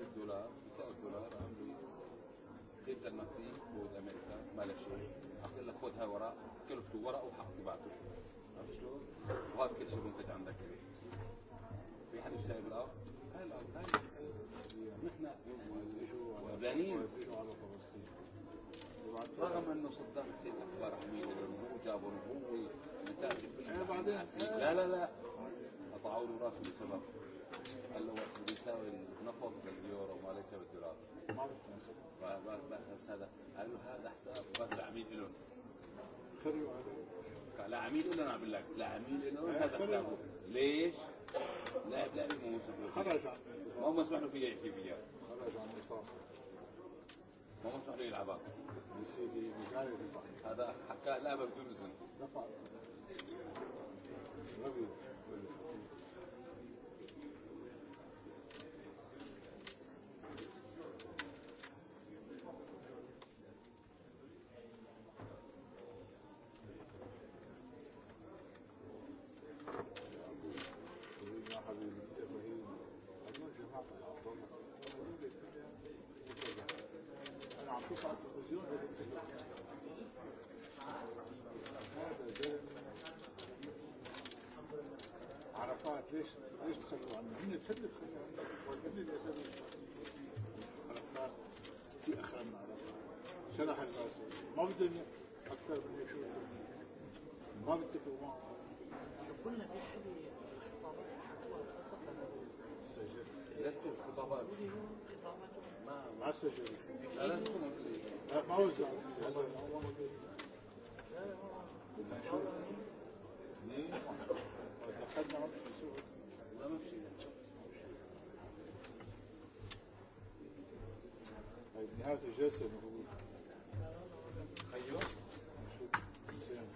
6 دولار ب 9 دولار عملوا خيمة النفطية خذ أمريكا ما لا شيء أقول لك خذها وراء كلفته وراء وحق تبعته عرفت شلون؟ وهذا كل شيء منتج عندك في حد شايف الأرض؟ هاي الأرض هاي نحن غنيين رغم انه صدام حسين اخبار حميده لانه جابوا نبوه نتائج بعدين لا لا لا قطعوا له راسه لسبب Quello che ho visto una foto dell'euro ma ليس بالدولار. بس هذا قالوا هذا حساب بدر عميل لهم. خلوا لا عميل لنا عم لك لا عميل لنا هذا حسابه ليش؟ لا لا مو مسموح له خرج ما هو مسموح له فيه يحكي فيها خرج عن النطاق ما هو مسموح له يلعبها هذا حكى لعبه بدون اذن يدخلوا عن مين السد يدخلوا عن ومين اللي يسد عرفنا في اخر ما عرفنا شرح الباسل ما بدهم اكثر من يشوفوا ما بيتفقوا معهم قلنا في حل الخطابات السجل يكتب خطابات ما ما سجل لا لازم ما وزع دخلنا عمر في سوق نهاية الجلسة المفروض خيو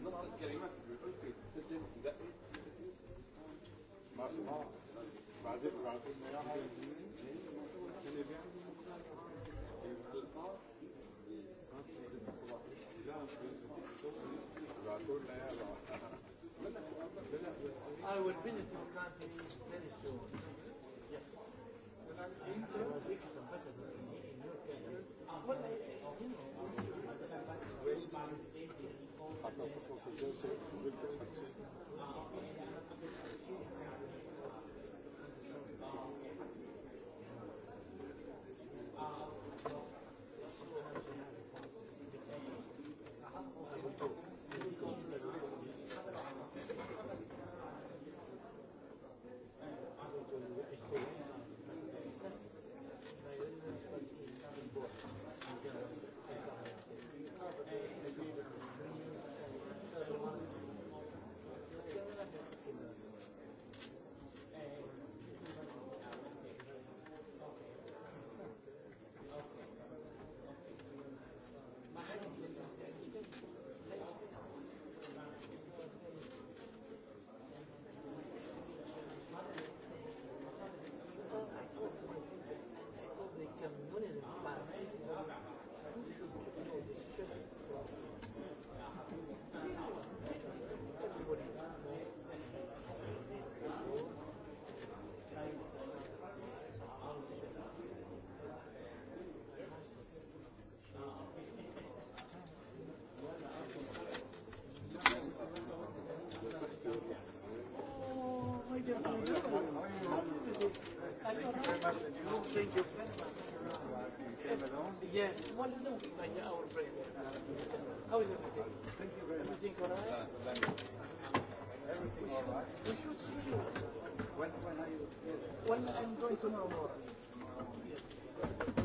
نص الكلمات اللي قلت تسجل دقت ما سمع بعدين بعدين ما يعمل اللي بيعمل I would be the company. thank you. You came alone? Yeah, one little like our friend. How is everything? Thank you very much. Everything all right? Everything all right? We should see you. When, when are you? Yes. When I'm going tomorrow morning. Tomorrow morning. Yes.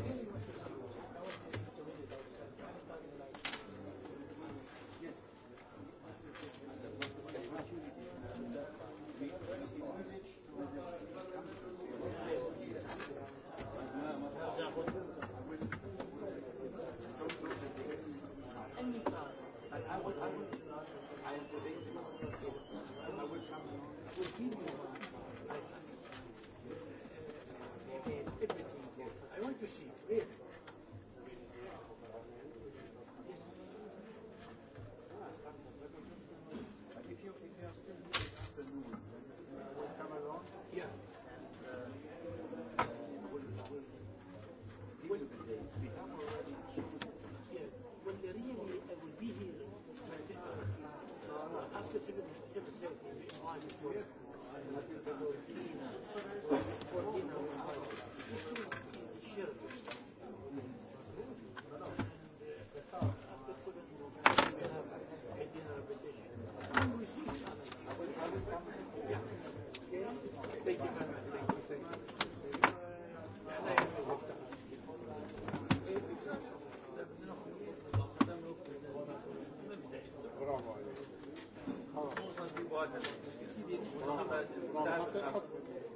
لجان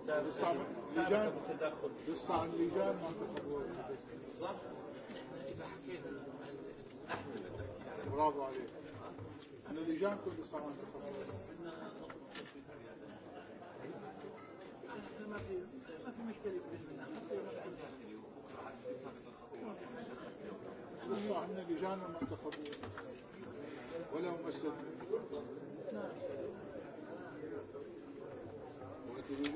لسه اللجان ما تخلوا بالظبط اذا حكينا احنا برافو عليك انا اللجان كل لسه ما تخلوا ما في ما في مشكله بالنسبه لنا حتى بكره عندنا لجان ما انتخبوه ولا هم السبب Thank you.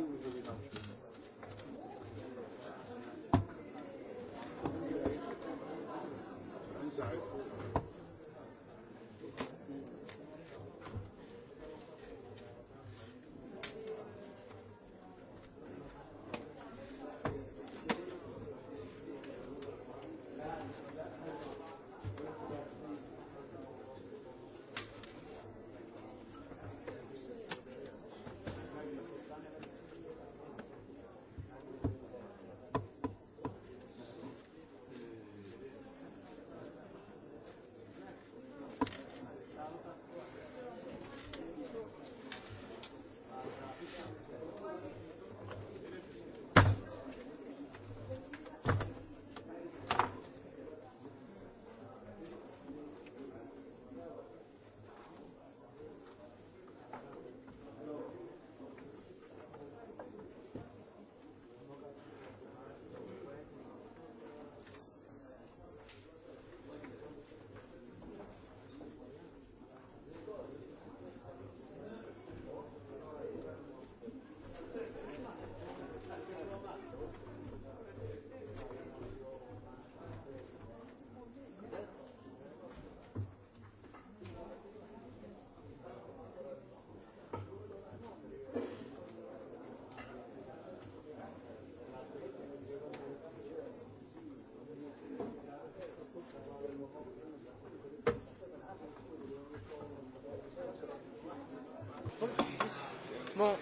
Bon.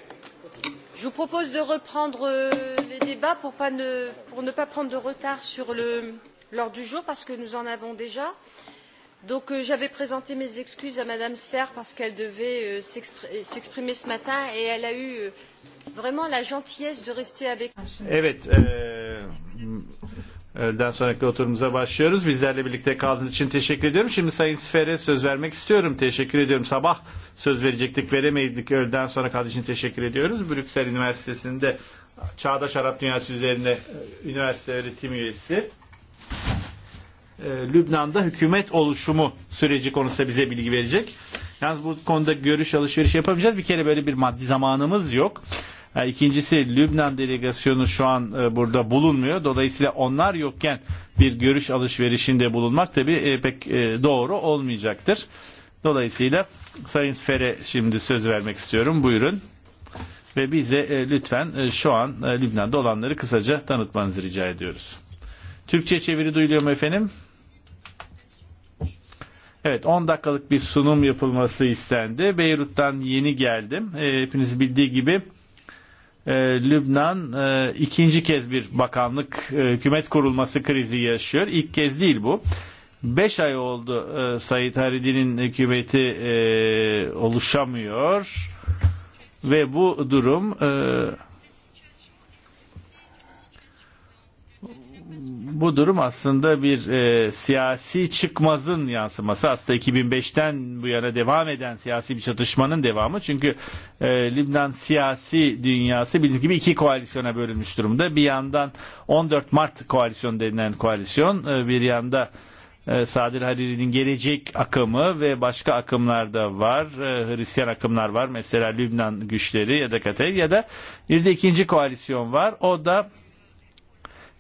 Je vous propose de reprendre euh, les débats pour, pas ne, pour ne pas prendre de retard sur l'ordre du jour parce que nous en avons déjà. Donc euh, j'avais présenté mes excuses à Madame Sfer parce qu'elle devait euh, euh s'exprimer ce matin et elle a eu euh, vraiment la gentillesse de rester avec nous. Evet, eh e, euh, Öğleden sonraki oturumuza başlıyoruz. Bizlerle birlikte kaldığınız için teşekkür ediyorum. Şimdi Sayın Sfer'e söz vermek istiyorum. Teşekkür ediyorum. Sabah söz verecektik, veremedik. Öğleden sonra kaldığı için teşekkür ediyoruz. Brüksel Üniversitesi'nde Çağdaş Arap Dünyası üzerine e, üniversite öğretim üyesi. Lübnan'da hükümet oluşumu süreci konusunda bize bilgi verecek. Yalnız bu konuda görüş alışveriş yapamayacağız. Bir kere böyle bir maddi zamanımız yok. Yani İkincisi Lübnan delegasyonu şu an e, burada bulunmuyor. Dolayısıyla onlar yokken bir görüş alışverişinde bulunmak tabi e, pek e, doğru olmayacaktır. Dolayısıyla Sayın Sfer'e şimdi söz vermek istiyorum. Buyurun. Ve bize e, lütfen e, şu an e, Lübnan'da olanları kısaca tanıtmanızı rica ediyoruz. Türkçe çeviri duyuluyor mu efendim? Evet 10 dakikalık bir sunum yapılması istendi. Beyrut'tan yeni geldim. E, Hepiniz bildiği gibi e, Lübnan e, ikinci kez bir bakanlık e, hükümet kurulması krizi yaşıyor. İlk kez değil bu. Beş ay oldu e, Said Haridi'nin hükümeti e, oluşamıyor ve bu durum e, bu durum aslında bir e, siyasi çıkmazın yansıması. Aslında 2005'ten bu yana devam eden siyasi bir çatışmanın devamı. Çünkü e, Lübnan siyasi dünyası bildiğim gibi iki koalisyona bölünmüş durumda. Bir yandan 14 Mart koalisyonu denilen koalisyon, e, bir yanda e, Sadir Hariri'nin gelecek akımı ve başka akımlar da var. E, Hristiyan akımlar var. Mesela Lübnan güçleri ya da Katar ya da bir de ikinci koalisyon var. O da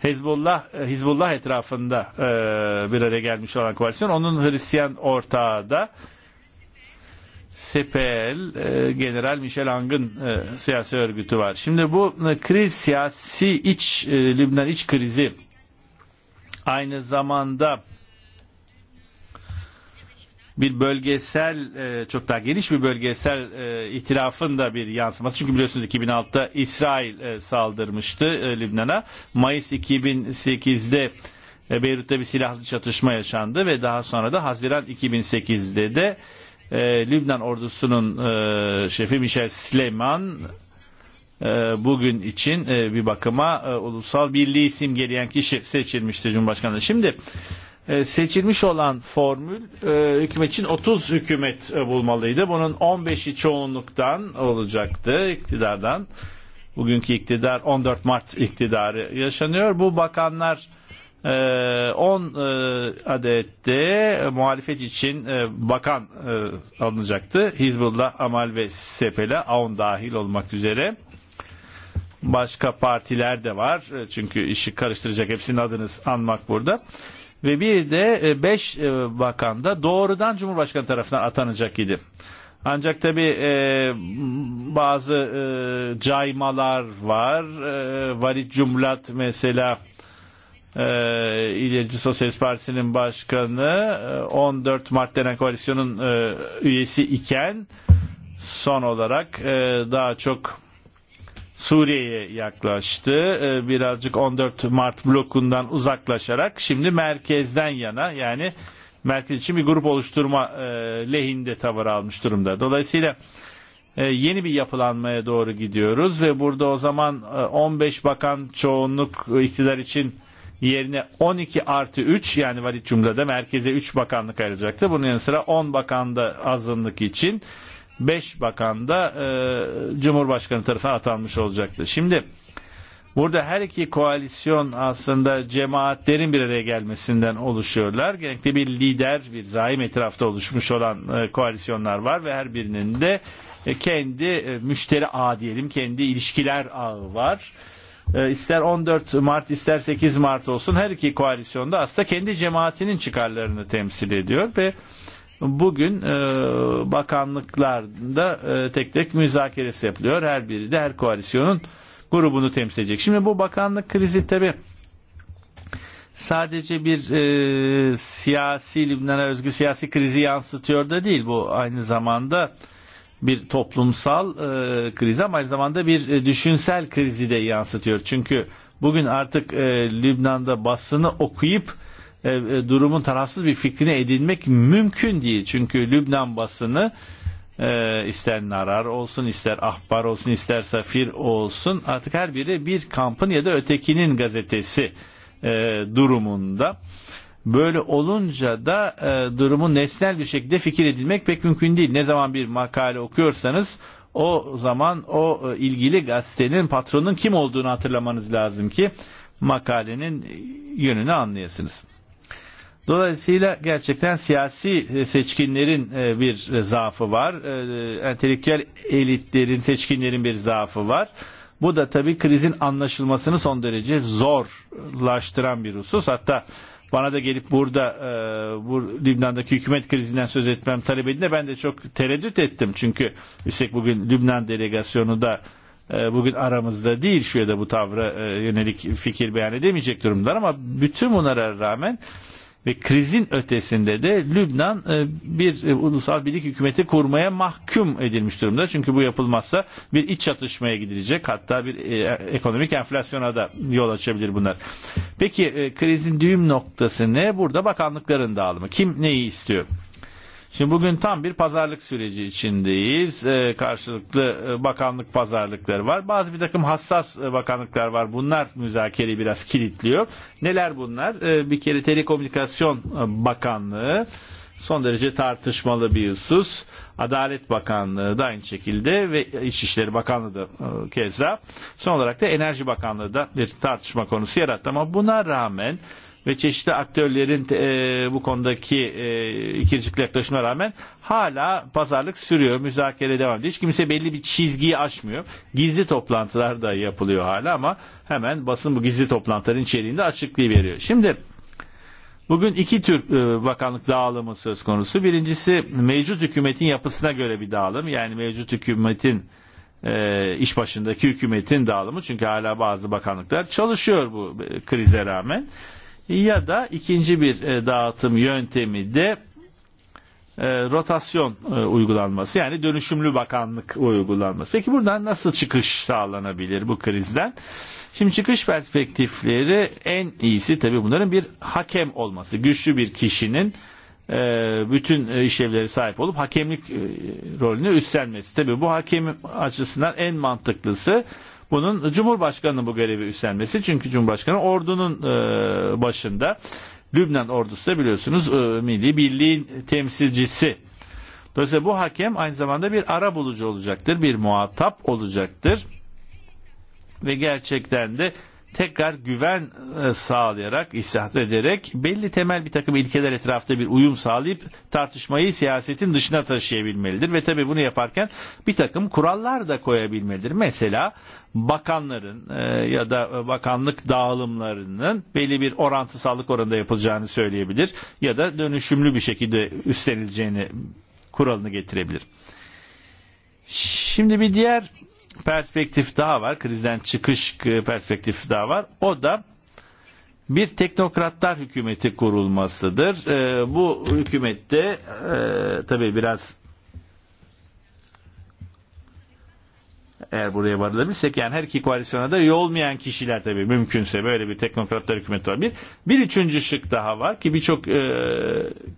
Hizbullah, Hizbullah etrafında e, bir araya gelmiş olan koalisyon. Onun Hristiyan ortağı da Sepel, e, General Michel Ang'ın e, siyasi örgütü var. Şimdi bu e, kriz siyasi iç, e, Lübnan iç krizi aynı zamanda bir bölgesel e, çok daha geniş bir bölgesel e, itilafın da bir yansıması. Çünkü biliyorsunuz 2006'da İsrail e, saldırmıştı e, Lübnan'a. Mayıs 2008'de e, Beyrut'ta bir silahlı çatışma yaşandı ve daha sonra da Haziran 2008'de de e, Lübnan ordusunun e, şefi Michel Süleyman e, bugün için e, bir bakıma e, ulusal birliği simgeleyen kişi seçilmişti Cumhurbaşkanı. Şimdi E, seçilmiş olan formül e, hükümet için 30 hükümet e, bulmalıydı. Bunun 15'i çoğunluktan olacaktı iktidardan. Bugünkü iktidar 14 Mart iktidarı yaşanıyor. Bu bakanlar 10 adette muhalefet için bakan alınacaktı. Hizbullah, Amal ve Sepel'e AUN dahil olmak üzere. Başka partiler de var. Çünkü işi karıştıracak hepsinin adını anmak Burada ve bir de 5 e, bakan e, da doğrudan Cumhurbaşkanı tarafından atanacak idi. Ancak tabi e, bazı e, caymalar var. E, Valit Cumhurat mesela e, İlerici Sosyalist Partisi'nin başkanı 14 e, Mart denen koalisyonun e, üyesi iken son olarak e, daha çok Suriye'ye yaklaştı. Birazcık 14 Mart blokundan uzaklaşarak şimdi merkezden yana yani merkez için bir grup oluşturma e, lehinde tavır almış durumda. Dolayısıyla e, yeni bir yapılanmaya doğru gidiyoruz ve burada o zaman 15 e, bakan çoğunluk iktidar için yerine 12 artı 3 yani valit cümlede merkeze 3 bakanlık ayrılacaktı. Bunun yanı sıra 10 bakan da azınlık için 5 bakan da e, Cumhurbaşkanı tarafından atanmış olacaktı. Şimdi burada her iki koalisyon aslında cemaatlerin bir araya gelmesinden oluşuyorlar. Genellikle bir lider, bir zaim etrafta oluşmuş olan e, koalisyonlar var ve her birinin de e, kendi e, müşteri ağı diyelim, kendi ilişkiler ağı var. E, i̇ster 14 Mart ister 8 Mart olsun her iki koalisyonda aslında kendi cemaatinin çıkarlarını temsil ediyor ve Bugün e, bakanlıklarda e, tek tek müzakeresi yapılıyor. Her biri de her koalisyonun grubunu temsil edecek. Şimdi bu bakanlık krizi tabi sadece bir e, siyasi Lübnan'a özgü siyasi krizi yansıtıyor da değil. Bu aynı zamanda bir toplumsal e, krizi ama aynı zamanda bir e, düşünsel krizi de yansıtıyor. Çünkü bugün artık e, Lübnan'da basını okuyup E, e, durumun tarafsız bir fikrini edinmek mümkün değil. Çünkü Lübnan basını e, ister Narar olsun, ister Ahbar olsun, ister Safir olsun artık her biri bir kampın ya da ötekinin gazetesi e, durumunda. Böyle olunca da e, durumu nesnel bir şekilde fikir edilmek pek mümkün değil. Ne zaman bir makale okuyorsanız o zaman o e, ilgili gazetenin patronun kim olduğunu hatırlamanız lazım ki makalenin yönünü anlayasınız. Dolayısıyla gerçekten siyasi e, seçkinlerin e, bir e, zaafı var. Entelektüel elitlerin, seçkinlerin bir zaafı var. Bu da tabii krizin anlaşılmasını son derece zorlaştıran bir husus. Hatta bana da gelip burada e, bu Lübnan'daki hükümet krizinden söz etmem talep ben de çok tereddüt ettim. Çünkü üstelik bugün Lübnan delegasyonu da e, bugün aramızda değil şu ya da bu tavra e, yönelik fikir beyan edemeyecek durumda. ama bütün bunlara rağmen ve krizin ötesinde de Lübnan e, bir e, ulusal birlik hükümeti kurmaya mahkum edilmiş durumda. Çünkü bu yapılmazsa bir iç çatışmaya gidilecek. Hatta bir e, ekonomik enflasyona da yol açabilir bunlar. Peki krizin düğüm noktası ne? Burada bakanlıkların dağılımı. Kim neyi istiyor? Şimdi bugün tam bir pazarlık süreci içindeyiz. E, karşılıklı e, bakanlık pazarlıkları var. Bazı bir takım hassas e, bakanlıklar var. Bunlar müzakereyi biraz kilitliyor. Neler bunlar? E, bir kere Telekomünikasyon e, Bakanlığı son derece tartışmalı bir husus. Adalet Bakanlığı da aynı şekilde ve İçişleri Bakanlığı da e, keza. Son olarak da Enerji Bakanlığı da bir tartışma konusu yarattı. Ama buna rağmen ve çeşitli aktörlerin e, bu konudaki e, ikircikli yaklaşımına rağmen hala pazarlık sürüyor, müzakere devam ediyor. Hiç kimse belli bir çizgiyi aşmıyor. Gizli toplantılar da yapılıyor hala ama hemen basın bu gizli toplantıların içeriğinde açıklığı veriyor. Şimdi Bugün iki tür e, bakanlık dağılımı söz konusu. Birincisi mevcut hükümetin yapısına göre bir dağılım. Yani mevcut hükümetin e, iş başındaki hükümetin dağılımı. Çünkü hala bazı bakanlıklar çalışıyor bu e, krize rağmen ya da ikinci bir e, dağıtım yöntemi de e, rotasyon e, uygulanması yani dönüşümlü bakanlık uygulanması. Peki buradan nasıl çıkış sağlanabilir bu krizden? Şimdi çıkış perspektifleri en iyisi tabii bunların bir hakem olması. Güçlü bir kişinin e, bütün işlevleri sahip olup hakemlik e, rolünü üstlenmesi. Tabii bu hakem açısından en mantıklısı Bunun Cumhurbaşkanı'nın bu görevi üstlenmesi. Çünkü Cumhurbaşkanı ordunun e, başında Lübnan ordusu da biliyorsunuz e, milli birliğin temsilcisi. Dolayısıyla bu hakem aynı zamanda bir ara bulucu olacaktır, bir muhatap olacaktır ve gerçekten de tekrar güven e, sağlayarak, istat ederek belli temel bir takım ilkeler etrafta bir uyum sağlayıp tartışmayı siyasetin dışına taşıyabilmelidir. Ve tabi bunu yaparken bir takım kurallar da koyabilmelidir. Mesela bakanların e, ya da e, bakanlık dağılımlarının belli bir orantısallık oranında yapılacağını söyleyebilir ya da dönüşümlü bir şekilde üstlenileceğini kuralını getirebilir. Şimdi bir diğer perspektif daha var. Krizden çıkış e, perspektif daha var. O da bir teknokratlar hükümeti kurulmasıdır. E, bu hükümette e, tabii biraz eğer buraya varılabilirsek yani her iki koalisyona da üye olmayan kişiler tabii mümkünse böyle bir teknokratlar hükümeti var. Bir, bir üçüncü şık daha var ki birçok e,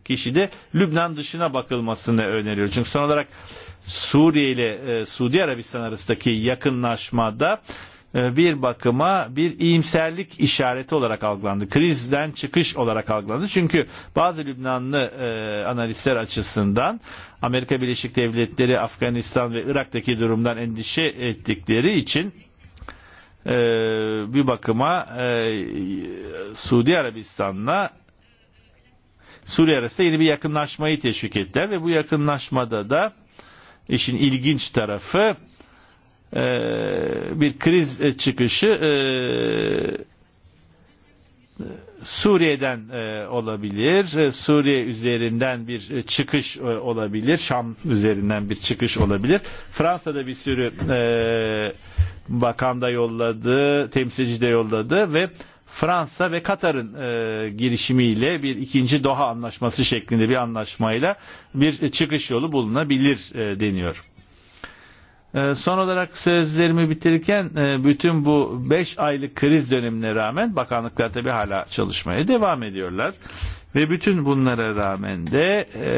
kişi de Lübnan dışına bakılmasını öneriyor. Çünkü son olarak Suriye ile e, Suudi Arabistan arasındaki yakınlaşmada E, bir bakıma bir iyimserlik işareti olarak algılandı. Krizden çıkış olarak algılandı. Çünkü bazı Lübnanlı e, analistler açısından Amerika Birleşik Devletleri Afganistan ve Irak'taki durumdan endişe ettikleri için e, bir bakıma e, Suudi Arabistan'la Suriye arasında yeni bir yakınlaşmayı teşvik ettiler ve bu yakınlaşmada da işin ilginç tarafı bir kriz e, çıkışı e, Suriye'den e, olabilir, Suriye üzerinden bir çıkış olabilir, Şam üzerinden bir çıkış olabilir. Fransa'da bir sürü bakan da yolladı, temsilci de yolladı ve Fransa ve Katar'ın e, girişimiyle bir ikinci Doha anlaşması şeklinde bir anlaşmayla bir çıkış yolu bulunabilir e, deniyor. Son olarak sözlerimi bitirirken e, bütün bu 5 aylık kriz dönemine rağmen bakanlıklar tabi hala çalışmaya devam ediyorlar. Ve bütün bunlara rağmen de e,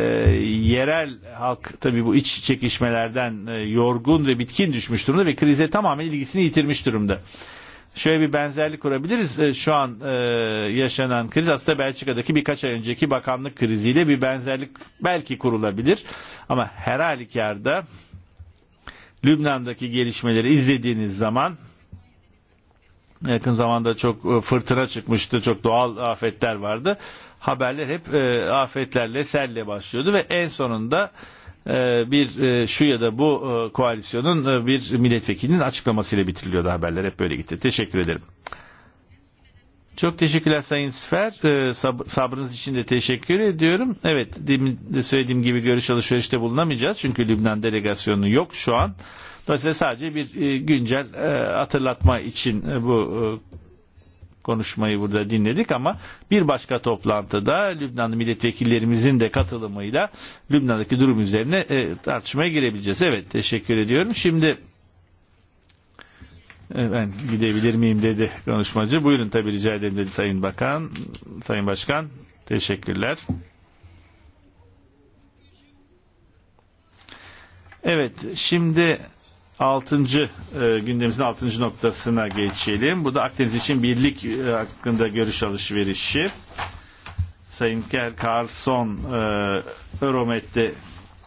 yerel halk tabii bu iç çekişmelerden e, yorgun ve bitkin düşmüş durumda ve krize tamamen ilgisini yitirmiş durumda. Şöyle bir benzerlik kurabiliriz. E, şu an e, yaşanan kriz aslında Belçika'daki birkaç ay önceki bakanlık kriziyle bir benzerlik belki kurulabilir. Ama her halükarda Lübnan'daki gelişmeleri izlediğiniz zaman yakın zamanda çok e, fırtına çıkmıştı, çok doğal afetler vardı. Haberler hep e, afetlerle, selle başlıyordu ve en sonunda e, bir e, şu ya da bu e, koalisyonun e, bir milletvekilinin açıklamasıyla bitiriliyordu haberler. Hep böyle gitti. Teşekkür ederim. Çok teşekkürler Sayın Sfer. sab sabrınız için de teşekkür ediyorum. Evet de söylediğim gibi görüş alışverişte bulunamayacağız. Çünkü Lübnan delegasyonu yok şu an. Dolayısıyla sadece bir e, güncel e, hatırlatma için e, bu e, konuşmayı burada dinledik ama bir başka toplantıda Lübnanlı milletvekillerimizin de katılımıyla Lübnan'daki durum üzerine e, tartışmaya girebileceğiz. Evet teşekkür ediyorum. Şimdi Ben gidebilir miyim dedi konuşmacı. Buyurun tabi rica edelim dedi Sayın Bakan, Sayın Başkan. Teşekkürler. Evet, şimdi 6. E, gündemimizin 6. noktasına geçelim. Bu da Akdeniz için birlik e, hakkında görüş alışverişi. Sayın Ker Carson e, Euromet'te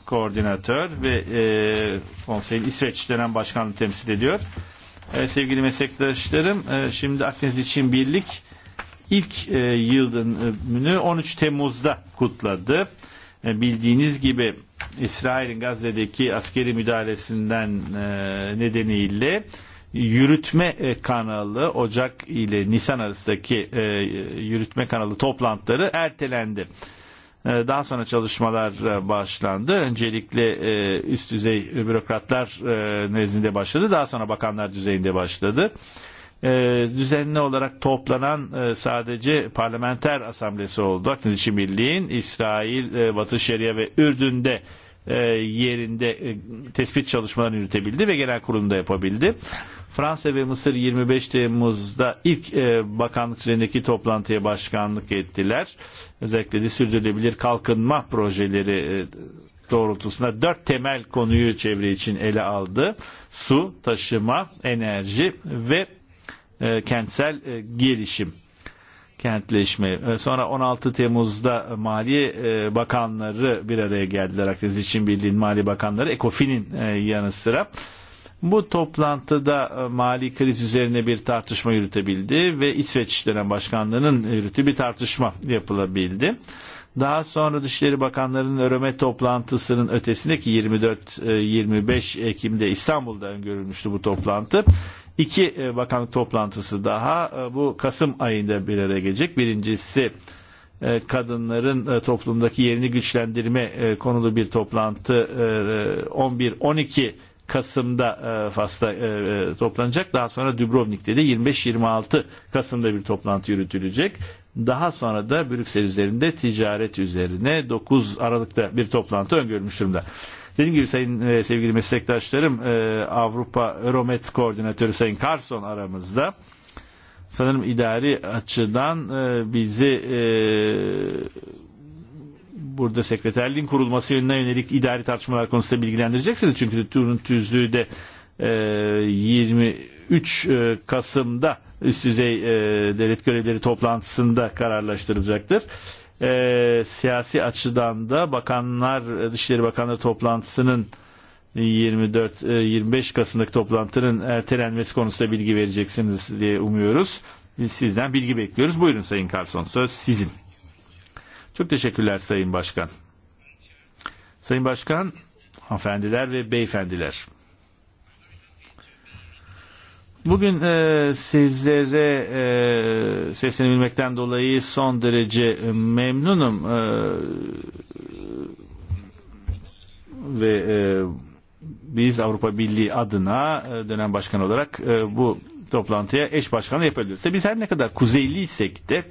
koordinatör ve e, konseyin İsveç denen başkanlığı temsil ediyor. E, sevgili meslektaşlarım. E, şimdi Akdeniz için Birlik ilk e, yıl dönümünü 13 Temmuz'da kutladı. Bildiğiniz gibi İsrail'in Gazze'deki askeri müdahalesinden nedeniyle yürütme kanalı Ocak ile Nisan arasındaki yürütme kanalı toplantıları ertelendi. Daha sonra çalışmalar e, başlandı. Öncelikle e, üst düzey bürokratlar e, nezdinde başladı. Daha sonra bakanlar düzeyinde başladı. Düzenli olarak toplanan sadece parlamenter asamblesi oldu. Akdeniz Birliği'nin İsrail, Batı Şeria ve Ürdün'de yerinde tespit çalışmalarını yürütebildi ve genel kurulunda yapabildi. Fransa ve Mısır 25 Temmuz'da ilk e, bakanlık düzenindeki toplantıya başkanlık ettiler. Özellikle de sürdürülebilir kalkınma projeleri e, doğrultusunda dört temel konuyu çevre için ele aldı. Su, taşıma, enerji ve e, kentsel e, gelişim kentleşme. E, sonra 16 Temmuz'da Maliye e, Bakanları bir araya geldiler Akdeniz için Birliği'nin Mali Bakanları. Ekofin'in e, yanı sıra Bu toplantıda e, mali kriz üzerine bir tartışma yürütebildi ve İsveç dönem başkanlığının yürütü bir tartışma yapılabildi. Daha sonra Dışişleri Bakanlarının öreme toplantısının ötesindeki 24-25 e, Ekim'de İstanbul'da görülmüştü bu toplantı. İki e, bakanlık toplantısı daha bu Kasım ayında bir araya gelecek. Birincisi kadınların toplumdaki yerini güçlendirme konulu bir toplantı 11-12 Ekim'de Kasım'da e, Fas'ta e, e, toplanacak. Daha sonra Dubrovnik'te de 25-26 Kasım'da bir toplantı yürütülecek. Daha sonra da Brüksel üzerinde ticaret üzerine 9 Aralık'ta bir toplantı öngörülmüş durumda. Dediğim gibi sayın e, sevgili meslektaşlarım e, Avrupa Euromet koordinatörü Sayın Carson aramızda. Sanırım idari açıdan e, bizi e, burada sekreterliğin kurulması yönüne yönelik idari tartışmalar konusunda bilgilendireceksiniz. Çünkü turun tüzüğü de e, 23 e, Kasım'da üst düzey e, devlet görevleri toplantısında kararlaştırılacaktır. E, siyasi açıdan da bakanlar, e, Dışişleri Bakanları toplantısının 24 25 e, Kasım'daki toplantının ertelenmesi konusunda bilgi vereceksiniz diye umuyoruz. Biz sizden bilgi bekliyoruz. Buyurun Sayın Karson söz sizin. Çok teşekkürler Sayın Başkan. Sayın Başkan, hanımefendiler ve beyefendiler. Bugün e, sizlere e, seslenebilmekten dolayı son derece memnunum e, ve e, biz Avrupa Birliği adına e, dönem başkan olarak e, bu toplantıya eş başkanı yapabiliriz. Biz her ne kadar kuzeyliysek de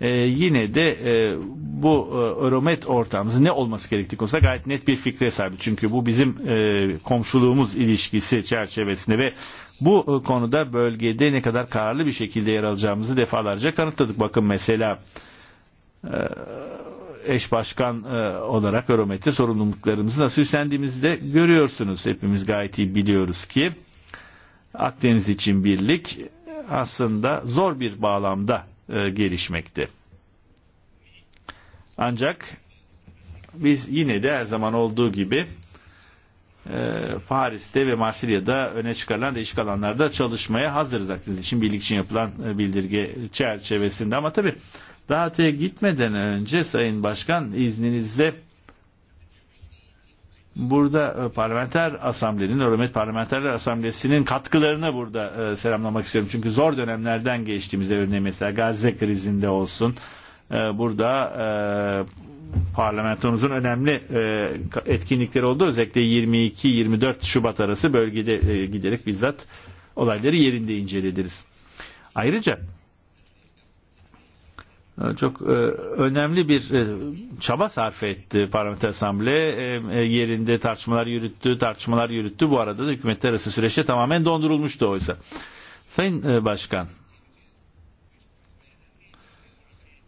e, yine de e, bu e, Romet ortağımızın ne olması gerektiği konusunda gayet net bir fikre sahibi. Çünkü bu bizim e, komşuluğumuz ilişkisi çerçevesinde ve bu e, konuda bölgede ne kadar kararlı bir şekilde yer alacağımızı defalarca kanıtladık. Bakın mesela e, eş başkan e, olarak Euromet'te sorumluluklarımızı nasıl üstlendiğimizi de görüyorsunuz. Hepimiz gayet iyi biliyoruz ki Akdeniz için birlik aslında zor bir bağlamda E, gelişmekte. Ancak biz yine de her zaman olduğu gibi e, Paris'te ve Marsilya'da öne çıkarılan değişik alanlarda çalışmaya hazırız Akdeniz için birlik için yapılan e, bildirge çerçevesinde ama tabi daha öteye gitmeden önce Sayın Başkan izninizle Burada e, parlamenter asamblenin, Euromet Parlamenterler Asamblesi'nin katkılarını burada e, selamlamak istiyorum. Çünkü zor dönemlerden geçtiğimizde örneğin mesela Gazze krizinde olsun. E, burada parlamentomuzun önemli etkinlikleri oldu. Özellikle 22-24 Şubat arası bölgede giderek bizzat olayları yerinde incelediriz. Ayrıca çok e, önemli bir e, çaba sarf etti parlamenter asamble. E, yerinde tartışmalar yürüttü, tartışmalar yürüttü. Bu arada da hükümetler arası süreçte tamamen dondurulmuştu oysa. Sayın Başkan,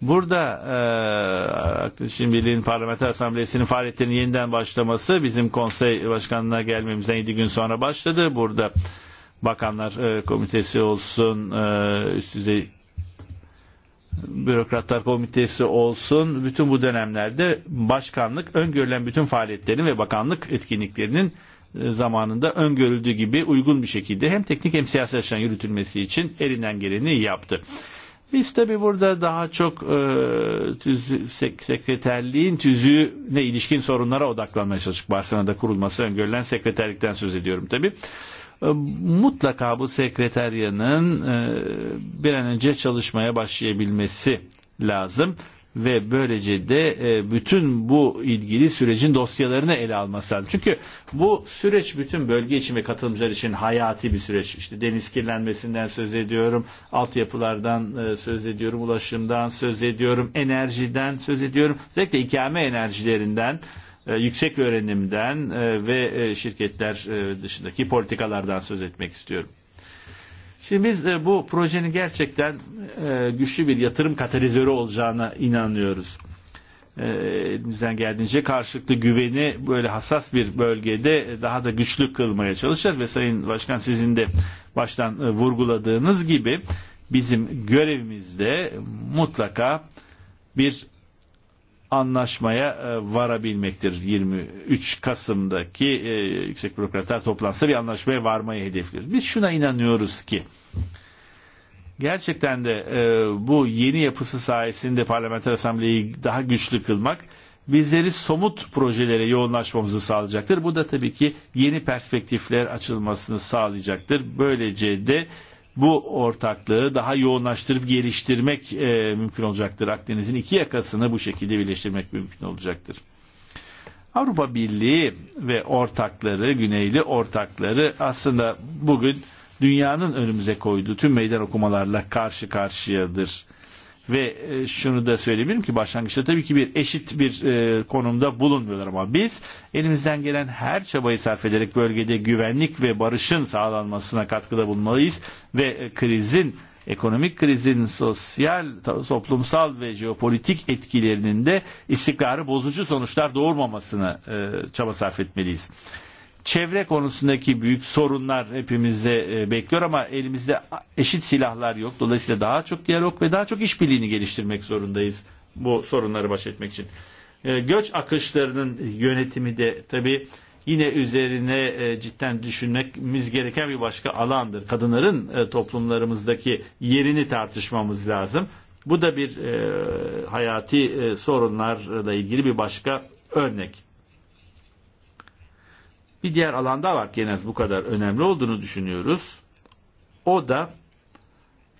Burada Akdeniz Birliği'nin parlamenter asamblesinin faaliyetlerinin yeniden başlaması bizim konsey başkanlığına gelmemizden 7 gün sonra başladı. Burada bakanlar komitesi olsun, üst düzey Bürokratlar Komitesi olsun bütün bu dönemlerde başkanlık öngörülen bütün faaliyetlerin ve bakanlık etkinliklerinin e, zamanında öngörüldüğü gibi uygun bir şekilde hem teknik hem siyasi açıdan yürütülmesi için elinden geleni yaptı. Biz tabi burada daha çok e, tüz, sek, sekreterliğin tüzüğüne ilişkin sorunlara odaklanmaya çalıştık. Barcelona'da kurulması öngörülen sekreterlikten söz ediyorum tabi mutlaka bu sekreteryanın e, bir an önce çalışmaya başlayabilmesi lazım ve böylece de e, bütün bu ilgili sürecin dosyalarını ele alması lazım. Çünkü bu süreç bütün bölge için ve katılımcılar için hayati bir süreç. İşte deniz kirlenmesinden söz ediyorum, altyapılardan e, söz ediyorum, ulaşımdan söz ediyorum, enerjiden söz ediyorum. Özellikle ikame enerjilerinden E, yüksek öğrenimden e, ve e, şirketler dışındaki politikalardan söz etmek istiyorum. Şimdi biz bu projenin gerçekten güçlü bir yatırım katalizörü olacağına inanıyoruz elimizden geldiğince karşılıklı güveni böyle hassas bir bölgede daha da güçlü kılmaya çalışacağız ve Sayın Başkan sizin de baştan vurguladığınız gibi bizim görevimizde mutlaka bir anlaşmaya e, varabilmektir. 23 Kasım'daki e, Yüksek Bürokratlar Toplantısı bir anlaşmaya varmayı hedefliyor. Biz şuna inanıyoruz ki gerçekten de e, bu yeni yapısı sayesinde Parlamenter Asambleyi daha güçlü kılmak bizleri somut projelere yoğunlaşmamızı sağlayacaktır. Bu da tabii ki yeni perspektifler açılmasını sağlayacaktır. Böylece de bu ortaklığı daha yoğunlaştırıp geliştirmek e, mümkün olacaktır. Akdeniz'in iki yakasını bu şekilde birleştirmek mümkün olacaktır. Avrupa Birliği ve ortakları, güneyli ortakları aslında bugün dünyanın önümüze koyduğu tüm meydan okumalarla karşı karşıyadır. Ve e, şunu da söyleyebilirim ki başlangıçta tabii ki bir eşit bir e, konumda bulunmuyorlar ama biz elimizden gelen her çabayı sarf ederek bölgede güvenlik ve barışın sağlanmasına katkıda bulunmalıyız ve e, krizin ekonomik krizin sosyal, toplumsal ve jeopolitik etkilerinin de istikrarı bozucu sonuçlar doğurmamasına çaba sarf etmeliyiz çevre konusundaki büyük sorunlar hepimizde e, bekliyor ama elimizde eşit silahlar yok. Dolayısıyla daha çok diyalog ve daha çok işbirliğini geliştirmek zorundayız bu sorunları baş etmek için. E, göç akışlarının yönetimi de tabii yine üzerine e, cidden düşünmemiz gereken bir başka alandır. Kadınların toplumlarımızdaki yerini tartışmamız lazım. Bu da bir hayati sorunlarla ilgili bir başka örnek bir diğer alanda var ki en az bu kadar önemli olduğunu düşünüyoruz. O da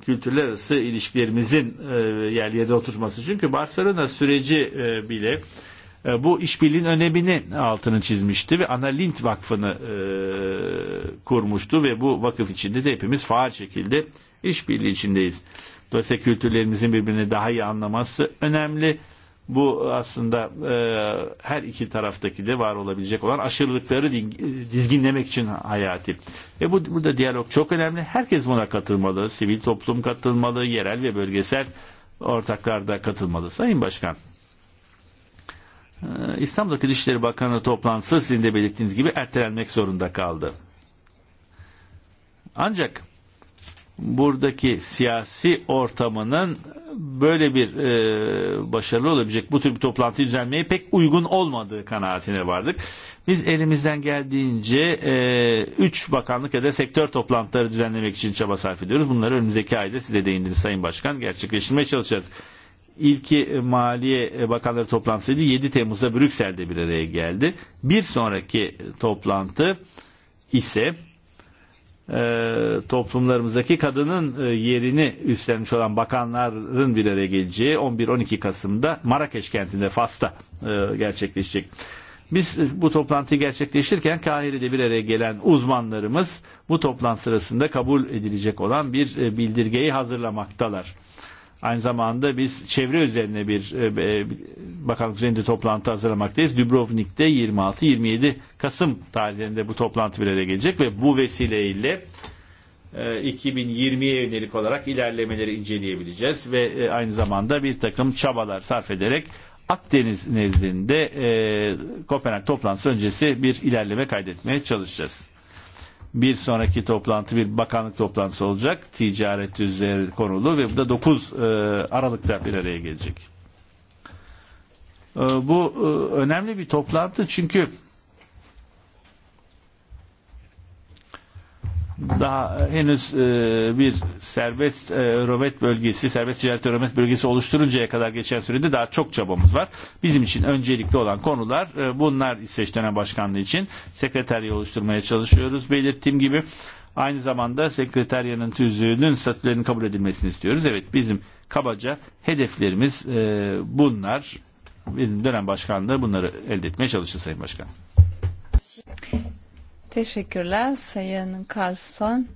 kültürler arası ilişkilerimizin e, yerlerde oturması. Çünkü Barcelona süreci e, bile e, bu işbirliğin önemini altını çizmişti ve Ana Lint Vakfı'nı e, kurmuştu ve bu vakıf içinde de hepimiz faal şekilde işbirliği içindeyiz. Dolayısıyla kültürlerimizin birbirini daha iyi anlaması önemli Bu aslında e, her iki taraftaki de var olabilecek olan aşırılıkları dizginlemek için hayati. E bu burada diyalog çok önemli. Herkes buna katılmalı. Sivil toplum katılmalı, yerel ve bölgesel ortaklar da katılmalı. Sayın Başkan. E, İstanbul'daki Dışişleri Bakanı toplantısı sizin de belirttiğiniz gibi ertelenmek zorunda kaldı. Ancak buradaki siyasi ortamının böyle bir e, başarılı olabilecek bu tür bir toplantı düzenlemeye pek uygun olmadığı kanaatine vardık. Biz elimizden geldiğince 3 e, üç bakanlık ya da sektör toplantıları düzenlemek için çaba sarf ediyoruz. Bunları önümüzdeki ayda size değindiniz Sayın Başkan. Gerçekleştirmeye çalışacağız. İlki e, Maliye e, Bakanları toplantısıydı. 7 Temmuz'da Brüksel'de bir araya geldi. Bir sonraki toplantı ise e, toplumlarımızdaki kadının e, yerini üstlenmiş olan bakanların bir araya geleceği 11-12 Kasım'da Marrakeş kentinde Fas'ta e, gerçekleşecek. Biz bu toplantıyı gerçekleştirirken Kahire'de bir araya gelen uzmanlarımız bu toplantı sırasında kabul edilecek olan bir e, bildirgeyi hazırlamaktalar. Aynı zamanda biz çevre üzerine bir e, e, bakanlık üzerinde toplantı hazırlamaktayız. Dubrovnik'te 26-27 Kasım tarihlerinde bu toplantı bir araya gelecek ve bu vesileyle 2020'ye e, yönelik olarak ilerlemeleri inceleyebileceğiz ve aynı zamanda bir takım çabalar sarf ederek Akdeniz nezdinde e, Kopenhag toplantısı öncesi bir ilerleme kaydetmeye çalışacağız bir sonraki toplantı bir bakanlık toplantısı olacak. Ticaret üzeri konulu ve bu da 9 e, Aralık'ta bir araya gelecek. E, bu e, önemli bir toplantı çünkü daha henüz e, bir serbest e, rövet bölgesi, serbest ticaret rövet bölgesi oluşturuncaya kadar geçen sürede daha çok çabamız var. Bizim için öncelikli olan konular e, bunlar İsveç Dönem Başkanlığı için. Sekreterya oluşturmaya çalışıyoruz belirttiğim gibi. Aynı zamanda sekreteryanın tüzüğünün statülerinin kabul edilmesini istiyoruz. Evet bizim kabaca hedeflerimiz e, bunlar. Bizim dönem başkanlığı bunları elde etmeye çalışır Sayın Başkan. Teşekkürler Sayın Carlson.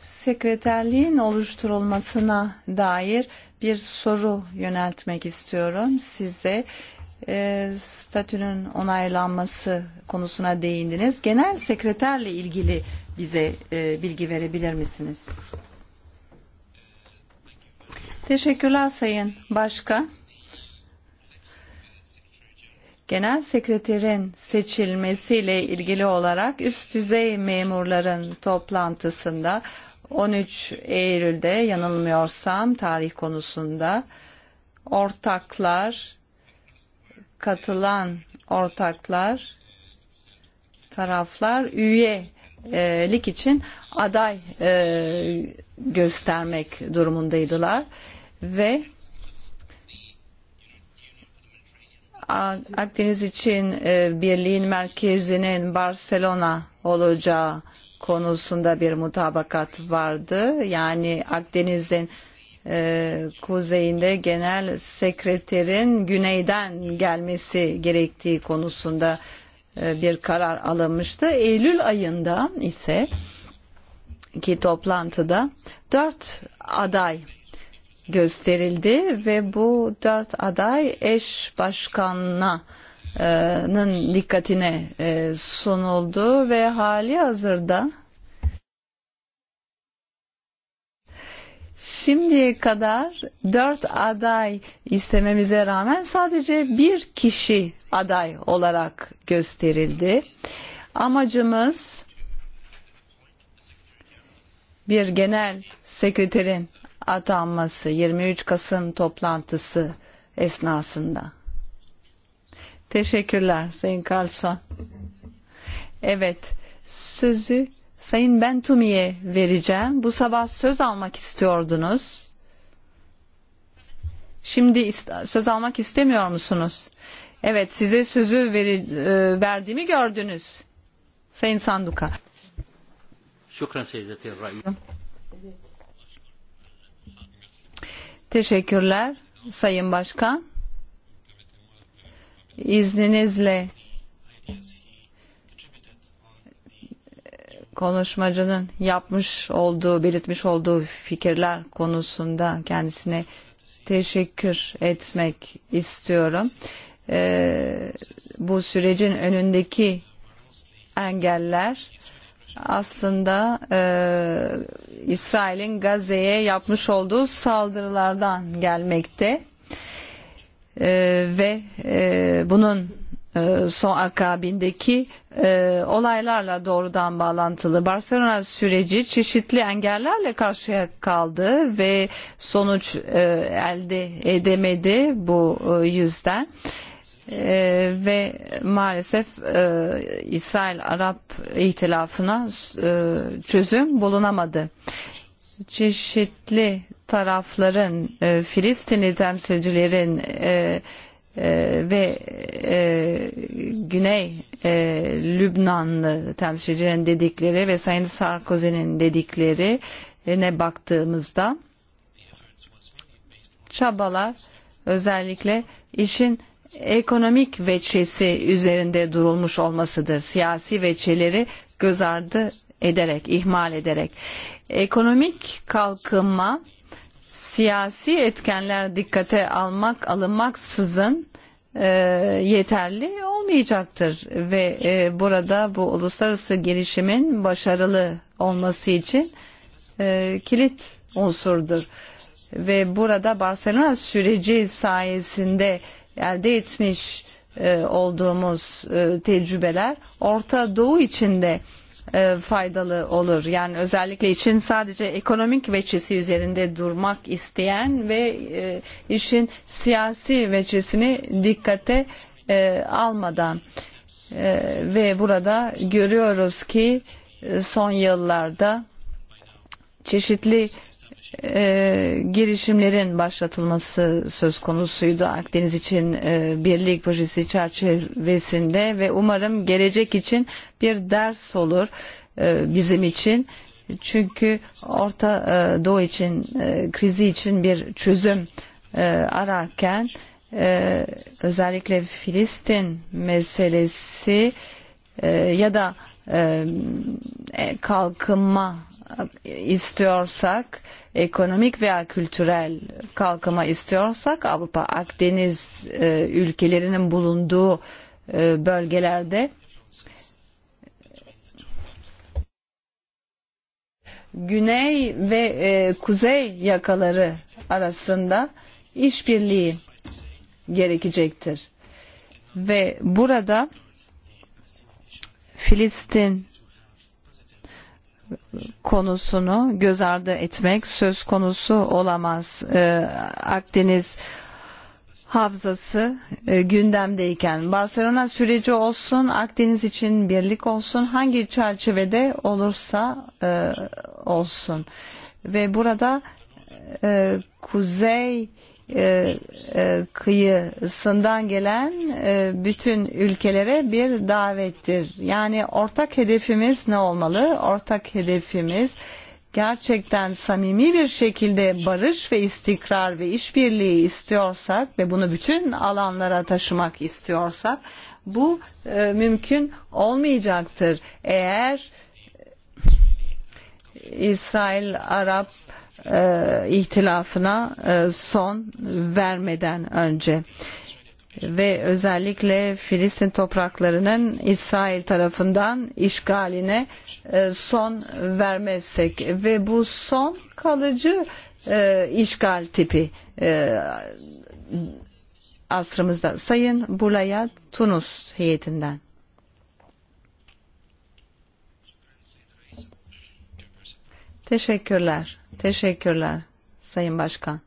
Sekreterliğin oluşturulmasına dair bir soru yöneltmek istiyorum size. E, statünün onaylanması konusuna değindiniz. Genel sekreterle ilgili bize e, bilgi verebilir misiniz? Teşekkürler Sayın Başkan. Genel Sekreterin seçilmesiyle ilgili olarak üst düzey memurların toplantısında 13 Eylül'de yanılmıyorsam tarih konusunda ortaklar katılan ortaklar taraflar üyelik için aday e, göstermek durumundaydılar ve Akdeniz için e, Berlin merkezinin Barcelona olacağı konusunda bir mutabakat vardı. Yani Akdeniz'in e, kuzeyinde genel sekreterin güneyden gelmesi gerektiği konusunda e, bir karar alınmıştı. Eylül ayında ise ki toplantıda dört aday gösterildi ve bu dört aday eş başkanına nın dikkatine sunuldu ve hali hazırda Şimdiye kadar dört aday istememize rağmen sadece bir kişi aday olarak gösterildi. Amacımız bir genel sekreterin atanması 23 Kasım toplantısı esnasında. Teşekkürler Sayın Karlsson. Evet sözü Sayın Bentumi'ye vereceğim. Bu sabah söz almak istiyordunuz. Şimdi söz almak istemiyor musunuz? Evet size sözü veri, e, verdiğimi gördünüz. Sayın Sanduka. Şükran Seyyidatı Rayyum. Evet. Teşekkürler Sayın Başkan. İzninizle konuşmacının yapmış olduğu, belirtmiş olduğu fikirler konusunda kendisine teşekkür etmek istiyorum. Ee, bu sürecin önündeki engeller aslında e, İsrail'in Gazze'ye yapmış olduğu saldırılardan gelmekte e, ve e, bunun e, son akabindeki e, olaylarla doğrudan bağlantılı. Barcelona süreci çeşitli engellerle karşıya kaldı ve sonuç e, elde edemedi bu e, yüzden ve maalesef e, İsrail-Arap ihtilafına e, çözüm bulunamadı. Çeşitli tarafların, e, Filistinli temsilcilerin e, e, ve e, Güney e, Lübnanlı temsilcilerin dedikleri ve Sayın Sarkozy'nin dedikleri e, ne baktığımızda çabalar özellikle işin ekonomik veçesi üzerinde durulmuş olmasıdır. Siyasi veçeleri göz ardı ederek, ihmal ederek. Ekonomik kalkınma siyasi etkenler dikkate almak alınmaksızın e, yeterli olmayacaktır ve e, burada bu uluslararası girişimin başarılı olması için e, kilit unsurdur ve burada Barcelona süreci sayesinde e, elde etmiş e, olduğumuz e, tecrübeler Orta Doğu içinde e, faydalı olur. Yani özellikle için sadece ekonomik veçesi üzerinde durmak isteyen ve e, işin siyasi veçesini dikkate e, almadan e, ve burada görüyoruz ki e, son yıllarda çeşitli e, girişimlerin başlatılması söz konusuydu Akdeniz için e, birlik projesi çerçevesinde ve umarım gelecek için bir ders olur e, bizim için. Çünkü Orta e, Doğu için e, krizi için bir çözüm e, ararken e, özellikle Filistin meselesi e, ya da Ehm, e, kalkınma e, istiyorsak, ekonomik veya kültürel kalkınma istiyorsak Avrupa Akdeniz e, ülkelerinin bulunduğu e, bölgelerde güney ve e, kuzey yakaları arasında işbirliği gerekecektir. Ve burada e, Filistin konusunu göz ardı etmek söz konusu olamaz. E, Akdeniz havzası e, gündemdeyken Barcelona süreci olsun, Akdeniz için birlik olsun, hangi çerçevede olursa e, olsun ve burada e, kuzey e, E, kıyısından gelen e, bütün ülkelere bir davettir. Yani ortak hedefimiz ne olmalı? Ortak hedefimiz gerçekten samimi bir şekilde barış ve istikrar ve işbirliği istiyorsak ve bunu bütün alanlara taşımak istiyorsak bu e, mümkün olmayacaktır. Eğer İsrail, Arap, e, e, ihtilafına e, son vermeden önce ve özellikle Filistin topraklarının İsrail tarafından işgaline e, son vermezsek ve bu son kalıcı e, işgal tipi e, asrımızda. Sayın Bulaya Tunus heyetinden. Teşekkürler. Teşekkürler Sayın Başkan.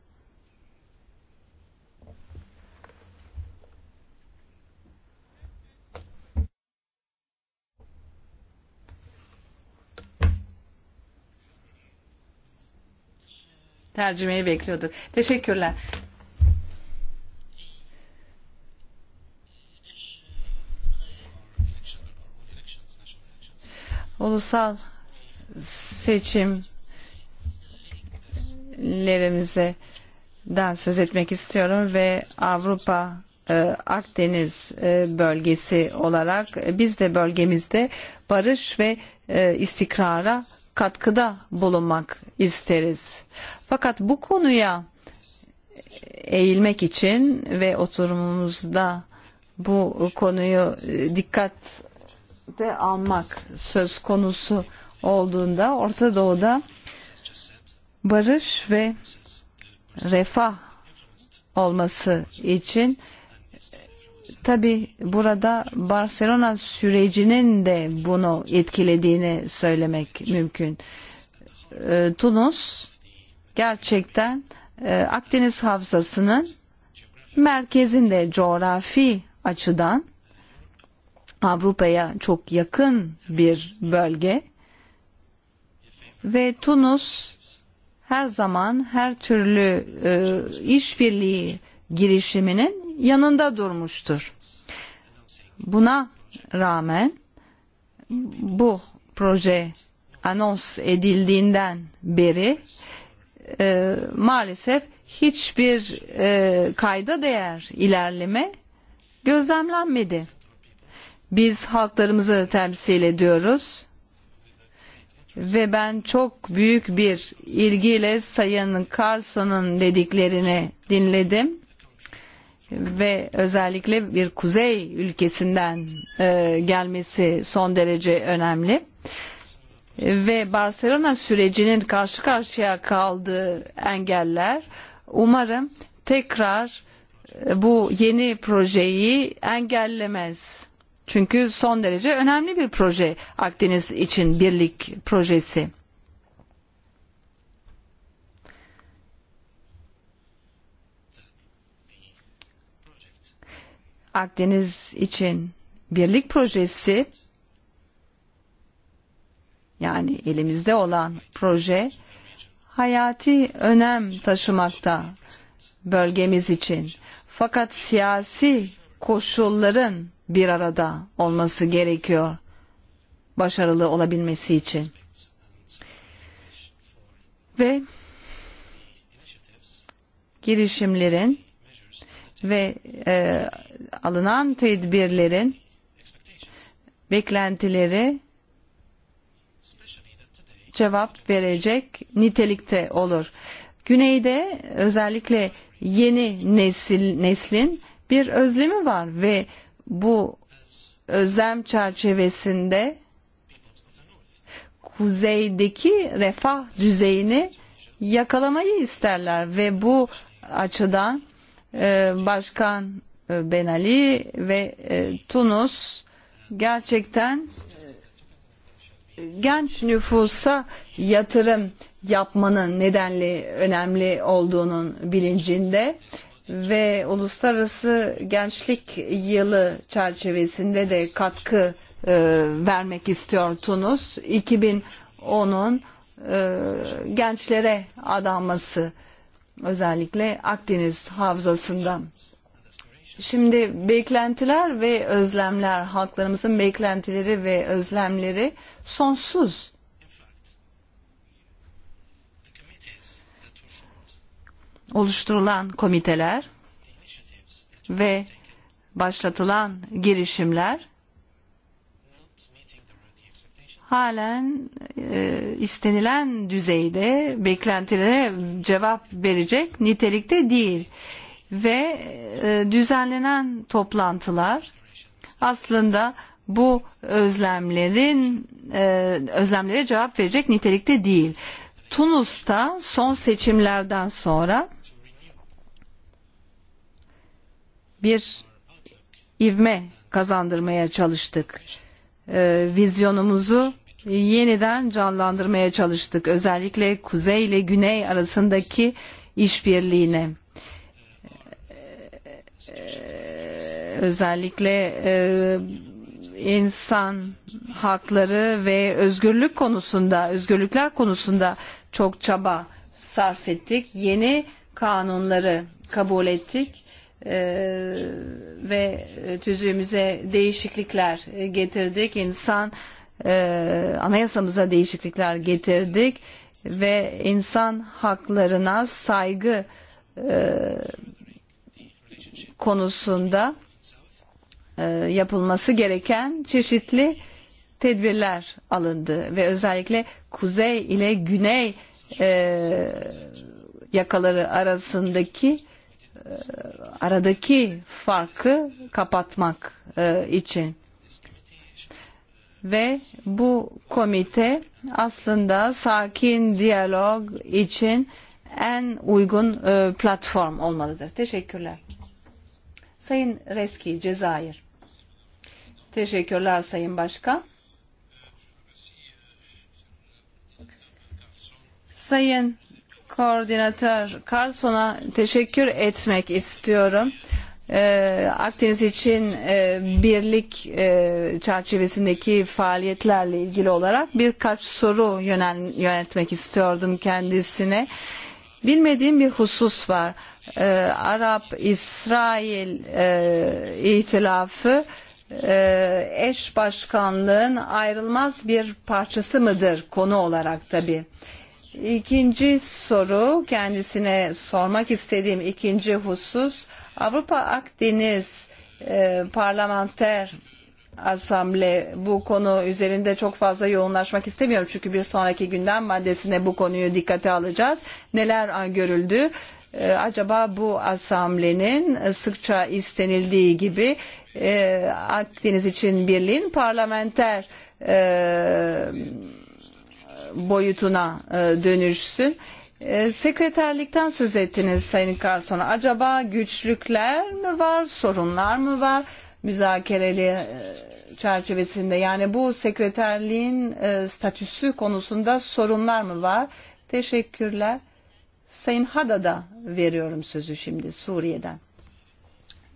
Tercümeyi bekliyorduk. Teşekkürler. Ulusal seçim lerimize den söz etmek istiyorum ve Avrupa Akdeniz bölgesi olarak biz de bölgemizde barış ve istikrara katkıda bulunmak isteriz. Fakat bu konuya eğilmek için ve oturumumuzda bu konuyu dikkatte almak söz konusu olduğunda Orta Doğu'da barış ve refah olması için tabi burada Barcelona sürecinin de bunu etkilediğini söylemek mümkün. Tunus gerçekten e, Akdeniz Havzası'nın merkezinde coğrafi açıdan Avrupa'ya çok yakın bir bölge ve Tunus her zaman her türlü e, işbirliği girişiminin yanında durmuştur. Buna rağmen bu proje anons edildiğinden beri e, maalesef hiçbir e, kayda değer ilerleme gözlemlenmedi. Biz halklarımızı temsil ediyoruz ve ben çok büyük bir ilgiyle Sayın Carlson'un dediklerini dinledim ve özellikle bir kuzey ülkesinden e, gelmesi son derece önemli ve Barcelona sürecinin karşı karşıya kaldığı engeller umarım tekrar e, bu yeni projeyi engellemez Çünkü son derece önemli bir proje Akdeniz için birlik projesi. Akdeniz için birlik projesi yani elimizde olan proje hayati önem taşımakta bölgemiz için. Fakat siyasi koşulların bir arada olması gerekiyor başarılı olabilmesi için. Ve girişimlerin ve e, alınan tedbirlerin beklentileri cevap verecek nitelikte olur. Güneyde özellikle yeni nesil neslin bir özlemi var ve bu özlem çerçevesinde kuzeydeki refah düzeyini yakalamayı isterler ve bu açıdan e, Başkan e, Ben Ali ve e, Tunus gerçekten e, genç nüfusa yatırım yapmanın nedenli önemli olduğunun bilincinde ve uluslararası gençlik yılı çerçevesinde de katkı e, vermek istiyor Tunus. 2010'un e, gençlere adanması özellikle Akdeniz havzasından. Şimdi beklentiler ve özlemler, halklarımızın beklentileri ve özlemleri sonsuz. oluşturulan komiteler ve başlatılan girişimler halen e, istenilen düzeyde beklentilere cevap verecek nitelikte değil ve e, düzenlenen toplantılar aslında bu özlemlerin e, özlemlere cevap verecek nitelikte değil. Tunus'ta son seçimlerden sonra bir ivme kazandırmaya çalıştık. Ee, vizyonumuzu yeniden canlandırmaya çalıştık. Özellikle kuzey ile güney arasındaki işbirliğine. Ee, özellikle e, insan hakları ve özgürlük konusunda, özgürlükler konusunda çok çaba sarf ettik. Yeni kanunları kabul ettik ve tüzüğümüze değişiklikler getirdik. İnsan e, anayasamıza değişiklikler getirdik ve insan haklarına saygı e, konusunda e, yapılması gereken çeşitli tedbirler alındı ve özellikle kuzey ile güney e, yakaları arasındaki aradaki farkı kapatmak e, için. Ve bu komite aslında sakin diyalog için en uygun e, platform olmalıdır. Teşekkürler. Sayın Reski, Cezayir. Teşekkürler Sayın Başkan. Sayın Koordinatör Carlson'a teşekkür etmek istiyorum. Ee, Akdeniz için e, birlik e, çerçevesindeki faaliyetlerle ilgili olarak birkaç soru yönel, yöneltmek istiyordum kendisine. Bilmediğim bir husus var. Ee, Arap-İsrail e, ihtilafı e, eş başkanlığın ayrılmaz bir parçası mıdır konu olarak tabii. İkinci soru kendisine sormak istediğim ikinci husus Avrupa Akdeniz e, parlamenter asamble bu konu üzerinde çok fazla yoğunlaşmak istemiyorum çünkü bir sonraki gündem maddesine bu konuyu dikkate alacağız. Neler görüldü? E, acaba bu asamblenin sıkça istenildiği gibi e, Akdeniz için birliğin parlamenter e, boyutuna e, dönüşsün. E, sekreterlikten söz ettiniz Sayın Carlson. Acaba güçlükler mi var, sorunlar mı var müzakereli e, çerçevesinde? Yani bu sekreterliğin statüsü konusunda sorunlar mı var? Teşekkürler. Sayın Hadad'a veriyorum sözü şimdi Suriye'den.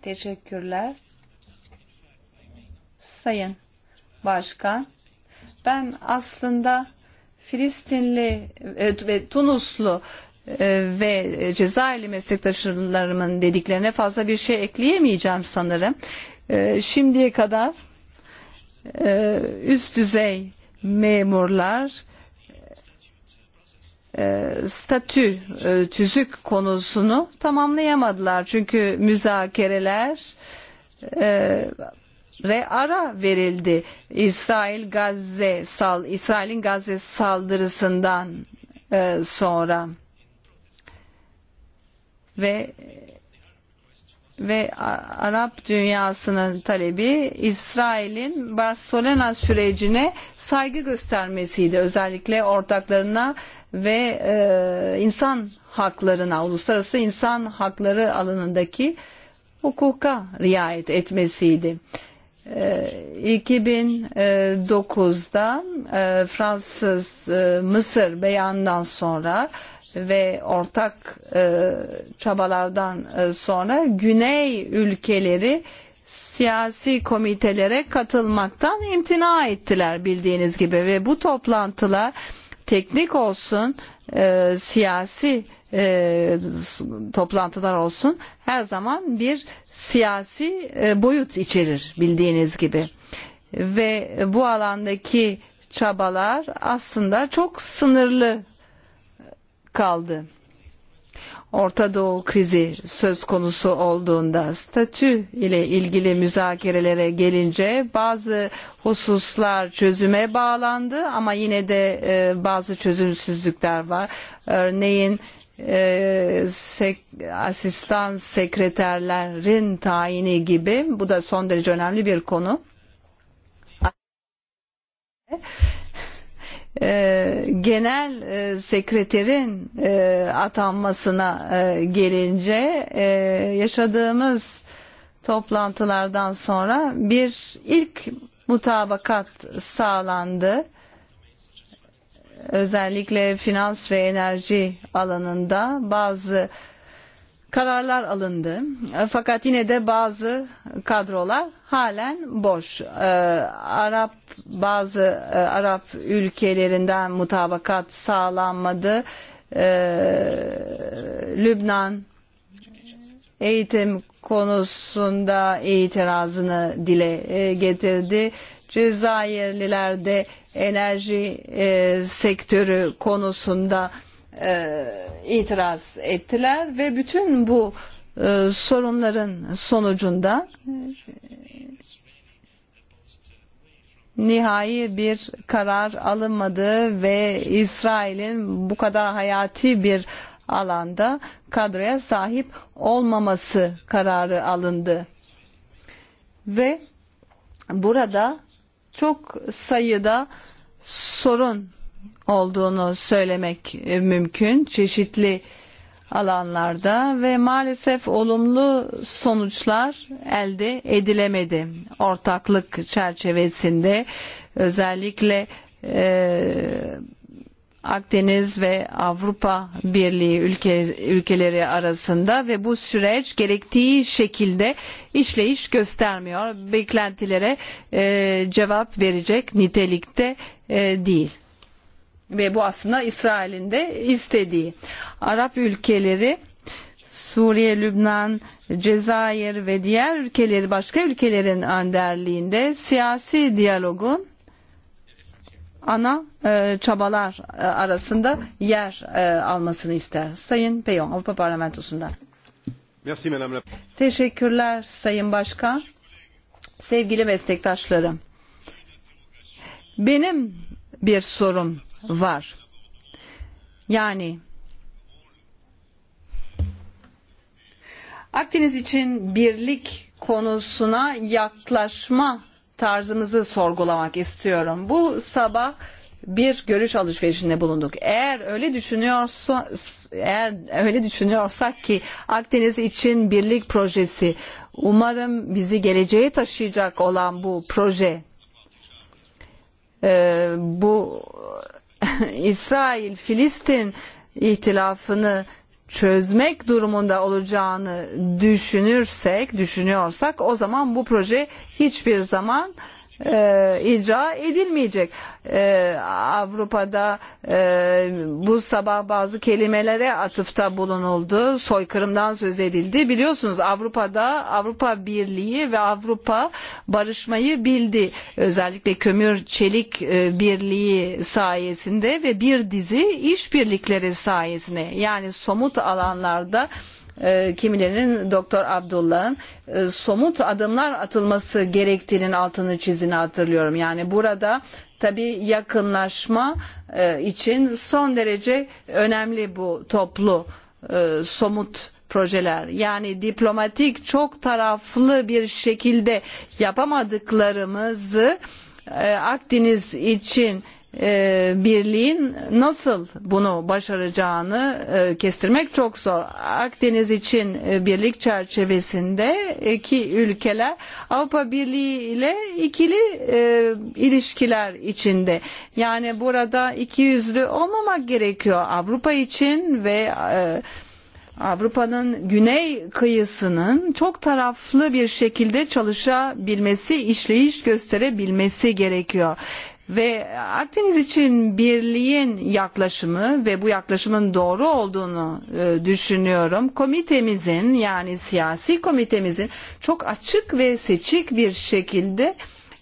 Teşekkürler. Sayın Başkan, ben aslında Filistinli e, ve Tunuslu e, ve Cezayirli meslektaşlarımın dediklerine fazla bir şey ekleyemeyeceğim sanırım. E, şimdiye kadar üst düzey memurlar statü tüzük konusunu tamamlayamadılar. Çünkü müzakereler ve ara verildi İsrail Gazze sal İsrail'in Gazze saldırısından e, sonra ve ve Arap dünyasının talebi İsrail'in Barcelona sürecine saygı göstermesiydi. Özellikle ortaklarına ve e, insan haklarına, uluslararası insan hakları alanındaki hukuka riayet etmesiydi. 2009'da e, Fransız e, Mısır beyanından sonra ve ortak e, çabalardan sonra Güney ülkeleri siyasi komitelere katılmaktan imtina ettiler bildiğiniz gibi ve bu toplantılar teknik olsun e, siyasi e, toplantılar olsun her zaman bir siyasi e, boyut içerir bildiğiniz gibi ve bu alandaki çabalar aslında çok sınırlı kaldı Orta Doğu krizi söz konusu olduğunda statü ile ilgili müzakerelere gelince bazı hususlar çözüme bağlandı ama yine de e, bazı çözümsüzlükler var. Örneğin e, sek, asistan sekreterlerin tayini gibi bu da son derece önemli bir konu E, genel e, sekreterin e, atanmasına gelince yaşadığımız toplantılardan sonra bir ilk mutabakat sağlandı. Özellikle finans ve enerji alanında bazı e, kararlar alındı. E, fakat yine de bazı kadrolar halen boş. E, Arap bazı e, Arap ülkelerinden mutabakat sağlanmadı. Lübnan eğitim konusunda itirazını dile getirdi. Cezayirliler de enerji sektörü konusunda E, itiraz ettiler ve bütün bu e, sorunların sonucunda e, nihai bir karar alınmadı ve İsrail'in bu kadar hayati bir alanda kadroya sahip olmaması kararı alındı. Ve burada çok sayıda sorun olduğunu söylemek e, mümkün çeşitli alanlarda ve maalesef olumlu sonuçlar elde edilemedi ortaklık çerçevesinde özellikle e, Akdeniz ve Avrupa Birliği ülke, ülkeleri arasında ve bu süreç gerektiği şekilde işleyiş göstermiyor. Beklentilere e, cevap verecek nitelikte e, değil ve bu aslında İsrail'in de istediği. Arap ülkeleri Suriye, Lübnan, Cezayir ve diğer ülkeleri başka ülkelerin önderliğinde siyasi diyalogun ana e, çabalar e, arasında yer e, almasını ister. Sayın Peyon Avrupa Parlamentosu'nda. Merci, la... Teşekkürler Sayın Başkan. Sevgili meslektaşlarım. Benim bir sorum var. Yani Akdeniz için birlik konusuna yaklaşma tarzımızı sorgulamak istiyorum. Bu sabah bir görüş alışverişinde bulunduk. Eğer öyle düşünüyorsa eğer öyle düşünüyorsak ki Akdeniz için birlik projesi umarım bizi geleceğe taşıyacak olan bu proje e, bu İsrail, Filistin ihtilafını çözmek durumunda olacağını düşünürsek, düşünüyorsak o zaman bu proje hiçbir zaman e, e, icra edilmeyecek. E, Avrupa'da e, bu sabah bazı kelimelere atıfta bulunuldu. Soykırımdan söz edildi. Biliyorsunuz Avrupa'da Avrupa Birliği ve Avrupa barışmayı bildi. Özellikle kömür çelik e, birliği sayesinde ve bir dizi işbirlikleri sayesinde yani somut alanlarda e, E, kimilerinin Doktor Abdullah'ın e, somut adımlar atılması gerektiğinin altını çizdiğini hatırlıyorum. Yani burada tabi yakınlaşma e, için son derece önemli bu toplu somut projeler. Yani diplomatik çok taraflı bir şekilde yapamadıklarımızı Akdeniz için E, birliğin nasıl bunu başaracağını e, kestirmek çok zor. Akdeniz için e, birlik çerçevesinde iki ülkeler Avrupa Birliği ile ikili ilişkiler içinde. Yani burada iki yüzlü olmamak gerekiyor Avrupa için ve Avrupa'nın güney kıyısının çok taraflı bir şekilde çalışabilmesi, işleyiş gösterebilmesi gerekiyor ve Akdeniz için birliğin yaklaşımı ve bu yaklaşımın doğru olduğunu e, düşünüyorum. Komitemizin yani siyasi komitemizin çok açık ve seçik bir şekilde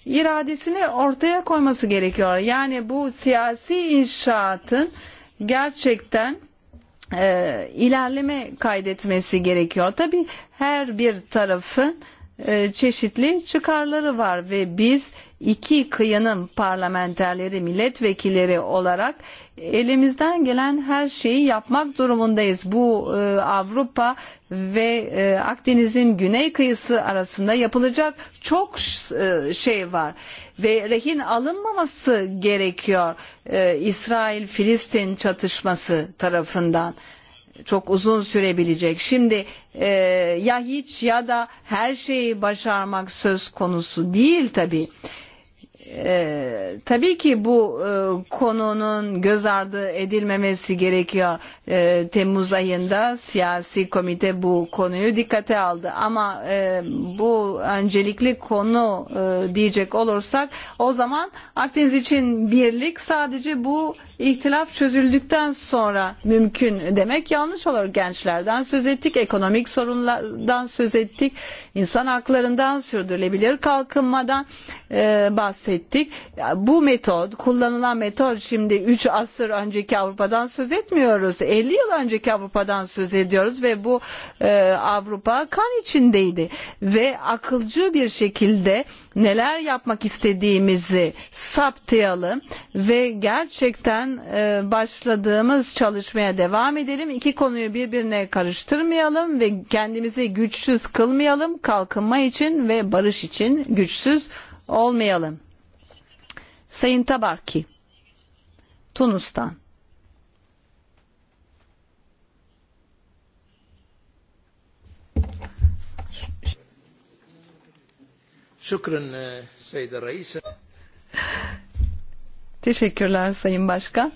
iradesini ortaya koyması gerekiyor. Yani bu siyasi inşaatın gerçekten e, ilerleme kaydetmesi gerekiyor. Tabii her bir tarafın E, çeşitli çıkarları var ve biz iki kıyının parlamenterleri, milletvekilleri olarak elimizden gelen her şeyi yapmak durumundayız. Bu e, Avrupa ve e, Akdeniz'in güney kıyısı arasında yapılacak çok şey var ve rehin alınmaması gerekiyor İsrail-Filistin çatışması tarafından çok uzun sürebilecek. Şimdi e, ya hiç ya da her şeyi başarmak söz konusu değil tabi. E, tabii ki bu e, konunun göz ardı edilmemesi gerekiyor. E, Temmuz ayında siyasi komite bu konuyu dikkate aldı. Ama e, bu öncelikli konu e, diyecek olursak o zaman Akdeniz için birlik sadece bu ihtilaf çözüldükten sonra mümkün demek yanlış olur. Gençlerden söz ettik, ekonomik sorunlardan söz ettik, insan haklarından sürdürülebilir kalkınmadan e, bahsettik. Bu metod, kullanılan metod şimdi 3 asır önceki Avrupa'dan söz etmiyoruz. 50 yıl önceki Avrupa'dan söz ediyoruz ve bu e, Avrupa kan içindeydi ve akılcı bir şekilde neler yapmak istediğimizi saptayalım ve gerçekten e, başladığımız çalışmaya devam edelim. İki konuyu birbirine karıştırmayalım ve kendimizi güçsüz kılmayalım. Kalkınma için ve barış için güçsüz olmayalım. Sayın Tabarki, Tunus'tan. شكرا سيد الرئيس Teşekkürler Sayın Başkan.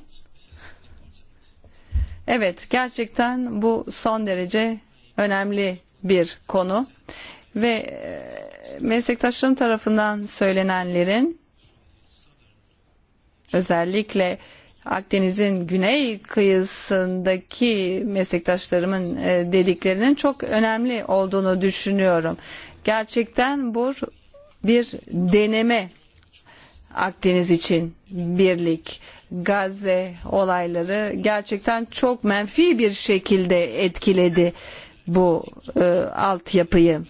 Evet gerçekten bu son derece önemli bir konu ve e, meslektaşlarım tarafından söylenenlerin özellikle Akdeniz'in güney kıyısındaki meslektaşlarımın e, dediklerinin çok önemli olduğunu düşünüyorum. Gerçekten bu bir deneme Akdeniz için birlik Gazze olayları gerçekten çok menfi bir şekilde etkiledi bu e, altyapıyı.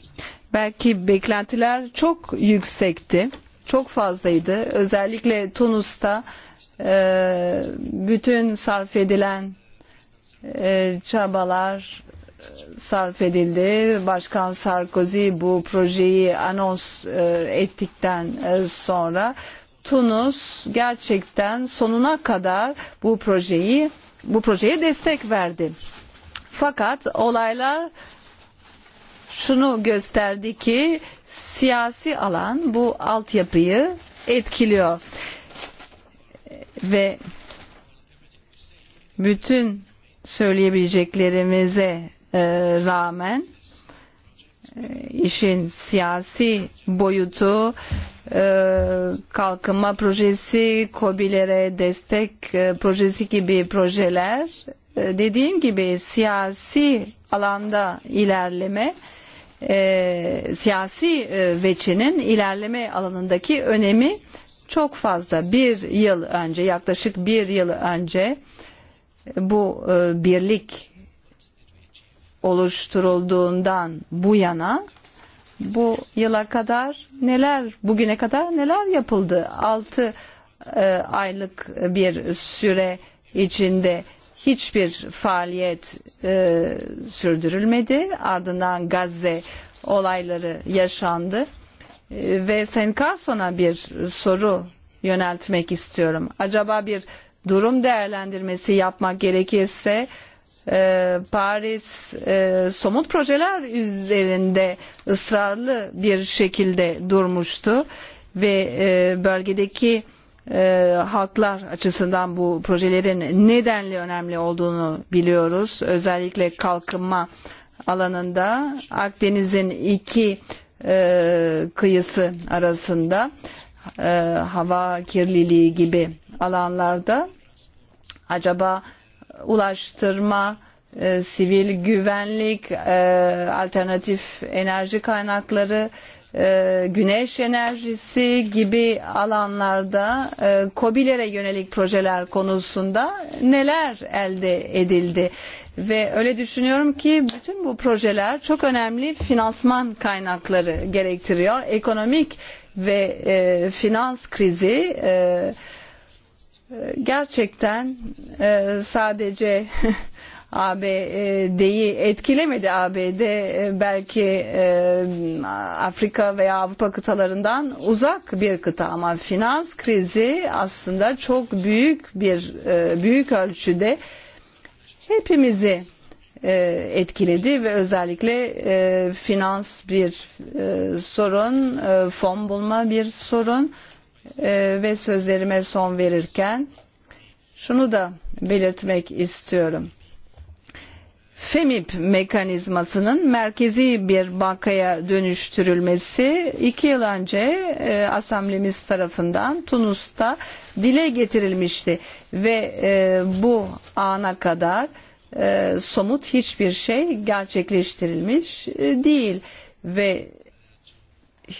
Belki beklentiler çok yüksekti, çok fazlaydı. Özellikle Tunus'ta e, bütün sarf edilen e, çabalar sarf edildi. Başkan Sarkozy bu projeyi anons e, ettikten e, sonra Tunus gerçekten sonuna kadar bu projeyi bu projeye destek verdi. Fakat olaylar şunu gösterdi ki siyasi alan bu altyapıyı etkiliyor. Ve bütün söyleyebileceklerimize Eh, rağmen eh, işin siyasi boyutu eh, kalkınma projesi, kobilere destek projesi gibi projeler dediğim gibi siyasi alanda ilerleme siyasi veçinin ilerleme alanındaki önemi çok fazla. Bir yıl önce yaklaşık bir yıl önce bu birlik oluşturulduğundan bu yana bu yıla kadar neler bugüne kadar neler yapıldı 6 e, aylık bir süre içinde hiçbir faaliyet e, sürdürülmedi ardından Gazze olayları yaşandı e, ve Sayın Carson'a bir soru yöneltmek istiyorum acaba bir durum değerlendirmesi yapmak gerekirse e, E, Paris e, somut projeler üzerinde ısrarlı bir şekilde durmuştu ve e, bölgedeki halklar açısından bu projelerin nedenli önemli olduğunu biliyoruz. Özellikle kalkınma alanında Akdeniz'in iki e, kıyısı arasında e, hava kirliliği gibi alanlarda acaba e, ulaştırma, e, sivil güvenlik, e, alternatif enerji kaynakları, e, güneş enerjisi gibi alanlarda e, COBİ'lere yönelik projeler konusunda neler elde edildi? Ve öyle düşünüyorum ki bütün bu projeler çok önemli finansman kaynakları gerektiriyor. Ekonomik ve e, finans krizi e, gerçekten e, sadece ABD'yi e, etkilemedi ABD e, belki Afrika veya Avrupa kıtalarından uzak bir kıta ama finans krizi aslında çok büyük bir büyük ölçüde hepimizi etkiledi ve özellikle finans bir sorun, fon bulma bir sorun E, ve sözlerime son verirken şunu da belirtmek istiyorum. FEMIP mekanizmasının merkezi bir bankaya dönüştürülmesi iki yıl önce e, asamblemiz tarafından Tunus'ta dile getirilmişti ve e, bu ana kadar e, somut hiçbir şey gerçekleştirilmiş e, değil ve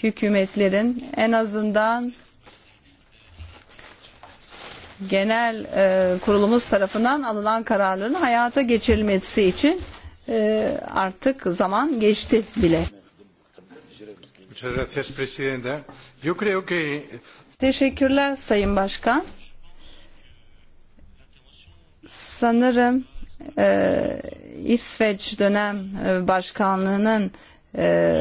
hükümetlerin en azından genel e, kurulumuz tarafından alınan kararların hayata geçirilmesi için e, artık zaman geçti bile. Teşekkürler Sayın Başkan. Sanırım e, İsveç dönem e, başkanlığının e,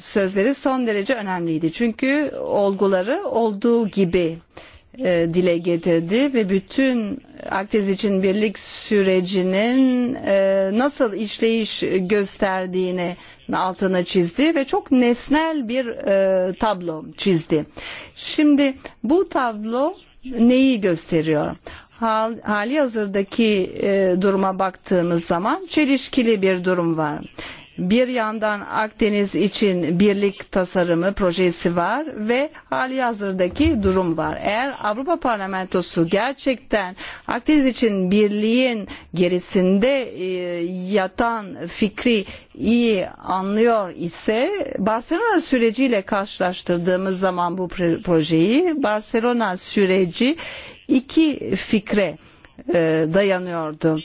sözleri son derece önemliydi. Çünkü olguları olduğu gibi e, E, dile getirdi ve bütün Akdeniz için birlik sürecinin e, nasıl işleyiş gösterdiğini altına çizdi ve çok nesnel bir e, tablo çizdi. Şimdi bu tablo neyi gösteriyor? Hal, hali hazırdaki e, duruma baktığımız zaman çelişkili bir durum var bir yandan Akdeniz için birlik tasarımı projesi var ve hali hazırdaki durum var. Eğer Avrupa Parlamentosu gerçekten Akdeniz için birliğin gerisinde e, yatan fikri iyi anlıyor ise Barcelona süreciyle karşılaştırdığımız zaman bu projeyi Barcelona süreci iki fikre e, dayanıyordu.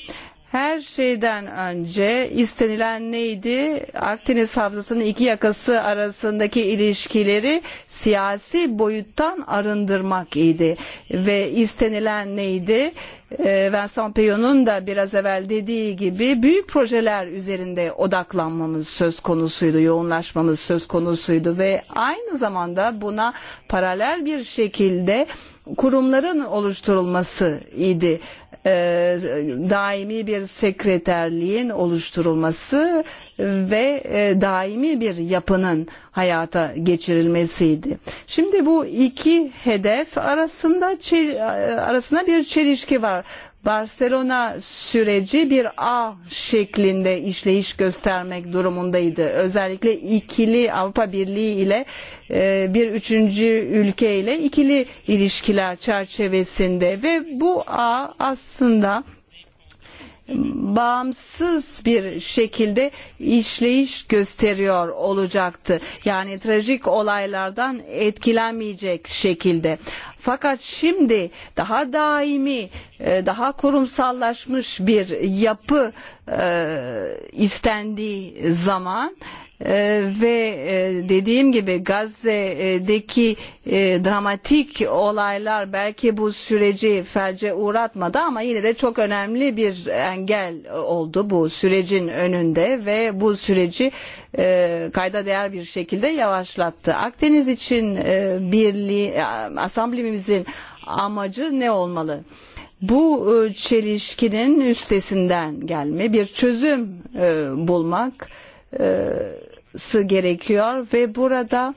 Her şeyden önce istenilen neydi? Akdeniz Havzası'nın iki yakası arasındaki ilişkileri siyasi boyuttan arındırmak idi. Ve istenilen neydi? Vincent Peyo'nun da biraz evvel dediği gibi büyük projeler üzerinde odaklanmamız söz konusuydu, yoğunlaşmamız söz konusuydu ve aynı zamanda buna paralel bir şekilde kurumların oluşturulması idi E, daimi bir sekreterliğin oluşturulması ve e, daimi bir yapının hayata geçirilmesiydi. Şimdi bu iki hedef arasında arasında bir çelişki var. Barcelona süreci bir A şeklinde işleyiş göstermek durumundaydı. Özellikle ikili Avrupa Birliği ile e, bir üçüncü ülke ile ikili ilişkiler çerçevesinde ve bu A aslında bağımsız bir şekilde işleyiş gösteriyor olacaktı. Yani trajik olaylardan etkilenmeyecek şekilde. Fakat şimdi daha daimi, e, daha kurumsallaşmış bir yapı e, istendiği zaman E, ve e, dediğim gibi Gazze'deki e, dramatik olaylar belki bu süreci felce uğratmadı ama yine de çok önemli bir engel oldu bu sürecin önünde ve bu süreci kayda değer bir şekilde yavaşlattı. Akdeniz için birliği asamblemimizin amacı ne olmalı? bu çelişkinin üstesinden gelme, bir çözüm bulmak alması gerekiyor ve burada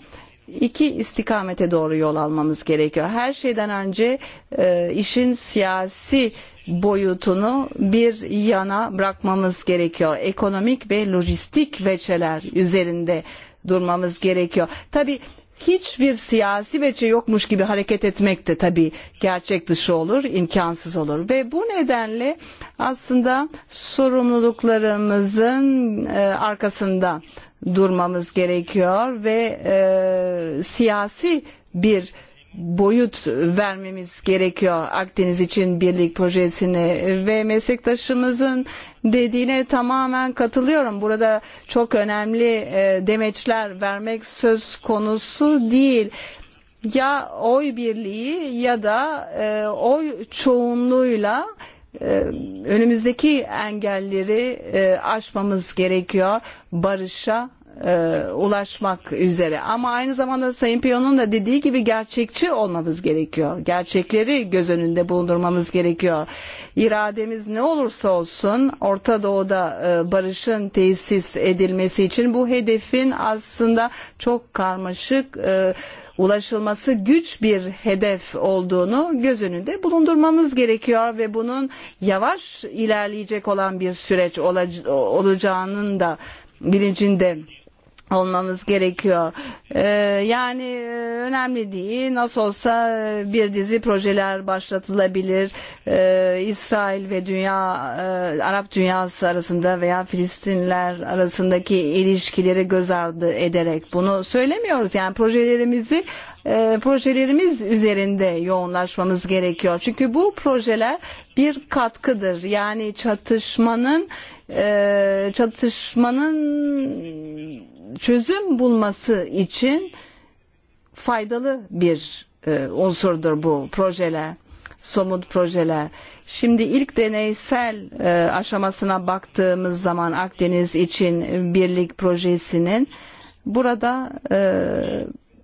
iki istikamete doğru yol almamız gerekiyor. Her şeyden önce e, işin siyasi boyutunu bir yana bırakmamız gerekiyor. Ekonomik ve lojistik veçeler üzerinde durmamız gerekiyor. Tabii hiçbir siyasi veçe yokmuş gibi hareket etmek de tabii gerçek dışı olur, imkansız olur. Ve bu nedenle aslında sorumluluklarımızın e, arkasında durmamız gerekiyor ve e, siyasi bir boyut vermemiz gerekiyor Akdeniz için birlik projesini ve meslektaşımızın dediğine tamamen katılıyorum. Burada çok önemli e, demeçler vermek söz konusu değil. Ya oy birliği ya da e, oy çoğunluğuyla e, önümüzdeki engelleri e, aşmamız gerekiyor barışa e, ulaşmak üzere ama aynı zamanda Sayın Piyon'un da dediği gibi gerçekçi olmamız gerekiyor. Gerçekleri göz önünde bulundurmamız gerekiyor. İrademiz ne olursa olsun Orta Doğu'da e, barışın tesis edilmesi için bu hedefin aslında çok karmaşık ulaşılması güç bir hedef olduğunu göz önünde bulundurmamız gerekiyor ve bunun yavaş ilerleyecek olan bir süreç olacağının da bilincinde olmamız gerekiyor. Ee, yani e, önemli değil. Nasıl olsa bir dizi projeler başlatılabilir. Ee, İsrail ve dünya e, Arap dünyası arasında veya Filistinler arasındaki ilişkileri göz ardı ederek bunu söylemiyoruz. Yani projelerimizi e, projelerimiz üzerinde yoğunlaşmamız gerekiyor. Çünkü bu projeler bir katkıdır. Yani çatışmanın e, çatışmanın çözüm bulması için faydalı bir e, unsurdur bu projeler somut projeler. Şimdi ilk deneysel e, aşamasına baktığımız zaman Akdeniz için birlik projesinin burada e,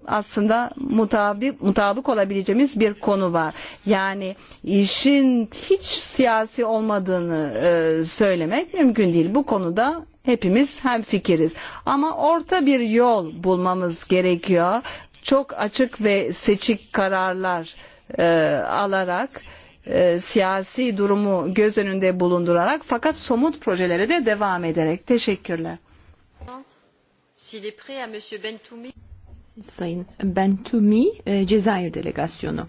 aslında mutabık, mutabık olabileceğimiz bir konu var. Yani işin hiç siyasi olmadığını e, söylemek mümkün değil. Bu konuda hepimiz hem fikiriz. Ama orta bir yol bulmamız gerekiyor. Çok açık ve seçik kararlar e, alarak e, siyasi durumu göz önünde bulundurarak fakat somut projelere de devam ederek. Teşekkürler. Sayın Bentumi, e, Cezayir delegasyonu.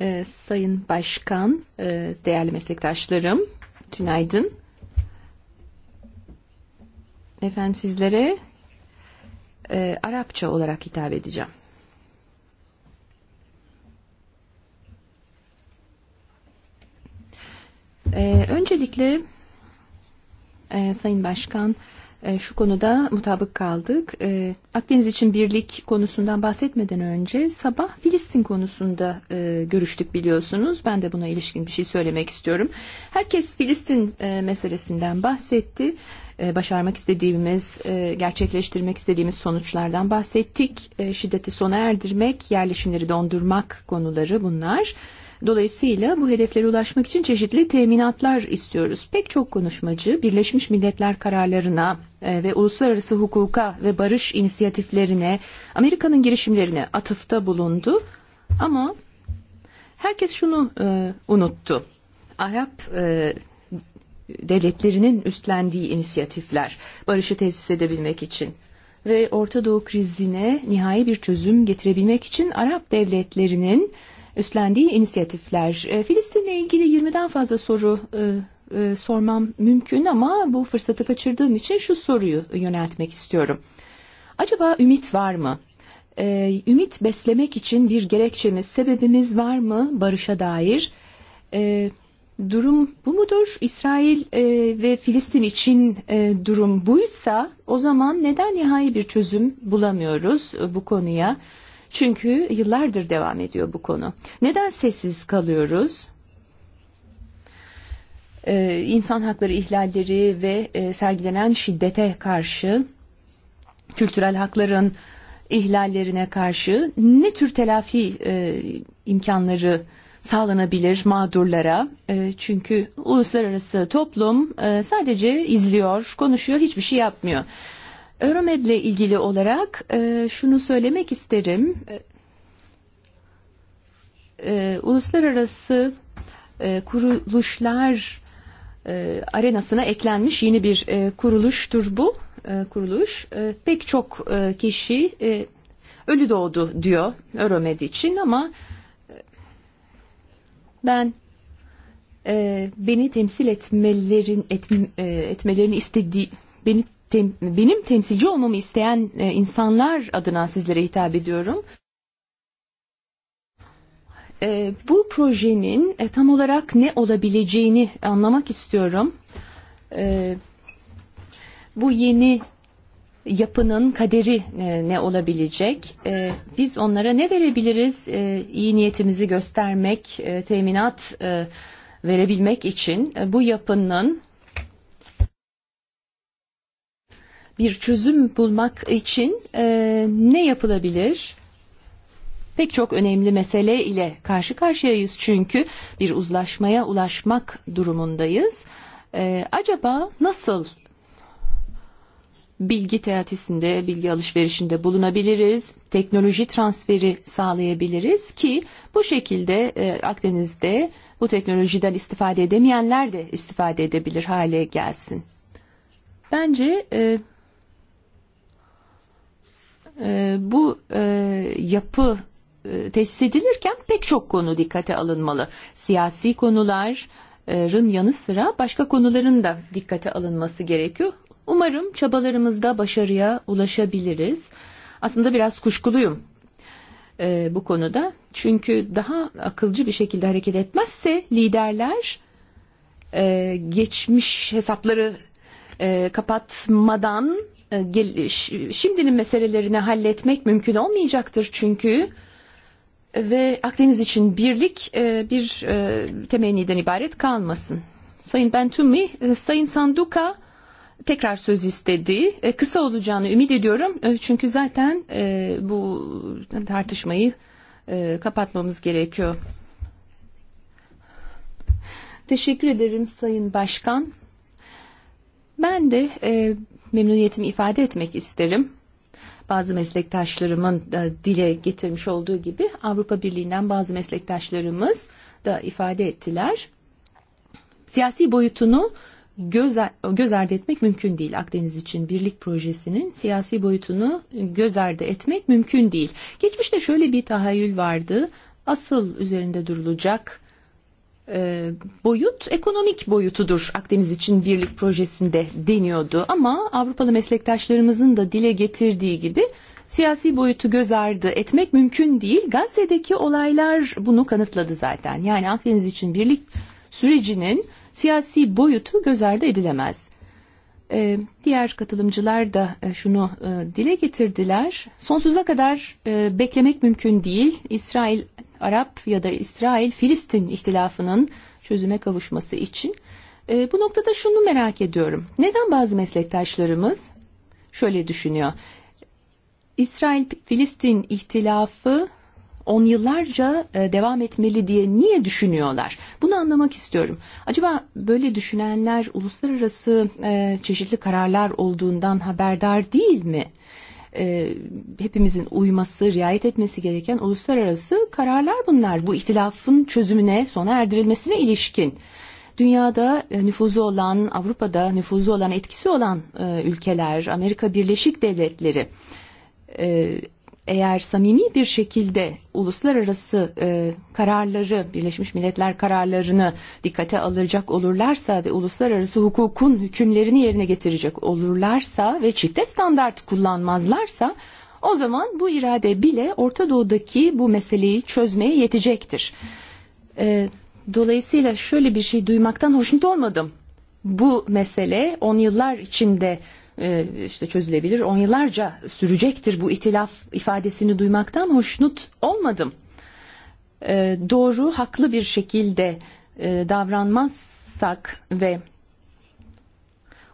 E, Sayın Başkan, e, değerli meslektaşlarım, tünaydın efendim sizlere e, Arapça olarak hitap edeceğim. E, öncelikle e, Sayın Başkan e, şu konuda mutabık kaldık. E, Akdeniz için birlik konusundan bahsetmeden önce sabah Filistin konusunda e, görüştük biliyorsunuz. Ben de buna ilişkin bir şey söylemek istiyorum. Herkes Filistin e, meselesinden bahsetti. E, başarmak istediğimiz, e, gerçekleştirmek istediğimiz sonuçlardan bahsettik. E, şiddeti sona erdirmek, yerleşimleri dondurmak konuları bunlar. Dolayısıyla bu hedeflere ulaşmak için çeşitli teminatlar istiyoruz. Pek çok konuşmacı Birleşmiş Milletler kararlarına ve uluslararası hukuka ve barış inisiyatiflerine, Amerika'nın girişimlerine atıfta bulundu. Ama herkes şunu unuttu. Arap devletlerinin üstlendiği inisiyatifler barışı tesis edebilmek için ve Orta Doğu krizine nihai bir çözüm getirebilmek için Arap devletlerinin üstlendiği inisiyatifler. E, Filistin'le ilgili 20'den fazla soru e, e, sormam mümkün ama bu fırsatı kaçırdığım için şu soruyu yöneltmek istiyorum. Acaba ümit var mı? E, ümit beslemek için bir gerekçemiz, sebebimiz var mı barışa dair? Evet durum bu mudur? İsrail e, ve Filistin için e, durum buysa o zaman neden nihai bir çözüm bulamıyoruz e, bu konuya? Çünkü yıllardır devam ediyor bu konu. Neden sessiz kalıyoruz? E, i̇nsan hakları ihlalleri ve e, sergilenen şiddete karşı, kültürel hakların ihlallerine karşı ne tür telafi e, imkanları var? sağlanabilir mağdurlara. E, çünkü uluslararası toplum e, sadece izliyor, konuşuyor, hiçbir şey yapmıyor. Euromed ile ilgili olarak e, şunu söylemek isterim. E, uluslararası e, kuruluşlar e, arenasına eklenmiş yeni bir e, kuruluştur bu e, kuruluş. E, pek çok e, kişi e, ölü doğdu diyor Euromed için ama... E, Ben e, beni temsil etmelerin et, e, etmelerini istediği beni tem, benim temsilci olmamı isteyen e, insanlar adına sizlere hitap ediyorum. E, bu projenin e, tam olarak ne olabileceğini anlamak istiyorum. E, bu yeni yapının kaderi e, ne olabilecek? E, biz onlara ne verebiliriz? E, iyi niyetimizi göstermek, e, teminat e, verebilmek için e, bu yapının bir çözüm bulmak için e, ne yapılabilir? Pek çok önemli mesele ile karşı karşıyayız çünkü bir uzlaşmaya ulaşmak durumundayız. Ee, acaba nasıl bilgi teatisinde, bilgi alışverişinde bulunabiliriz. Teknoloji transferi sağlayabiliriz ki bu şekilde e, Akdeniz'de bu teknolojiden istifade edemeyenler de istifade edebilir hale gelsin. Bence e, e, bu e, yapı e, tesis edilirken pek çok konu dikkate alınmalı. Siyasi konular, e, yanı sıra başka konuların da dikkate alınması gerekiyor. Umarım çabalarımızda başarıya ulaşabiliriz. Aslında biraz kuşkuluyum e, bu konuda. Çünkü daha akılcı bir şekilde hareket etmezse liderler e, geçmiş hesapları e, kapatmadan e, şimdinin meselelerini halletmek mümkün olmayacaktır çünkü ve Akdeniz için birlik e, bir e, temenniden ibaret kalmasın. Sayın Bentumi, e, Sayın Sanduka tekrar söz istedi. E, kısa olacağını ümit ediyorum. E, çünkü zaten e, bu tartışmayı e, kapatmamız gerekiyor. Teşekkür ederim Sayın Başkan. Ben de e, memnuniyetimi ifade etmek isterim. Bazı meslektaşlarımın da dile getirmiş olduğu gibi Avrupa Birliği'nden bazı meslektaşlarımız da ifade ettiler. Siyasi boyutunu göz, göz ardı etmek mümkün değil. Akdeniz için birlik projesinin siyasi boyutunu göz ardı etmek mümkün değil. Geçmişte şöyle bir tahayyül vardı. Asıl üzerinde durulacak e, boyut ekonomik boyutudur Akdeniz için birlik projesinde deniyordu. Ama Avrupalı meslektaşlarımızın da dile getirdiği gibi siyasi boyutu göz ardı etmek mümkün değil. Gazze'deki olaylar bunu kanıtladı zaten. Yani Akdeniz için birlik sürecinin siyasi boyutu göz ardı edilemez. Ee, diğer katılımcılar da e, şunu e, dile getirdiler. Sonsuza kadar e, beklemek mümkün değil. İsrail Arap ya da İsrail Filistin ihtilafının çözüme kavuşması için. E, bu noktada şunu merak ediyorum. Neden bazı meslektaşlarımız şöyle düşünüyor? İsrail Filistin ihtilafı on yıllarca e, devam etmeli diye niye düşünüyorlar? Bunu anlamak istiyorum. Acaba böyle düşünenler uluslararası e, çeşitli kararlar olduğundan haberdar değil mi? e, hepimizin uyması, riayet etmesi gereken uluslararası kararlar bunlar. Bu ihtilafın çözümüne, sona erdirilmesine ilişkin. Dünyada e, nüfuzu olan, Avrupa'da nüfuzu olan, etkisi olan ülkeler, Amerika Birleşik Devletleri, eğer samimi bir şekilde uluslararası e, kararları, Birleşmiş Milletler kararlarını dikkate alacak olurlarsa ve uluslararası hukukun hükümlerini yerine getirecek olurlarsa ve çifte standart kullanmazlarsa o zaman bu irade bile Orta Doğu'daki bu meseleyi çözmeye yetecektir. E, dolayısıyla şöyle bir şey duymaktan hoşnut olmadım. Bu mesele on yıllar içinde E, işte çözülebilir. On yıllarca sürecektir bu itilaf ifadesini duymaktan hoşnut olmadım. E, doğru, haklı bir şekilde e, davranmazsak ve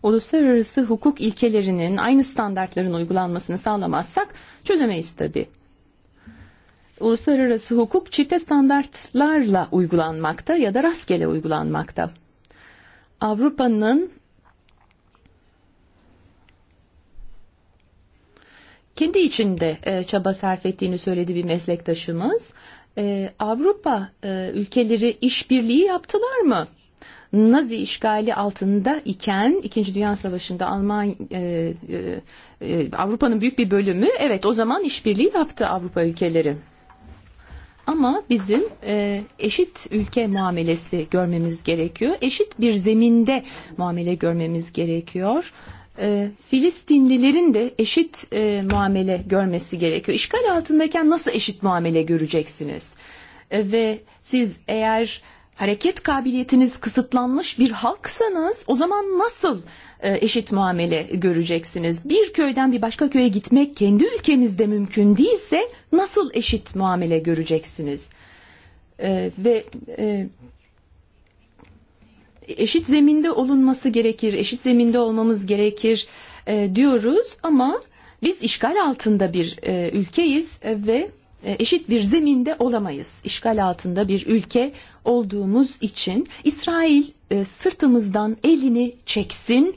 uluslararası hukuk ilkelerinin aynı standartların uygulanmasını sağlamazsak çözemeyiz tabi. Uluslararası hukuk çifte standartlarla uygulanmakta ya da rastgele uygulanmakta. Avrupa'nın kendi içinde e, çaba sarf ettiğini söyledi bir meslektaşımız. E, Avrupa e, ülkeleri işbirliği yaptılar mı? Nazi işgali altında iken İkinci Dünya Savaşı'nda Almanya e, e, e, Avrupa'nın büyük bir bölümü evet o zaman işbirliği yaptı Avrupa ülkeleri. Ama bizim e, eşit ülke muamelesi görmemiz gerekiyor. Eşit bir zeminde muamele görmemiz gerekiyor e, Filistinlilerin de eşit e, muamele görmesi gerekiyor. İşgal altındayken nasıl eşit muamele göreceksiniz? E, ve siz eğer hareket kabiliyetiniz kısıtlanmış bir halksanız o zaman nasıl e, eşit muamele göreceksiniz? Bir köyden bir başka köye gitmek kendi ülkemizde mümkün değilse nasıl eşit muamele göreceksiniz? E, ve e, eşit zeminde olunması gerekir, eşit zeminde olmamız gerekir e, diyoruz ama biz işgal altında bir e, ülkeyiz ve e, eşit bir zeminde olamayız. İşgal altında bir ülke olduğumuz için İsrail e, sırtımızdan elini çeksin.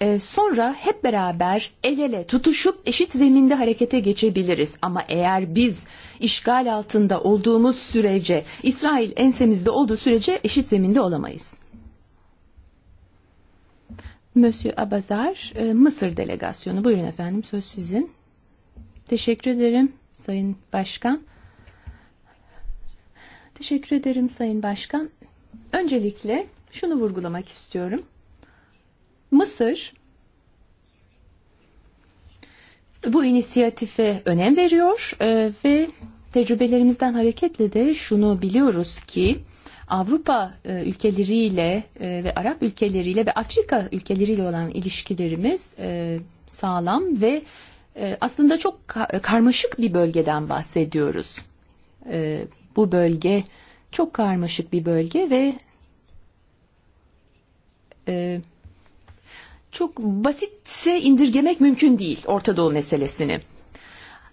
E, sonra hep beraber el ele tutuşup eşit zeminde harekete geçebiliriz. Ama eğer biz işgal altında olduğumuz sürece, İsrail ensemizde olduğu sürece eşit zeminde olamayız. Monsieur Abazar, e, Mısır delegasyonu. Buyurun efendim söz sizin. Teşekkür ederim Sayın Başkan. Teşekkür ederim Sayın Başkan. Öncelikle şunu vurgulamak istiyorum. Mısır bu inisiyatife önem veriyor e, ve tecrübelerimizden hareketle de şunu biliyoruz ki Avrupa e, ülkeleriyle e, ve Arap ülkeleriyle ve Afrika ülkeleriyle olan ilişkilerimiz e, sağlam ve aslında çok karmaşık bir bölgeden bahsediyoruz. Bu bölge çok karmaşık bir bölge ve çok basitse indirgemek mümkün değil Orta Doğu meselesini.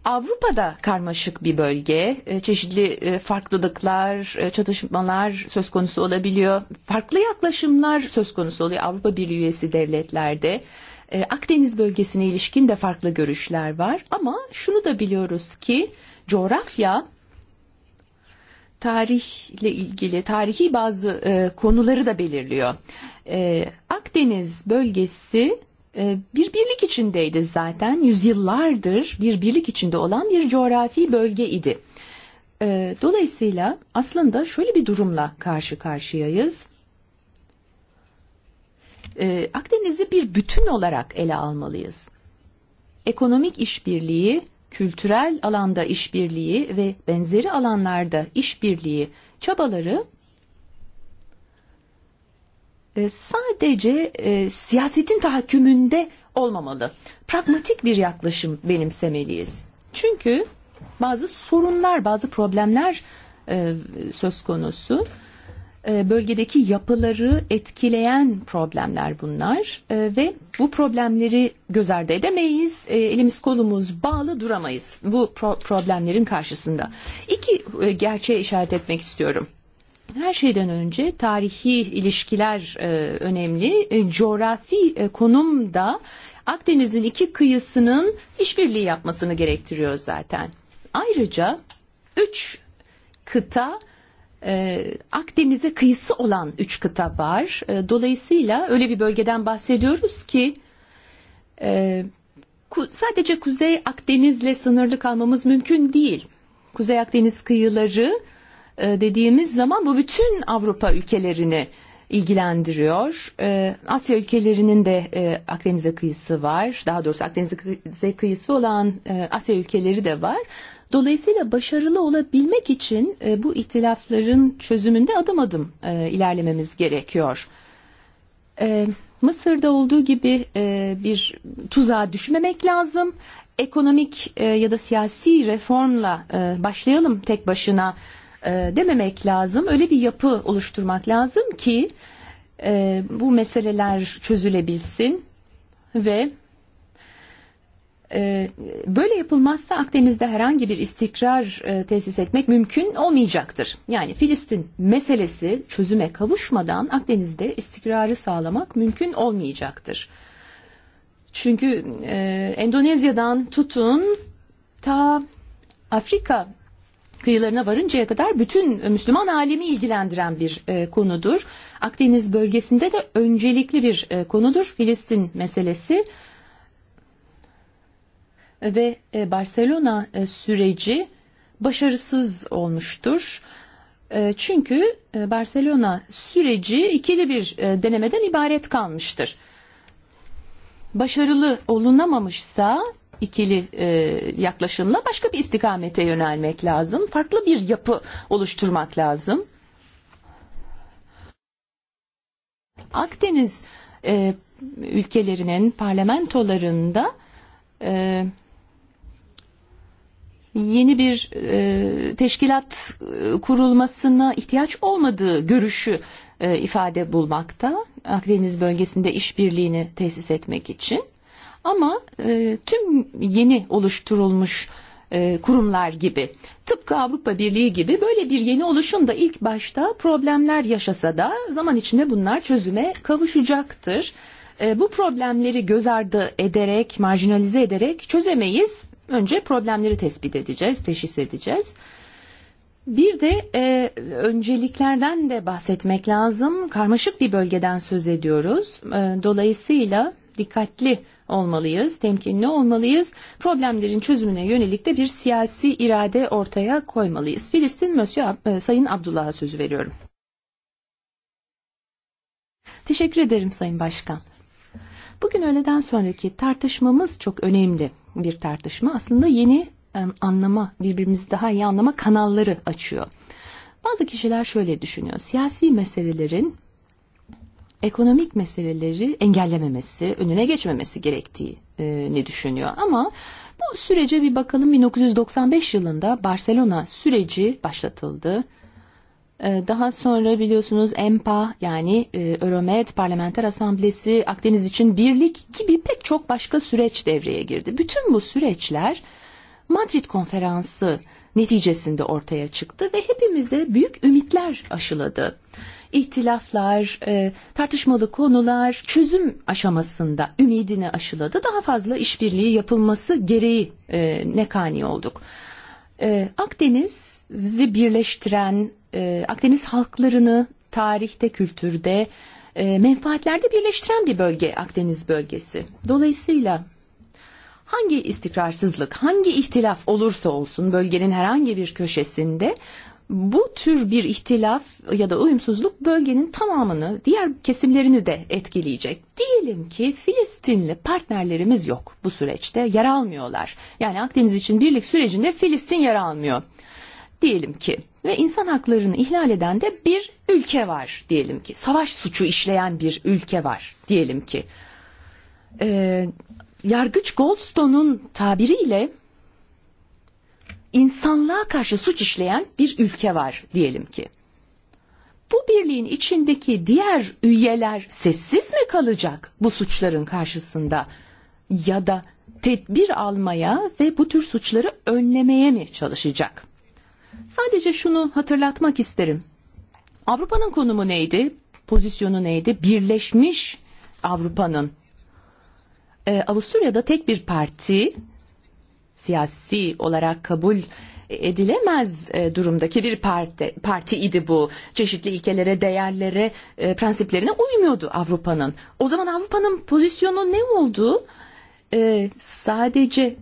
Avrupa'da karmaşık bir bölge. E, çeşitli e, farklılıklar, e, çatışmalar söz konusu olabiliyor. Farklı yaklaşımlar söz konusu oluyor Avrupa Birliği üyesi devletlerde. Akdeniz bölgesine ilişkin de farklı görüşler var. Ama şunu da biliyoruz ki coğrafya tarihle ilgili tarihi bazı konuları da belirliyor. Akdeniz bölgesi bir birlik içindeydi zaten. Yüzyıllardır bir birlik içinde olan bir coğrafi bölge idi. Dolayısıyla aslında şöyle bir durumla karşı karşıyayız. Akdeniz'i bir bütün olarak ele almalıyız. Ekonomik işbirliği, kültürel alanda işbirliği ve benzeri alanlarda işbirliği çabaları E, sadece e, siyasetin tahakkümünde olmamalı. Pragmatik bir yaklaşım benimsemeliyiz. Çünkü bazı sorunlar, bazı problemler e, söz konusu bölgedeki yapıları etkileyen problemler bunlar ve bu problemleri göz ardı edemeyiz. Elimiz kolumuz bağlı duramayız bu problemlerin karşısında. İki gerçeğe işaret etmek istiyorum her şeyden önce tarihi ilişkiler e, önemli. E, coğrafi e, konum da Akdeniz'in iki kıyısının işbirliği yapmasını gerektiriyor zaten. Ayrıca üç kıta e, Akdeniz'e kıyısı olan üç kıta var. E, dolayısıyla öyle bir bölgeden bahsediyoruz ki e, ku, sadece Kuzey Akdeniz'le sınırlı kalmamız mümkün değil. Kuzey Akdeniz kıyıları E, dediğimiz zaman bu bütün Avrupa ülkelerini ilgilendiriyor. E, Asya ülkelerinin de e, Akdeniz'e kıyısı var. Daha doğrusu Akdeniz'e kıyısı olan Asya ülkeleri de var. Dolayısıyla başarılı olabilmek için bu ihtilafların çözümünde adım adım ilerlememiz gerekiyor. Mısır'da olduğu gibi bir tuzağa düşmemek lazım. Ekonomik ya da siyasi reformla başlayalım tek başına E, dememek lazım. Öyle bir yapı oluşturmak lazım ki e, bu meseleler çözülebilsin ve e, böyle yapılmazsa Akdeniz'de herhangi bir istikrar tesis etmek mümkün olmayacaktır. Yani Filistin meselesi çözüme kavuşmadan Akdeniz'de istikrarı sağlamak mümkün olmayacaktır. Çünkü e, Endonezya'dan tutun ta Afrika kıyılarına varıncaya kadar bütün e, Müslüman alemi ilgilendiren bir e, konudur. Akdeniz bölgesinde de öncelikli bir e, konudur Filistin meselesi ve e, Barcelona e, süreci başarısız olmuştur. E, çünkü e, Barcelona süreci ikili bir e, denemeden ibaret kalmıştır. Başarılı olunamamışsa ikili e, yaklaşımla başka bir istikamete yönelmek lazım. Farklı bir yapı oluşturmak lazım. Akdeniz e, ülkelerinin parlamentolarında e, yeni bir e, teşkilat e, kurulmasına ihtiyaç olmadığı görüşü e, ifade bulmakta. Akdeniz bölgesinde işbirliğini tesis etmek için. Ama e, tüm yeni oluşturulmuş e, kurumlar gibi tıpkı Avrupa Birliği gibi böyle bir yeni oluşun da ilk başta problemler yaşasa da zaman içinde bunlar çözüme kavuşacaktır. E, bu problemleri göz ardı ederek, marjinalize ederek çözemeyiz. Önce problemleri tespit edeceğiz, teşhis edeceğiz. Bir de e, önceliklerden de bahsetmek lazım. Karmaşık bir bölgeden söz ediyoruz. E, dolayısıyla dikkatli olmalıyız, temkinli olmalıyız. Problemlerin çözümüne yönelik de bir siyasi irade ortaya koymalıyız. Filistin Mösyö e, Sayın Abdullah'a sözü veriyorum. Teşekkür ederim Sayın Başkan. Bugün öğleden sonraki tartışmamız çok önemli bir tartışma. Aslında yeni e, anlama, birbirimizi daha iyi anlama kanalları açıyor. Bazı kişiler şöyle düşünüyor. Siyasi meselelerin ekonomik meseleleri engellememesi, önüne geçmemesi gerektiğini düşünüyor. Ama bu sürece bir bakalım 1995 yılında Barcelona süreci başlatıldı. Daha sonra biliyorsunuz EMPA yani e, Euromed Parlamenter Asamblesi Akdeniz için birlik gibi pek çok başka süreç devreye girdi. Bütün bu süreçler Madrid konferansı neticesinde ortaya çıktı ve hepimize büyük ümitler aşıladı ihtilaflar, e, tartışmalı konular çözüm aşamasında ümidini aşıladı. Daha fazla işbirliği yapılması gereği e, ne kani olduk. E, Akdeniz'i birleştiren, e, Akdeniz halklarını tarihte, kültürde, e, menfaatlerde birleştiren bir bölge Akdeniz bölgesi. Dolayısıyla hangi istikrarsızlık, hangi ihtilaf olursa olsun bölgenin herhangi bir köşesinde bu tür bir ihtilaf ya da uyumsuzluk bölgenin tamamını, diğer kesimlerini de etkileyecek. Diyelim ki Filistinli partnerlerimiz yok bu süreçte, yer almıyorlar. Yani Akdeniz için birlik sürecinde Filistin yer almıyor. Diyelim ki ve insan haklarını ihlal eden de bir ülke var diyelim ki. Savaş suçu işleyen bir ülke var diyelim ki. Ee, Yargıç Goldstone'un tabiriyle insanlığa karşı suç işleyen bir ülke var diyelim ki. Bu birliğin içindeki diğer üyeler sessiz mi kalacak bu suçların karşısında ya da tedbir almaya ve bu tür suçları önlemeye mi çalışacak? Sadece şunu hatırlatmak isterim. Avrupa'nın konumu neydi? Pozisyonu neydi? Birleşmiş Avrupa'nın. Ee, Avusturya'da tek bir parti siyasi olarak kabul edilemez e, durumdaki bir parti parti idi bu. Çeşitli ilkelere, değerlere, e, prensiplerine uymuyordu Avrupa'nın. O zaman Avrupa'nın pozisyonu ne oldu? E, sadece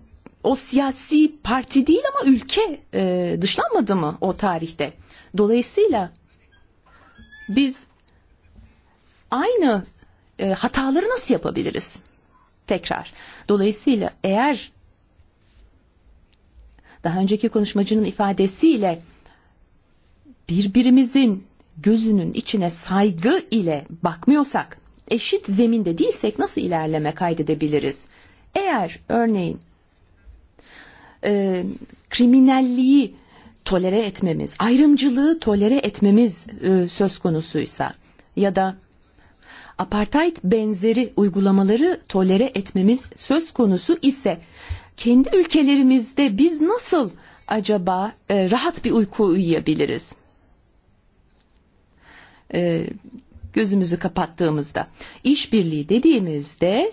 o siyasi parti değil ama ülke e, dışlanmadı mı o tarihte? Dolayısıyla biz aynı e, hataları nasıl yapabiliriz? Tekrar. Dolayısıyla eğer daha önceki konuşmacının ifadesiyle birbirimizin gözünün içine saygı ile bakmıyorsak, eşit zeminde değilsek nasıl ilerleme kaydedebiliriz? Eğer örneğin e, kriminalliği tolere etmemiz, ayrımcılığı tolere etmemiz e, söz konusuysa ya da apartheid benzeri uygulamaları tolere etmemiz söz konusu ise kendi ülkelerimizde biz nasıl acaba e, rahat bir uyku uyuyabiliriz? E, gözümüzü kapattığımızda işbirliği dediğimizde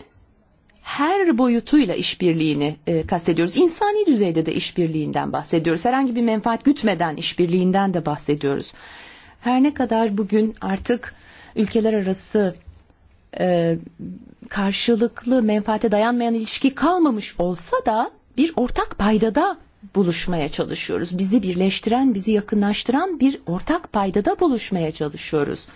her boyutuyla işbirliğini e, kastediyoruz. İnsani düzeyde de işbirliğinden bahsediyoruz. Herhangi bir menfaat gütmeden işbirliğinden de bahsediyoruz. Her ne kadar bugün artık ülkeler arası e, karşılıklı menfaate dayanmayan ilişki kalmamış olsa da bir ortak paydada buluşmaya çalışıyoruz. Bizi birleştiren, bizi yakınlaştıran bir ortak paydada buluşmaya çalışıyoruz.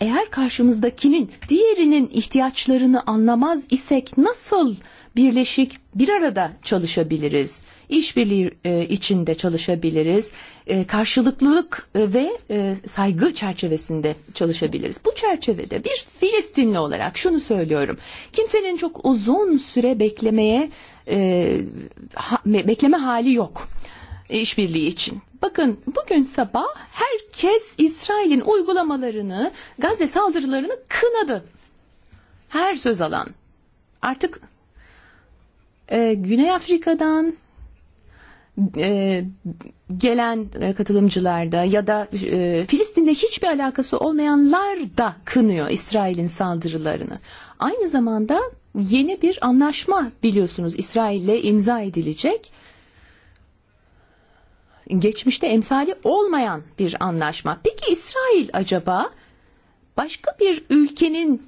Eğer karşımızdakinin, diğerinin ihtiyaçlarını anlamaz isek nasıl birleşik bir arada çalışabiliriz? işbirliği e, içinde çalışabiliriz. E, karşılıklılık e, ve saygı çerçevesinde çalışabiliriz. Bu çerçevede bir Filistinli olarak şunu söylüyorum. Kimsenin çok uzun süre beklemeye bekleme hali yok işbirliği için. Bakın bugün sabah herkes İsrail'in uygulamalarını, Gazze saldırılarını kınadı. Her söz alan. Artık e, Güney Afrika'dan e, gelen katılımcılarda ya da e, Filistin'le hiçbir alakası olmayanlar da kınıyor İsrail'in saldırılarını. Aynı zamanda yeni bir anlaşma biliyorsunuz İsrail'le imza edilecek. Geçmişte emsali olmayan bir anlaşma. Peki İsrail acaba başka bir ülkenin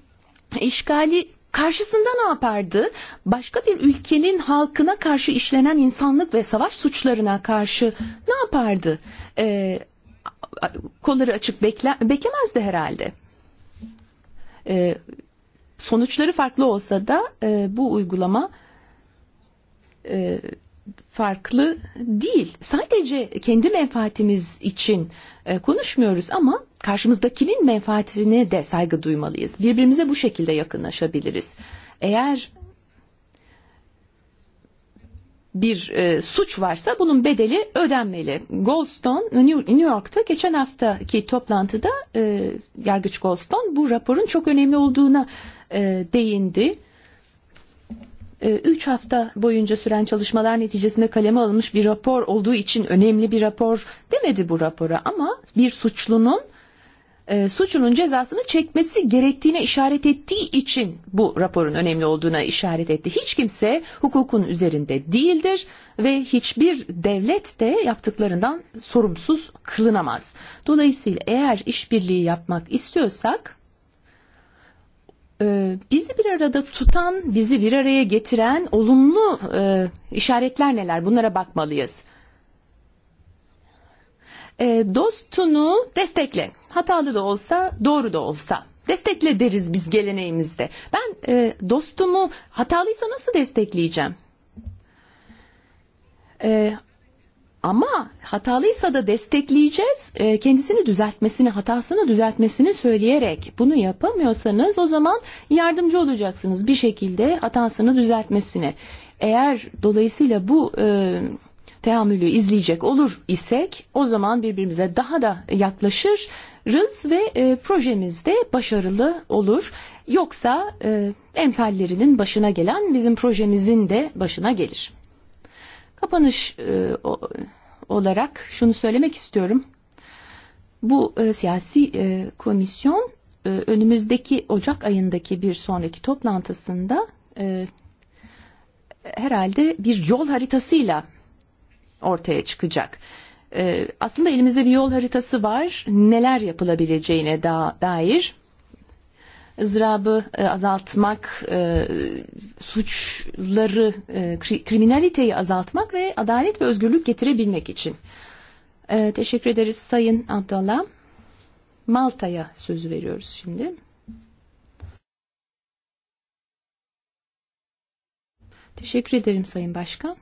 işgali karşısında ne yapardı? Başka bir ülkenin halkına karşı işlenen insanlık ve savaş suçlarına karşı ne yapardı? E, kolları açık bekle, beklemezdi herhalde. E, sonuçları farklı olsa da e, bu uygulama e, farklı değil. Sadece kendi menfaatimiz için E, konuşmuyoruz ama karşımızdakinin menfaatine de saygı duymalıyız. Birbirimize bu şekilde yakınlaşabiliriz. Eğer bir e, suç varsa bunun bedeli ödenmeli. Goldstone New York'ta geçen haftaki toplantıda e, yargıç Goldstone bu raporun çok önemli olduğuna e, değindi. 3 hafta boyunca süren çalışmalar neticesinde kaleme alınmış bir rapor olduğu için önemli bir rapor demedi bu rapora ama bir suçlunun e, suçunun cezasını çekmesi gerektiğine işaret ettiği için bu raporun önemli olduğuna işaret etti. Hiç kimse hukukun üzerinde değildir ve hiçbir devlet de yaptıklarından sorumsuz kılınamaz. Dolayısıyla eğer işbirliği yapmak istiyorsak bizi bir arada tutan, bizi bir araya getiren olumlu e, işaretler neler? Bunlara bakmalıyız. E, dostunu destekle. Hatalı da olsa, doğru da olsa. Destekle deriz biz geleneğimizde. Ben e, dostumu hatalıysa nasıl destekleyeceğim? E, Ama hatalıysa da destekleyeceğiz. E, kendisini düzeltmesini, hatasını düzeltmesini söyleyerek bunu yapamıyorsanız o zaman yardımcı olacaksınız bir şekilde hatasını düzeltmesine. Eğer dolayısıyla bu e, teamülü izleyecek olur isek o zaman birbirimize daha da yaklaşırız ve e, projemizde başarılı olur. Yoksa e, emsallerinin başına gelen bizim projemizin de başına gelir. Kapanış e, o, olarak şunu söylemek istiyorum. Bu e, siyasi e, komisyon e, önümüzdeki Ocak ayındaki bir sonraki toplantısında e, herhalde bir yol haritasıyla ortaya çıkacak. E, aslında elimizde bir yol haritası var. Neler yapılabileceğine da, dair ızdırabı, e, azaltmak, e, suçları, e, kriminaliteyi azaltmak ve adalet ve özgürlük getirebilmek için. Teşekkür ederiz Sayın Abdallah. Malta'ya sözü veriyoruz şimdi. Teşekkür ederim Sayın Başkan.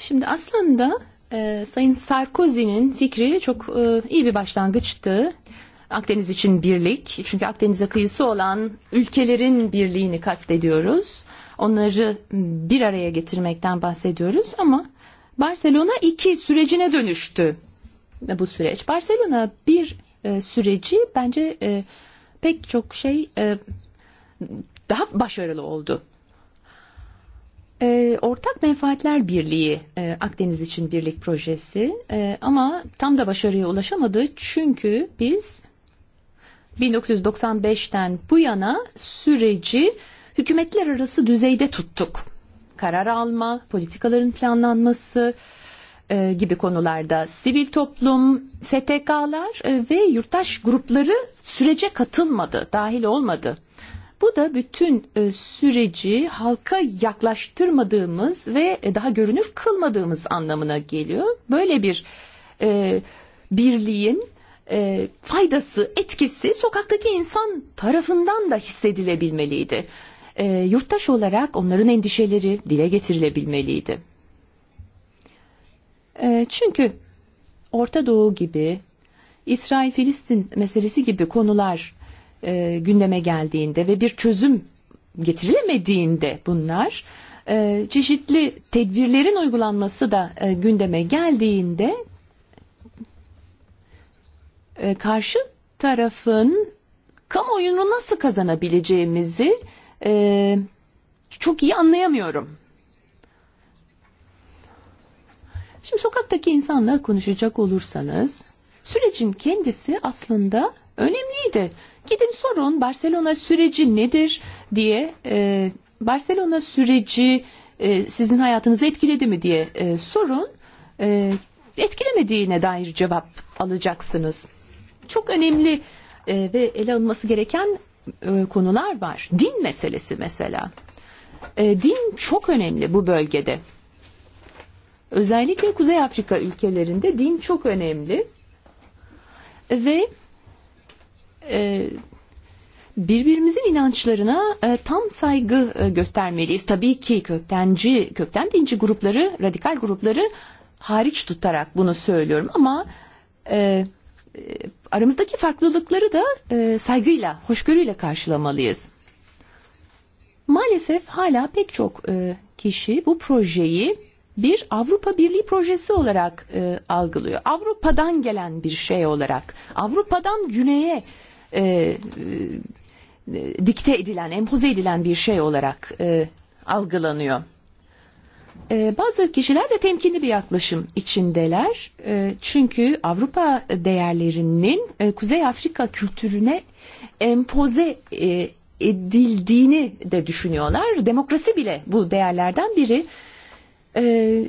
Şimdi aslında e, Sayın Sarkozy'nin fikri çok e, iyi bir başlangıçtı. Akdeniz için birlik. Çünkü Akdeniz'e kıyısı olan ülkelerin birliğini kastediyoruz. Onları bir araya getirmekten bahsediyoruz ama Barcelona 2 sürecine dönüştü bu süreç. Barcelona 1 e, süreci bence e, pek çok şey e, daha başarılı oldu. E, Ortak Menfaatler Birliği e, Akdeniz için birlik projesi e, ama tam da başarıya ulaşamadı çünkü biz 1995'ten bu yana süreci hükümetler arası düzeyde tuttuk. Karar alma, politikaların planlanması e, gibi konularda sivil toplum, STK'lar e, ve yurttaş grupları sürece katılmadı, dahil olmadı. Bu da bütün e, süreci halka yaklaştırmadığımız ve e, daha görünür kılmadığımız anlamına geliyor. Böyle bir e, birliğin e, faydası, etkisi sokaktaki insan tarafından da hissedilebilmeliydi. E, yurttaş olarak onların endişeleri dile getirilebilmeliydi. E, çünkü Orta Doğu gibi, İsrail-Filistin meselesi gibi konular e, gündeme geldiğinde ve bir çözüm getirilemediğinde bunlar e, çeşitli tedbirlerin uygulanması da e, gündeme geldiğinde e, karşı tarafın kamuoyunu nasıl kazanabileceğimizi e, çok iyi anlayamıyorum. Şimdi sokaktaki insanla konuşacak olursanız sürecin kendisi aslında önemliydi. Gidin sorun Barcelona süreci nedir diye. E, Barcelona süreci e, sizin hayatınızı etkiledi mi diye e, sorun. E, etkilemediğine dair cevap alacaksınız. Çok önemli e, ve ele alınması gereken e, konular var. Din meselesi mesela. E, din çok önemli bu bölgede. Özellikle Kuzey Afrika ülkelerinde din çok önemli. Ve E, birbirimizin inançlarına e, tam saygı e, göstermeliyiz. Tabii ki köktenci, kökten dinci grupları, radikal grupları hariç tutarak bunu söylüyorum ama e, e, aramızdaki farklılıkları da e, saygıyla, hoşgörüyle karşılamalıyız. Maalesef hala pek çok e, kişi bu projeyi bir Avrupa Birliği projesi olarak e, algılıyor. Avrupa'dan gelen bir şey olarak, Avrupa'dan güneye e, dikte edilen, empoze edilen bir şey olarak e, algılanıyor. E, bazı kişiler de temkinli bir yaklaşım içindeler. E, çünkü Avrupa değerlerinin e, Kuzey Afrika kültürüne empoze e, edildiğini de düşünüyorlar. Demokrasi bile bu değerlerden biri. E,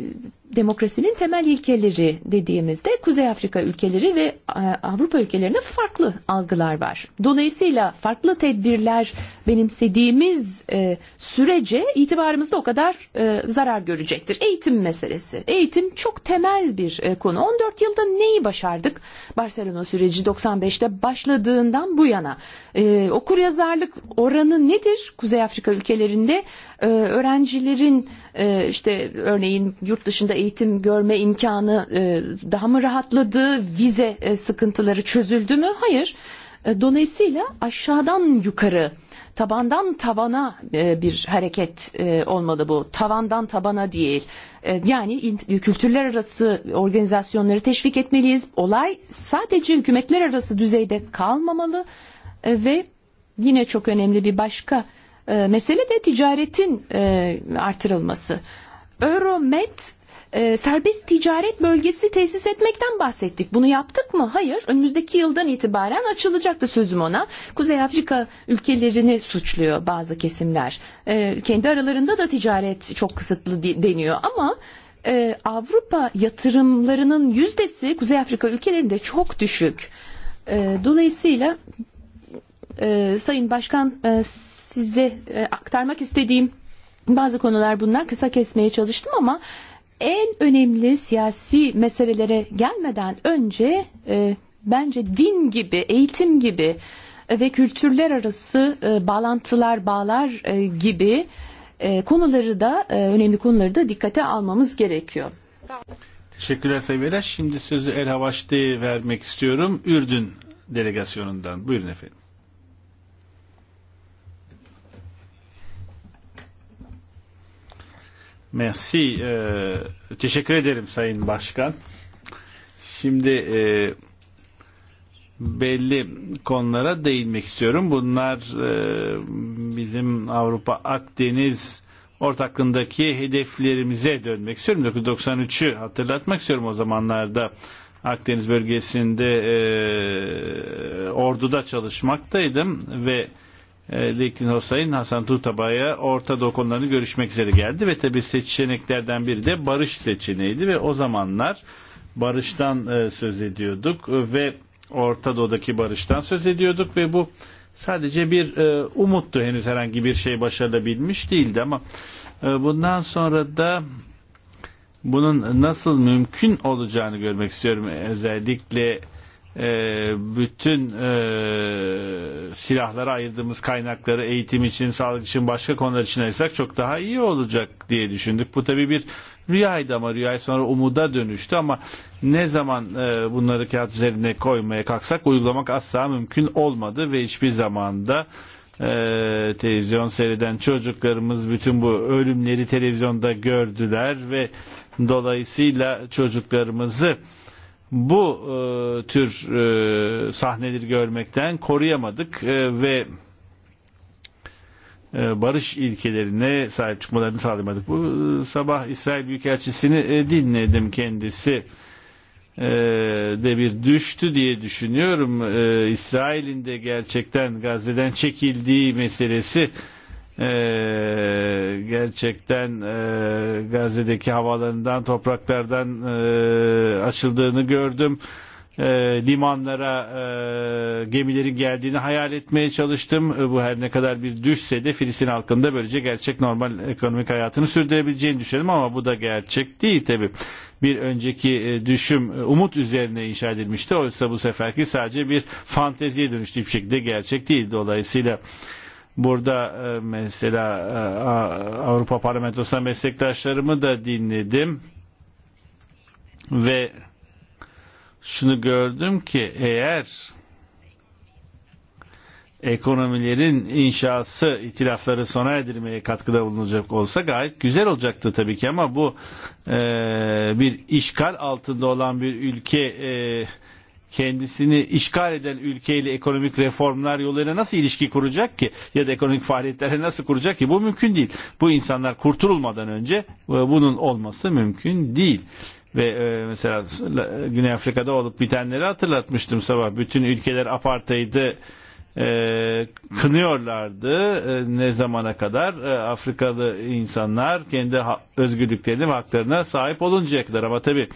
demokrasinin temel ilkeleri dediğimizde Kuzey Afrika ülkeleri ve e, Avrupa ülkelerinde farklı algılar var. Dolayısıyla farklı tedbirler benimsediğimiz e, sürece itibarımızda o kadar e, zarar görecektir. Eğitim meselesi. Eğitim çok temel bir konu. 14 yılda neyi başardık? Barcelona süreci 95'te başladığından bu yana. Okur okuryazarlık oranı nedir? Kuzey Afrika ülkelerinde öğrencilerin işte örneğin yurt dışında eğitim görme imkanı e, daha mı rahatladı? Vize e, sıkıntıları çözüldü mü? Hayır. E, dolayısıyla aşağıdan yukarı, tabandan tabana e, bir hareket e, olmalı bu. Tavandan tabana değil. E, yani in, kültürler arası organizasyonları teşvik etmeliyiz. Olay sadece hükümetler arası düzeyde kalmamalı e, ve yine çok önemli bir başka e, mesele de ticaretin e, artırılması. Euromed e, serbest ticaret bölgesi tesis etmekten bahsettik. Bunu yaptık mı? Hayır. Önümüzdeki yıldan itibaren açılacaktı sözüm ona. Kuzey Afrika ülkelerini suçluyor bazı kesimler. E, kendi aralarında da ticaret çok kısıtlı deniyor ama e, Avrupa yatırımlarının yüzdesi Kuzey Afrika ülkelerinde çok düşük. E, dolayısıyla e, Sayın Başkan e, size e, aktarmak istediğim bazı konular bunlar. Kısa kesmeye çalıştım ama en önemli siyasi meselelere gelmeden önce e, bence din gibi, eğitim gibi e, ve kültürler arası e, bağlantılar, bağlar e, gibi e, konuları da e, önemli konuları da dikkate almamız gerekiyor. Teşekkürler Sayın Beyler. Şimdi sözü El Havaş'ta vermek istiyorum. Ürdün delegasyonundan. Buyurun efendim. Merci. Ee, teşekkür ederim Sayın Başkan. Şimdi e, belli konulara değinmek istiyorum. Bunlar e, bizim Avrupa Akdeniz ortaklığındaki hedeflerimize dönmek istiyorum. 1993'ü hatırlatmak istiyorum o zamanlarda. Akdeniz bölgesinde e, orduda çalışmaktaydım ve E, Lekin Hosay'ın Hasan Tutaba'ya orta Doğu konularını görüşmek üzere geldi ve tabi seçeneklerden biri de barış seçeneğiydi ve o zamanlar barıştan e, söz ediyorduk ve Orta Doğu'daki barıştan söz ediyorduk ve bu sadece bir e, umuttu henüz herhangi bir şey başarılabilmiş değildi ama e, bundan sonra da bunun nasıl mümkün olacağını görmek istiyorum özellikle e, bütün e, silahlara ayırdığımız kaynakları eğitim için, sağlık için, başka konular için ayırsak çok daha iyi olacak diye düşündük. Bu tabii bir rüyaydı ama rüyay sonra umuda dönüştü ama ne zaman e, bunları kağıt üzerine koymaya kalksak uygulamak asla mümkün olmadı ve hiçbir zamanda e, televizyon seyreden çocuklarımız bütün bu ölümleri televizyonda gördüler ve dolayısıyla çocuklarımızı e, bu e, tür e, sahneleri görmekten koruyamadık e, ve e, barış ilkelerine sahip çıkmalarını sağlamadık. Bu e, sabah İsrail Büyükelçisi'ni e, dinledim kendisi e, de bir düştü diye düşünüyorum. E, İsrail'in de gerçekten Gazze'den çekildiği meselesi e, Ee, gerçekten e, Gazze'deki havalarından, topraklardan e, açıldığını gördüm. E, limanlara e, gemilerin geldiğini hayal etmeye çalıştım. E, bu her ne kadar bir düşse de Filistin halkında böylece gerçek normal ekonomik hayatını sürdürebileceğini düşündüm ama bu da gerçek değil tabi. Bir önceki e, düşüm e, umut üzerine inşa edilmişti. Oysa bu seferki sadece bir fanteziye dönüştü bir şekilde gerçek değil. Dolayısıyla e, Burada e, mesela e, Avrupa Parlamentosu'na meslektaşlarımı da dinledim ve şunu gördüm ki eğer ekonomilerin inşası itilafları sona erdirmeye katkıda bulunacak olsa gayet güzel olacaktı tabii ki ama bu e, bir işgal altında olan bir ülke e, kendisini işgal eden ülkeyle ekonomik reformlar yoluyla nasıl ilişki kuracak ki ya da ekonomik faaliyetlere nasıl kuracak ki bu mümkün değil. Bu insanlar kurtulmadan önce e, bunun olması mümkün değil. Ve e, mesela Güney Afrika'da olup bitenleri hatırlatmıştım sabah. Bütün ülkeler apartheid'i e, kınıyorlardı e, ne zamana kadar e, Afrikalı insanlar kendi özgürlüklerini ve haklarına sahip oluncaya kadar ama tabii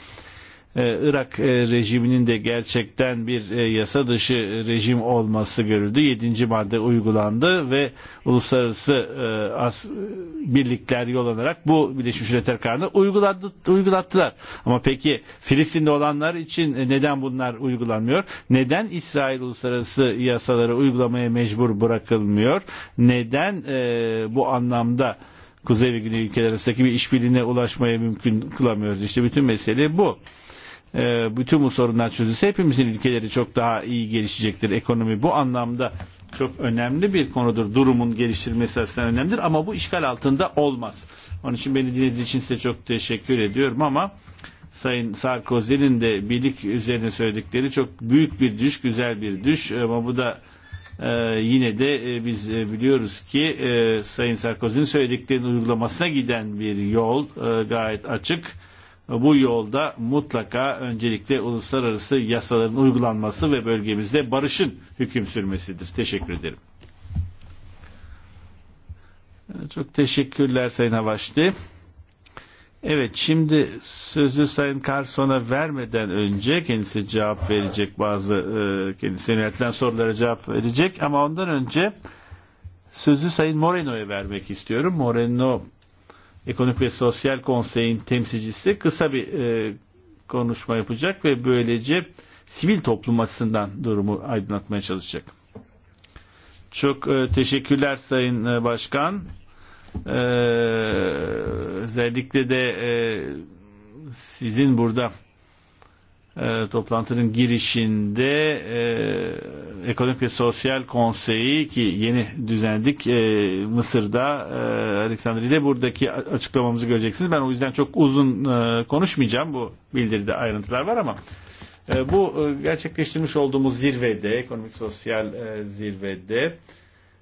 E, Irak e, rejiminin de gerçekten bir e, yasa dışı rejim olması görüldü. Yedinci madde uygulandı ve uluslararası birlikler yol alarak bu Birleşmiş Milletler kararını uyguladı, uygulattılar. Ama peki Filistin'de olanlar için neden bunlar uygulanmıyor? Neden İsrail uluslararası yasaları uygulamaya mecbur bırakılmıyor? Neden bu anlamda Kuzey ve Güney ülkeler arasındaki bir işbirliğine ulaşmaya mümkün kılamıyoruz? İşte bütün mesele bu. E, bütün bu sorunlar çözülse hepimizin ülkeleri çok daha iyi gelişecektir. Ekonomi bu anlamda çok önemli bir konudur. Durumun geliştirilmesi aslında önemlidir ama bu işgal altında olmaz. Onun için beni dinlediğiniz için size çok teşekkür ediyorum ama Sayın Sarkozy'nin de birlik üzerine söyledikleri çok büyük bir düş, güzel bir düş e, ama bu da e, yine de e, biz e, biliyoruz ki e, Sayın Sarkozy'nin söylediklerinin uygulamasına giden bir yol e, gayet açık bu yolda mutlaka öncelikle uluslararası yasaların uygulanması ve bölgemizde barışın hüküm sürmesidir. Teşekkür ederim. Çok teşekkürler Sayın Havaşlı. Evet şimdi sözü Sayın Carson'a vermeden önce kendisi cevap verecek bazı e, kendisi yöneltilen sorulara cevap verecek ama ondan önce sözü Sayın Moreno'ya vermek istiyorum. Moreno Ekonomik ve Sosyal Konsey'in temsilcisi kısa bir e, konuşma yapacak ve böylece sivil toplum açısından durumu aydınlatmaya çalışacak. Çok e, teşekkürler Sayın e, Başkan. E, özellikle de e, sizin burada e, toplantının girişinde e, Ekonomik ve Sosyal Konseyi ki yeni düzenledik e, Mısır'da e, Aleksandriye'de buradaki açıklamamızı göreceksiniz. Ben o yüzden çok uzun e, konuşmayacağım. Bu bildiride ayrıntılar var ama e, bu e, gerçekleştirmiş olduğumuz zirvede, ekonomik sosyal e, zirvede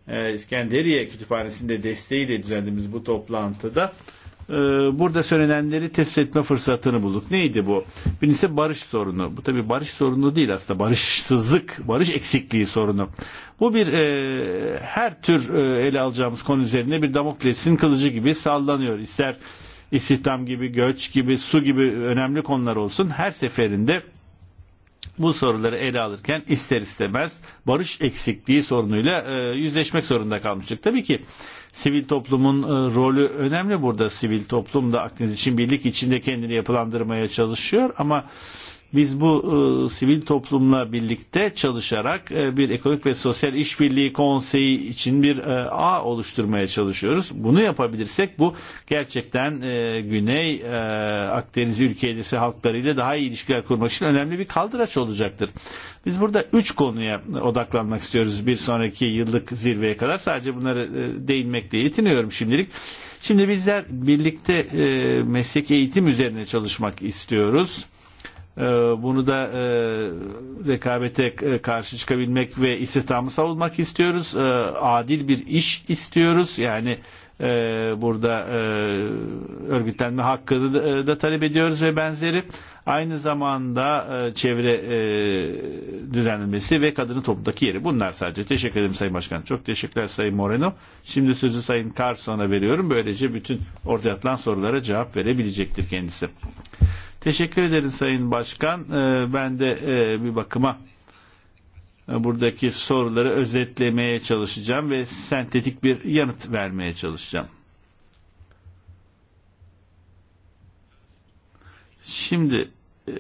e, İskenderiye Kütüphanesi'nde desteğiyle düzenlediğimiz bu toplantıda burada söylenenleri test etme fırsatını bulduk. Neydi bu? Birincisi barış sorunu. Bu tabii barış sorunu değil aslında barışsızlık, barış eksikliği sorunu. Bu bir e, her tür e, ele alacağımız konu üzerine bir damoklesin kılıcı gibi sallanıyor. İster istihdam gibi, göç gibi, su gibi önemli konular olsun her seferinde bu soruları ele alırken ister istemez barış eksikliği sorunuyla e, yüzleşmek zorunda kalmıştık. Tabii ki sivil toplumun e, rolü önemli burada. Sivil toplum da Akdeniz için birlik içinde kendini yapılandırmaya çalışıyor ama Biz bu e, sivil toplumla birlikte çalışarak e, bir ekonomik ve sosyal işbirliği konseyi için bir e, ağ oluşturmaya çalışıyoruz. Bunu yapabilirsek bu gerçekten e, Güney e, Akdeniz ülkelerisi halklarıyla daha iyi ilişkiler kurmak için önemli bir kaldıraç olacaktır. Biz burada üç konuya odaklanmak istiyoruz bir sonraki yıllık zirveye kadar. Sadece bunları e, değinmekle yetiniyorum şimdilik. Şimdi bizler birlikte e, meslek eğitim üzerine çalışmak istiyoruz Bunu da e, rekabete e, karşı çıkabilmek ve istihdamı savunmak istiyoruz. Adil bir iş istiyoruz. Yani e, burada örgütlenme hakkını da talep ediyoruz ve benzeri. Aynı zamanda çevre düzenlenmesi ve kadının toplumdaki yeri. Bunlar sadece. Teşekkür ederim Sayın Başkan. Çok teşekkürler Sayın Moreno. Şimdi sözü Sayın Carson'a veriyorum. Böylece bütün ortaya atılan sorulara cevap verebilecektir kendisi. Teşekkür ederim Sayın Başkan. Ben de e, bir bakıma e, buradaki soruları özetlemeye çalışacağım ve sentetik bir yanıt vermeye çalışacağım. Şimdi e,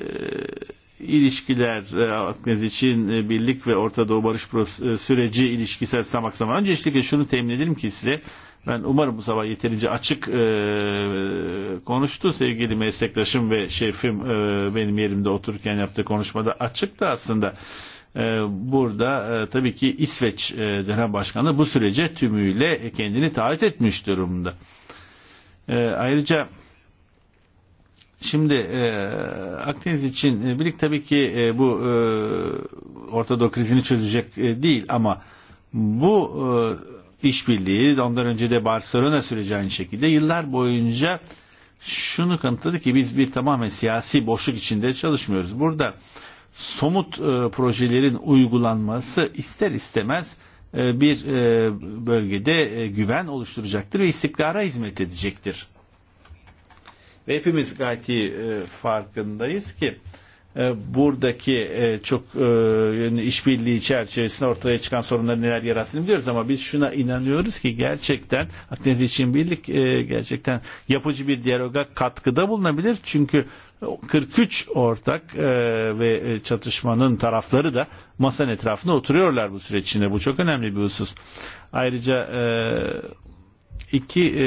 ilişkiler e, Akdeniz için e, birlik ve Orta Doğu barış e, süreci ilişkisi açısından zaman. Öncelikle şunu temin edelim ki size ben umarım bu sabah yeterince açık e, konuştu sevgili meslektaşım ve şefim e, benim yerimde otururken yaptığı konuşmada açıktı aslında. E, burada e, tabii ki İsveç e, dönem başkanı bu sürece tümüyle kendini taahhüt etmiş durumda. E, ayrıca e, Şimdi e, Akdeniz için e, birlik tabii ki e, bu e, Ortadoğu krizini çözecek e, değil ama bu e, işbirliği ondan önce de Barcelona süreci aynı şekilde yıllar boyunca şunu kanıtladı ki biz bir tamamen siyasi boşluk içinde çalışmıyoruz. Burada somut e, projelerin uygulanması ister istemez e, bir e, bölgede e, güven oluşturacaktır ve istikrara hizmet edecektir ve hepimiz gayet iyi e, farkındayız ki e, buradaki e, çok e, yani işbirliği çerçevesinde ortaya çıkan sorunları neler yarattığını biliyoruz ama biz şuna inanıyoruz ki gerçekten Akdeniz için birlik e, gerçekten yapıcı bir diyaloga katkıda bulunabilir. Çünkü 43 ortak e, ve e, çatışmanın tarafları da masanın etrafında oturuyorlar bu süreç içinde. Bu çok önemli bir husus. Ayrıca e, iki e,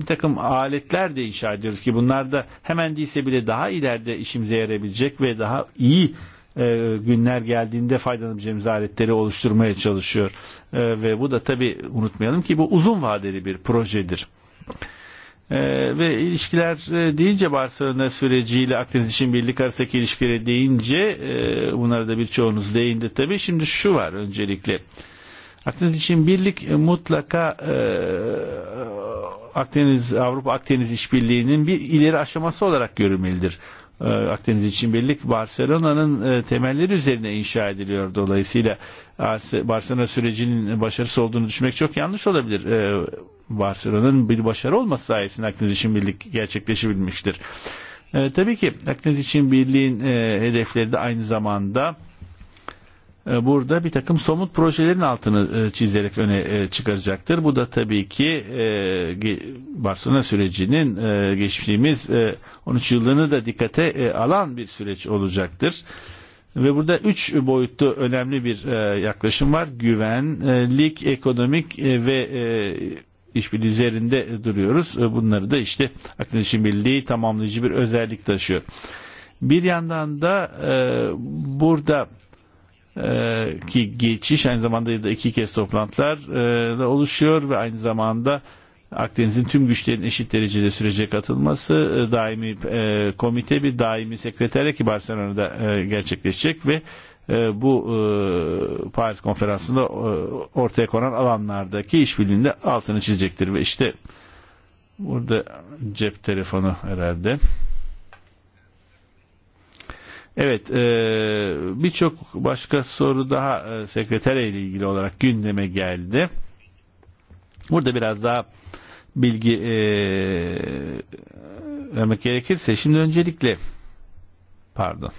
bir takım aletler de inşa ediyoruz ki bunlar da hemen değilse bile daha ileride işimize yarayabilecek ve daha iyi e, günler geldiğinde faydalanabileceğimiz aletleri oluşturmaya çalışıyor. E, ve bu da tabii unutmayalım ki bu uzun vadeli bir projedir. E, ve ilişkiler e, deyince Barcelona süreciyle Akdeniz için Birlik arasındaki ilişkileri deyince e, bunlara da birçoğunuz değindi tabii. Şimdi şu var öncelikle. E, Akdeniz için birlik mutlaka Akdeniz Avrupa Akdeniz İşbirliği'nin bir ileri aşaması olarak görülmelidir. Akdeniz için Birlik Barcelona'nın temelleri üzerine inşa ediliyor. Dolayısıyla Barcelona sürecinin başarısı olduğunu düşünmek çok yanlış olabilir. Eh, Barcelona'nın bir başarı olması sayesinde Akdeniz için Birlik gerçekleşebilmiştir. Eh, tabii ki Akdeniz için Birliği'nin eh, hedefleri de aynı zamanda E, burada bir takım somut projelerin altını e, çizerek öne e, çıkaracaktır. Bu da tabii ki Barcelona sürecinin geçtiğimiz 13 yılını da dikkate alan bir süreç olacaktır. Ve burada üç boyutlu önemli bir yaklaşım var. Güvenlik, ekonomik ve işbirliği üzerinde duruyoruz. Bunları da işte Akdeniz Birliği tamamlayıcı bir özellik taşıyor. Bir yandan da e, burada ki geçiş aynı zamanda ya da iki kez toplantılar e, da oluşuyor ve aynı zamanda Akdeniz'in tüm güçlerin eşit derecede sürece katılması e, daimi e, komite bir daimi sekreterle ki Barcelona'da gerçekleşecek ve bu Paris konferansında ortaya konan alanlardaki işbirliğinde altını çizecektir ve işte burada cep telefonu herhalde. Evet, e, birçok başka soru daha e, sekreter ile ilgili olarak gündeme geldi. Burada biraz daha bilgi e, vermek gerekirse, şimdi öncelikle, pardon,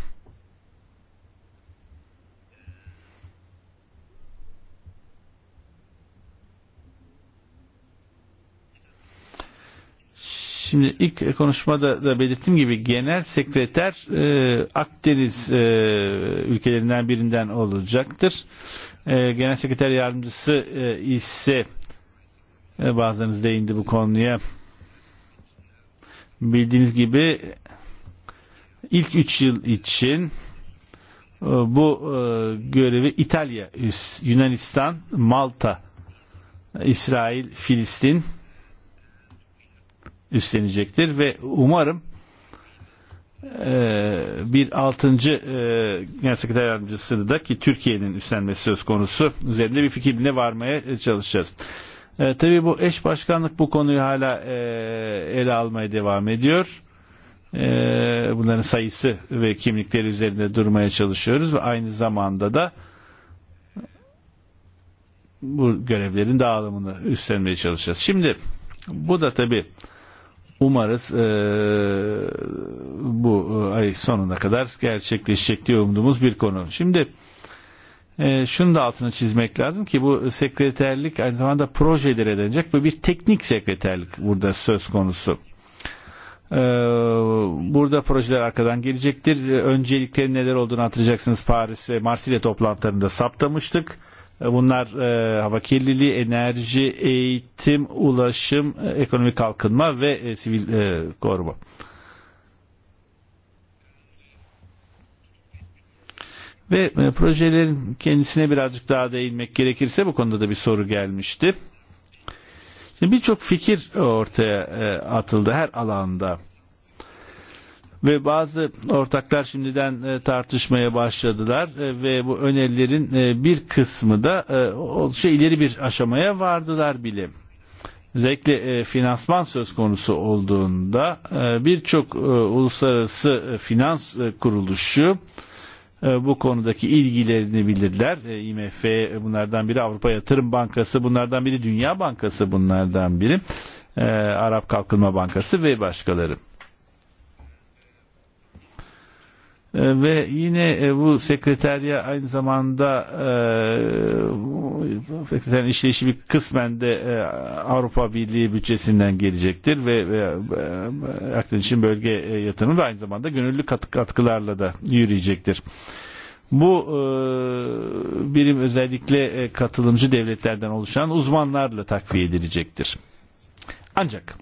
Şimdi ilk konuşmada da belirttiğim gibi genel sekreter e, Akdeniz e, ülkelerinden birinden olacaktır. E, genel sekreter yardımcısı e, ise e, bazılarınız değindi bu konuya. Bildiğiniz gibi ilk 3 yıl için e, bu e, görevi İtalya, Yunanistan, Malta, İsrail, Filistin üstlenecektir ve umarım e, bir altıncı e, Genel Sekreter Yardımcısı'nı da ki Türkiye'nin üstlenmesi söz konusu üzerinde bir fikrine varmaya e, çalışacağız. E, tabii bu eş başkanlık bu konuyu hala e, ele almaya devam ediyor. E, bunların sayısı ve kimlikleri üzerinde durmaya çalışıyoruz ve aynı zamanda da bu görevlerin dağılımını üstlenmeye çalışacağız. Şimdi bu da tabii Umarız e, bu e, ay sonuna kadar gerçekleşecek diye umduğumuz bir konu. Şimdi e, şunu da altını çizmek lazım ki bu sekreterlik aynı zamanda projelere denecek ve bir teknik sekreterlik burada söz konusu. E, burada projeler arkadan gelecektir. E, Önceliklerin neler olduğunu hatırlayacaksınız. Paris ve Marsilya toplantılarında saptamıştık Bunlar e, hava kirliliği, enerji, eğitim, ulaşım, e, ekonomik kalkınma ve e, sivil e, koruma. Ve e, projelerin kendisine birazcık daha değinmek gerekirse bu konuda da bir soru gelmişti. Şimdi birçok fikir ortaya e, atıldı her alanda ve bazı ortaklar şimdiden e, tartışmaya başladılar e, ve bu önerilerin e, bir kısmı da oldukça ileri bir aşamaya vardılar bile. Özellikle finansman söz konusu olduğunda birçok uluslararası finans kuruluşu bu konudaki ilgilerini bilirler. IMF bunlardan biri Avrupa Yatırım Bankası bunlardan biri Dünya Bankası bunlardan biri Arap Kalkınma Bankası ve başkaları. E, ve yine e, bu sekreterya aynı zamanda e, sekreterin işleyişi bir kısmen de Avrupa Birliği bütçesinden gelecektir ve, ve e, Akdeniz'in bölge yatırımı da aynı zamanda gönüllü katkılarla da yürüyecektir. Bu e, birim özellikle e, katılımcı devletlerden oluşan uzmanlarla takviye edilecektir. Ancak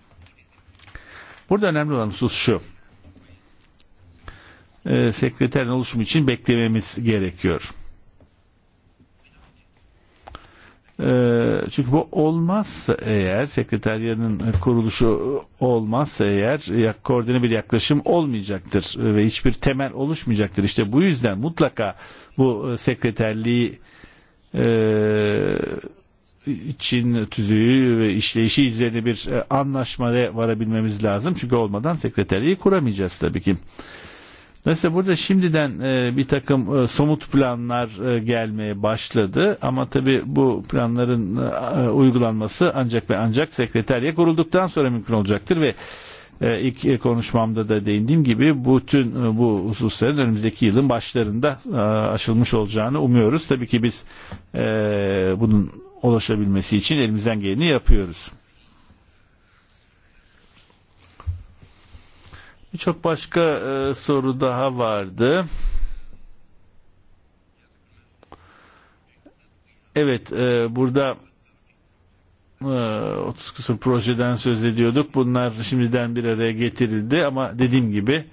burada önemli olan husus şu E, sekreterin oluşumu için beklememiz gerekiyor. E, çünkü bu olmazsa eğer sekreteryanın kuruluşu olmazsa eğer koordine bir yaklaşım olmayacaktır ve hiçbir temel oluşmayacaktır. İşte bu yüzden mutlaka bu e, sekreterliği için tüzüğü ve işleyişi üzerine bir anlaşmaya varabilmemiz lazım. Çünkü olmadan sekreterliği kuramayacağız tabii ki. Mesela burada şimdiden e, bir takım e, somut planlar e, gelmeye başladı ama tabi bu planların e, uygulanması ancak ve ancak sekreterye kurulduktan sonra mümkün olacaktır ve e, ilk e, konuşmamda da değindiğim gibi bütün e, bu hususların önümüzdeki yılın başlarında e, aşılmış olacağını umuyoruz. Tabii ki biz e, bunun ulaşabilmesi için elimizden geleni yapıyoruz. Birçok başka e, soru daha vardı. Evet, e, burada e, 30 kısım projeden söz ediyorduk. Bunlar şimdiden bir araya getirildi ama dediğim gibi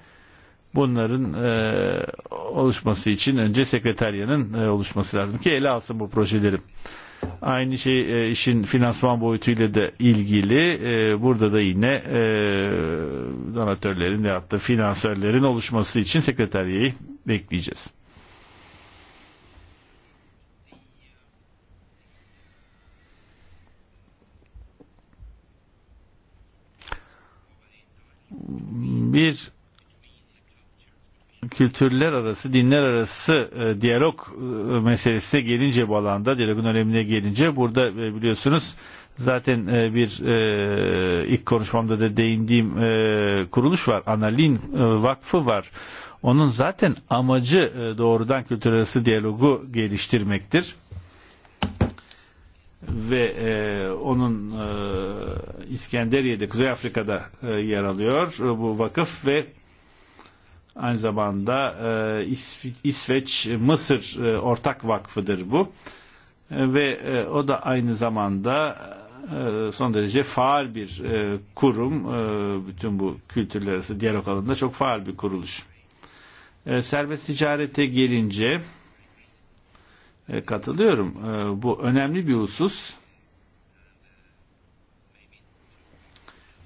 bunların e, oluşması için önce sekreteryanın e, oluşması lazım ki ele alsın bu projeleri. Aynı şey e, işin finansman boyutuyla da ilgili. E, burada da yine e, donatörlerin ya da finansörlerin oluşması için sekreteriyeyi bekleyeceğiz. bir kültürler arası, dinler arası e, diyalog e, meselesine gelince bu alanda, diyalogun önemine gelince burada e, biliyorsunuz zaten e, bir e, ilk konuşmamda da değindiğim e, kuruluş var. Analin e, Vakfı var. Onun zaten amacı e, doğrudan kültür arası diyalogu geliştirmektir ve e, onun e, İskenderiye'de Kuzey Afrika'da e, yer alıyor e, bu vakıf ve Aynı zamanda e, İsveç-Mısır e, ortak vakfıdır bu. E, ve e, o da aynı zamanda e, son derece faal bir e, kurum. E, bütün bu kültürler arası diyalog alanında çok faal bir kuruluş. E, serbest ticarete gelince e, katılıyorum. E, bu önemli bir husus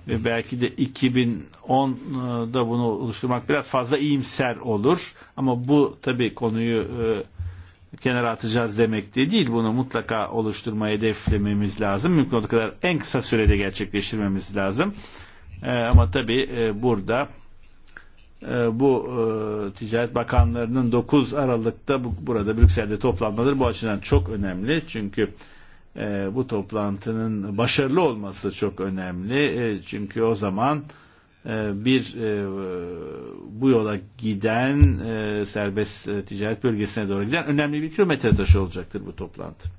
ve belki de 2010'da e, bunu oluşturmak biraz fazla iyimser olur. Ama bu tabi konuyu e, kenara atacağız demek de değil. Bunu mutlaka oluşturmayı hedeflememiz lazım. Mümkün olduğu kadar en kısa sürede gerçekleştirmemiz lazım. E, ama tabi burada bu e, Ticaret Bakanlarının 9 Aralık'ta bu, burada Brüksel'de toplanmaları bu açıdan çok önemli. Çünkü e, e, bu toplantının başarılı olması çok önemli. e, Çünkü o zaman e, bir e, bu yola giden e, serbest e, ticaret bölgesine doğru giden önemli bir kilometre taşı olacaktır bu toplantı.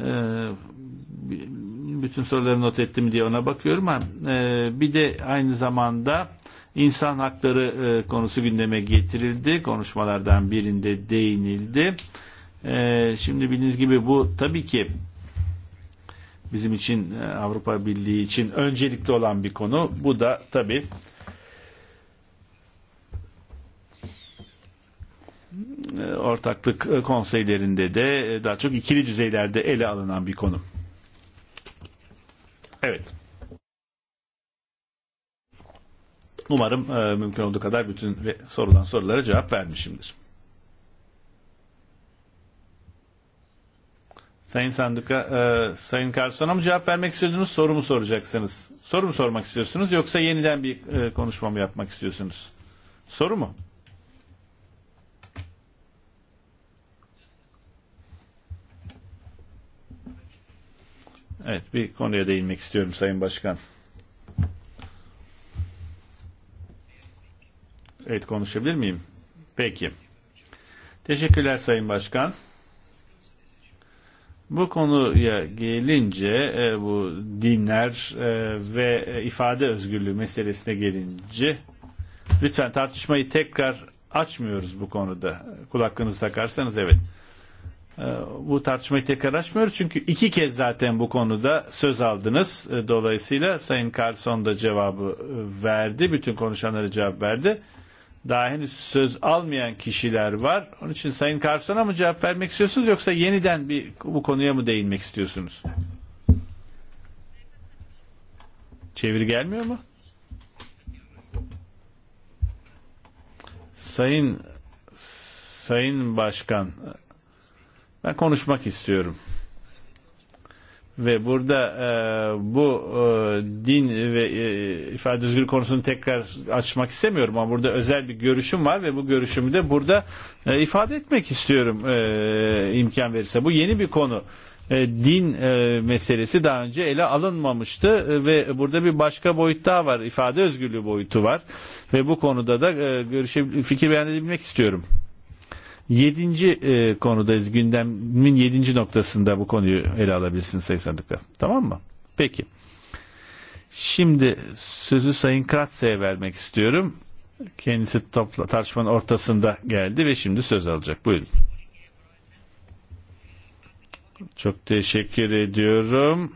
E, bütün soruları not ettim diye ona bakıyorum ama e, bir de aynı zamanda insan hakları e, konusu gündeme getirildi. Konuşmalardan birinde değinildi. E, Ee, şimdi bildiğiniz gibi bu tabii ki bizim için e, Avrupa Birliği için öncelikli olan bir konu. Bu da tabii e, ortaklık e, konseylerinde de daha çok ikili düzeylerde ele alınan bir konu. Evet. Umarım mümkün olduğu kadar bütün sorulan sorulara cevap vermişimdir. Sayın Sandık'a, e, Sayın Karslan'a mı cevap vermek istiyordunuz, soru mu soracaksınız? Soru mu sormak istiyorsunuz yoksa yeniden bir e, konuşma mı yapmak istiyorsunuz? Soru mu? Evet, bir konuya değinmek istiyorum Sayın Başkan. Evet, konuşabilir miyim? Peki. Teşekkürler Sayın Başkan. Bu konuya gelince e, bu dinler e, ve ifade özgürlüğü meselesine gelince lütfen tartışmayı tekrar açmıyoruz bu konuda. Kulaklığınızı takarsanız evet. E, bu tartışmayı tekrar açmıyoruz çünkü iki kez zaten bu konuda söz aldınız. E, dolayısıyla Sayın Carson da cevabı verdi. Bütün konuşanlara cevap verdi. E, daha henüz söz almayan kişiler var. Onun için Sayın karsana mı cevap vermek istiyorsunuz yoksa yeniden bir bu konuya mı değinmek istiyorsunuz? Çeviri gelmiyor mu? Sayın Sayın Başkan ben konuşmak istiyorum ve burada e, bu e, din ve e, ifade özgürlüğü konusunu tekrar açmak istemiyorum ama burada özel bir görüşüm var ve bu görüşümü de burada e, ifade etmek istiyorum e, imkan verirse. Bu yeni bir konu. E, din e, meselesi daha önce ele alınmamıştı e, ve burada bir başka boyut daha var. İfade özgürlüğü boyutu var ve bu konuda da e, görüşe, fikir beyan edebilmek istiyorum. Yedinci e, konudayız. Gündemin yedinci noktasında bu konuyu ele alabilirsin Sayın Sandık'a. Tamam mı? Peki. Şimdi sözü Sayın Kratse'ye vermek istiyorum. Kendisi topla, tartışmanın ortasında geldi ve şimdi söz alacak. Buyurun. Çok teşekkür ediyorum.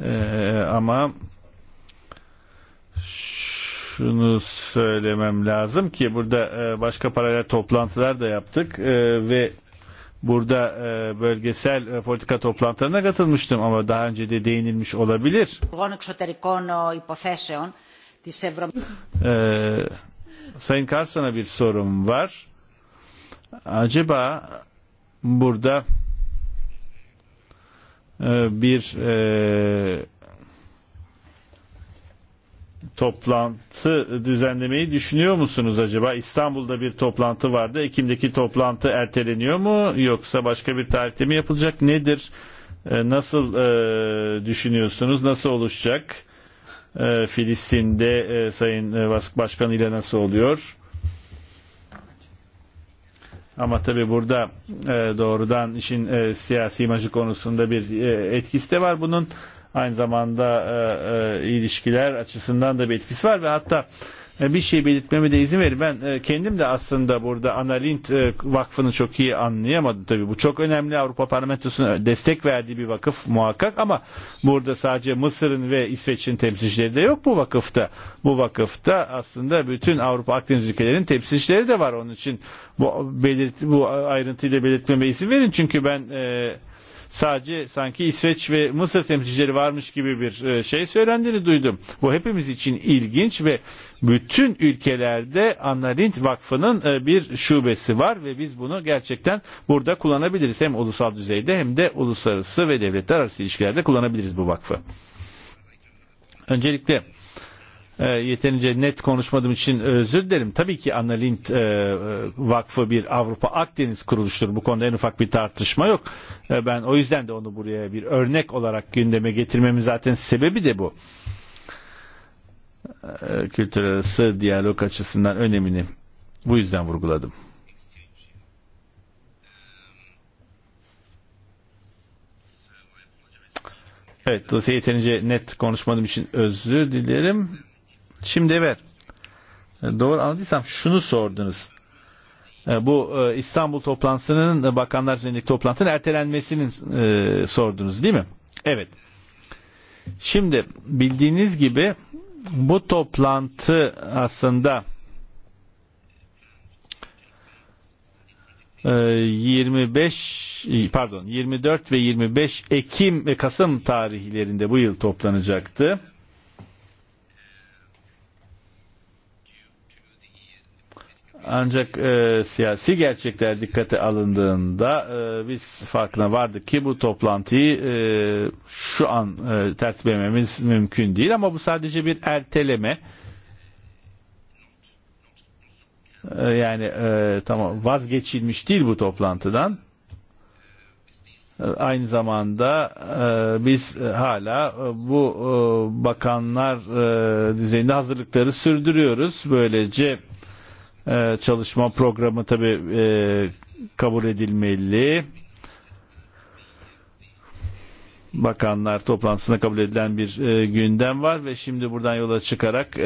Ee, ama şunu söylemem lazım ki burada e, başka paralel toplantılar da yaptık e, ve burada e, bölgesel politika toplantılarına katılmıştım ama daha önce de değinilmiş olabilir. Ee, Sayın Karsan'a bir sorum var. Acaba burada bir bir toplantı düzenlemeyi düşünüyor musunuz acaba? İstanbul'da bir toplantı vardı. Ekim'deki toplantı erteleniyor mu yoksa başka bir tarihte mi yapılacak? Nedir? Nasıl e, düşünüyorsunuz? Nasıl oluşacak? E, Filistin'de e, Sayın e, Başkan ile nasıl oluyor? Ama tabi burada e, doğrudan işin e, siyasi imajı konusunda bir e, etkisi de var. Bunun aynı zamanda e, e, ilişkiler açısından da bir etkisi var ve hatta e, bir şey belirtmeme de izin verin. Ben e, kendim de aslında burada Analint e, Vakfı'nı çok iyi anlayamadım tabii. Bu çok önemli Avrupa Parlamentosu'na destek verdiği bir vakıf muhakkak ama burada sadece Mısır'ın ve İsveç'in temsilcileri de yok bu vakıfta. Bu vakıfta aslında bütün Avrupa Akdeniz ülkelerinin temsilcileri de var. Onun için bu, belirt, bu ayrıntıyı da belirtmeme izin verin çünkü ben e, sadece sanki İsveç ve Mısır temsilcileri varmış gibi bir e, şey söylendiğini duydum. Bu hepimiz için ilginç ve bütün ülkelerde Anna Lindt Vakfı'nın e, bir şubesi var ve biz bunu gerçekten burada kullanabiliriz. Hem ulusal düzeyde hem de uluslararası ve devletler arası ilişkilerde kullanabiliriz bu vakfı. Öncelikle e, yeterince net konuşmadığım için özür dilerim. Tabii ki Anna Lind e, e, Vakfı bir Avrupa Akdeniz kuruluştur. Bu konuda en ufak bir tartışma yok. E, Ben o yüzden de onu buraya bir örnek olarak gündeme getirmemin zaten sebebi de bu. E, Kültür arası diyalog açısından önemini bu yüzden vurguladım. Evet, dolayısıyla yeterince net konuşmadığım için özür dilerim. Şimdi ver. E, doğru anladıysam şunu sordunuz. E, bu e, İstanbul toplantısının Bakanlar zindik toplantının ertelenmesinin sordunuz değil mi? Evet. Şimdi bildiğiniz gibi bu toplantı aslında 25 pardon 24 ve 25 Ekim ve Kasım tarihlerinde bu yıl toplanacaktı. Ancak e, siyasi gerçekler dikkate alındığında e, biz farkına vardık ki bu toplantıyı e, şu an e, tertiplememiz mümkün değil ama bu sadece bir erteleme. E, yani e, tamam vazgeçilmiş değil bu toplantıdan. E, aynı zamanda e, biz hala e, bu e, bakanlar e, düzeyinde hazırlıkları sürdürüyoruz. Böylece e, çalışma programı tabi e, kabul edilmeli. Bakanlar toplantısında kabul edilen bir e, gündem var ve şimdi buradan yola çıkarak e,